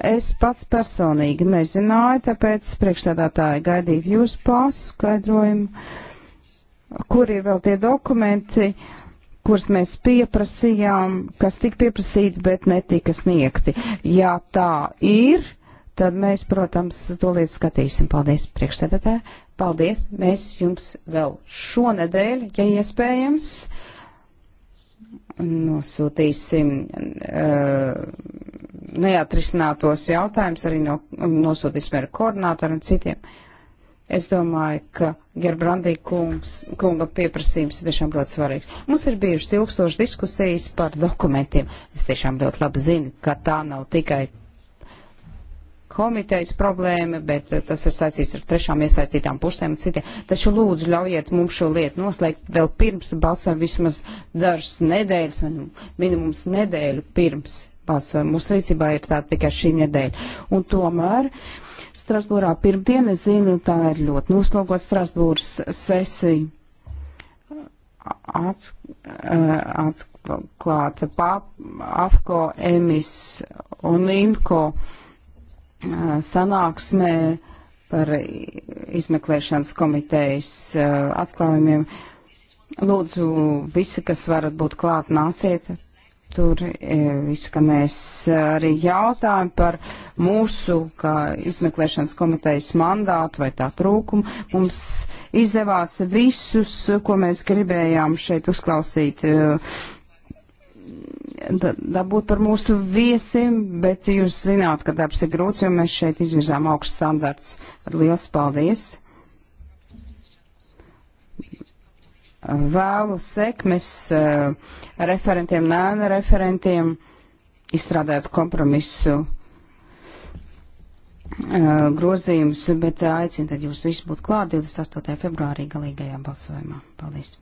Speaker 3: Es pats personīgi nezināju, tāpēc priekšstādātāji gaidīju jūsu paskaidrojumu, kur ir vēl tie dokumenti, kurus mēs pieprasījām, kas tika pieprasīti, bet netika sniegti. Ja tā ir, tad mēs, protams, to lietu skatīsim. Paldies, priekšstādātāji. Paldies. Mēs jums vēl šonedēļ, ja iespējams, uh, Nosūtīsim eh, neatrisinātos jautājumus arī no, nosūtīsim ar koordinātoriem un citiem. Es domāju, ka Gerbrandī kungs, kunga pieprasījums ir tiešām ļoti svarīgs. Mums ir bijušas ilgstošas diskusijas par dokumentiem. Es tiešām ļoti labi zinu, ka tā nav tikai komitejas problēma, bet eh, tas ir saistīts ar trešām iesaistītām pusēm un citiem. Taču lūdzu ļaujiet mums šo lietu noslēgt vēl pirms balsojuma, vismaz dažas nedēļas, nu, minimums nedēļu pirms balsojuma. Mūsu rīcībā ir tā tikai šī nedēļa. Un tomēr Strasbūrā pirmdien, es zinu, tā ir ļoti noslogot Strasbūras sesija. At, eh, at, klāta PAP, AFCO, EMIS un IMCO. Uh, sanāksmē par izmeklēšanas komitejas eh, atklājumiem. Lūdzu, visi, kas varat būt klāt, nāciet. Tur eh, izskanēs eh, arī jautājumi par mūsu, kā izmeklēšanas komitejas mandātu vai tā trūkumu. Mums izdevās visus, ko mēs gribējām šeit uzklausīt dabūt par mūsu viesiem, bet jūs zināt, ka darbs ir grūts, jo mēs šeit izvirzām augsts standarts. Liels paldies! Vēlu sekmes uh, referentiem, nēna referentiem, izstrādāt kompromisu uh, grozījumus, bet eh, aicinu tad jūs visus būt klāt 28. februārī galīgajā balsojumā. Paldies!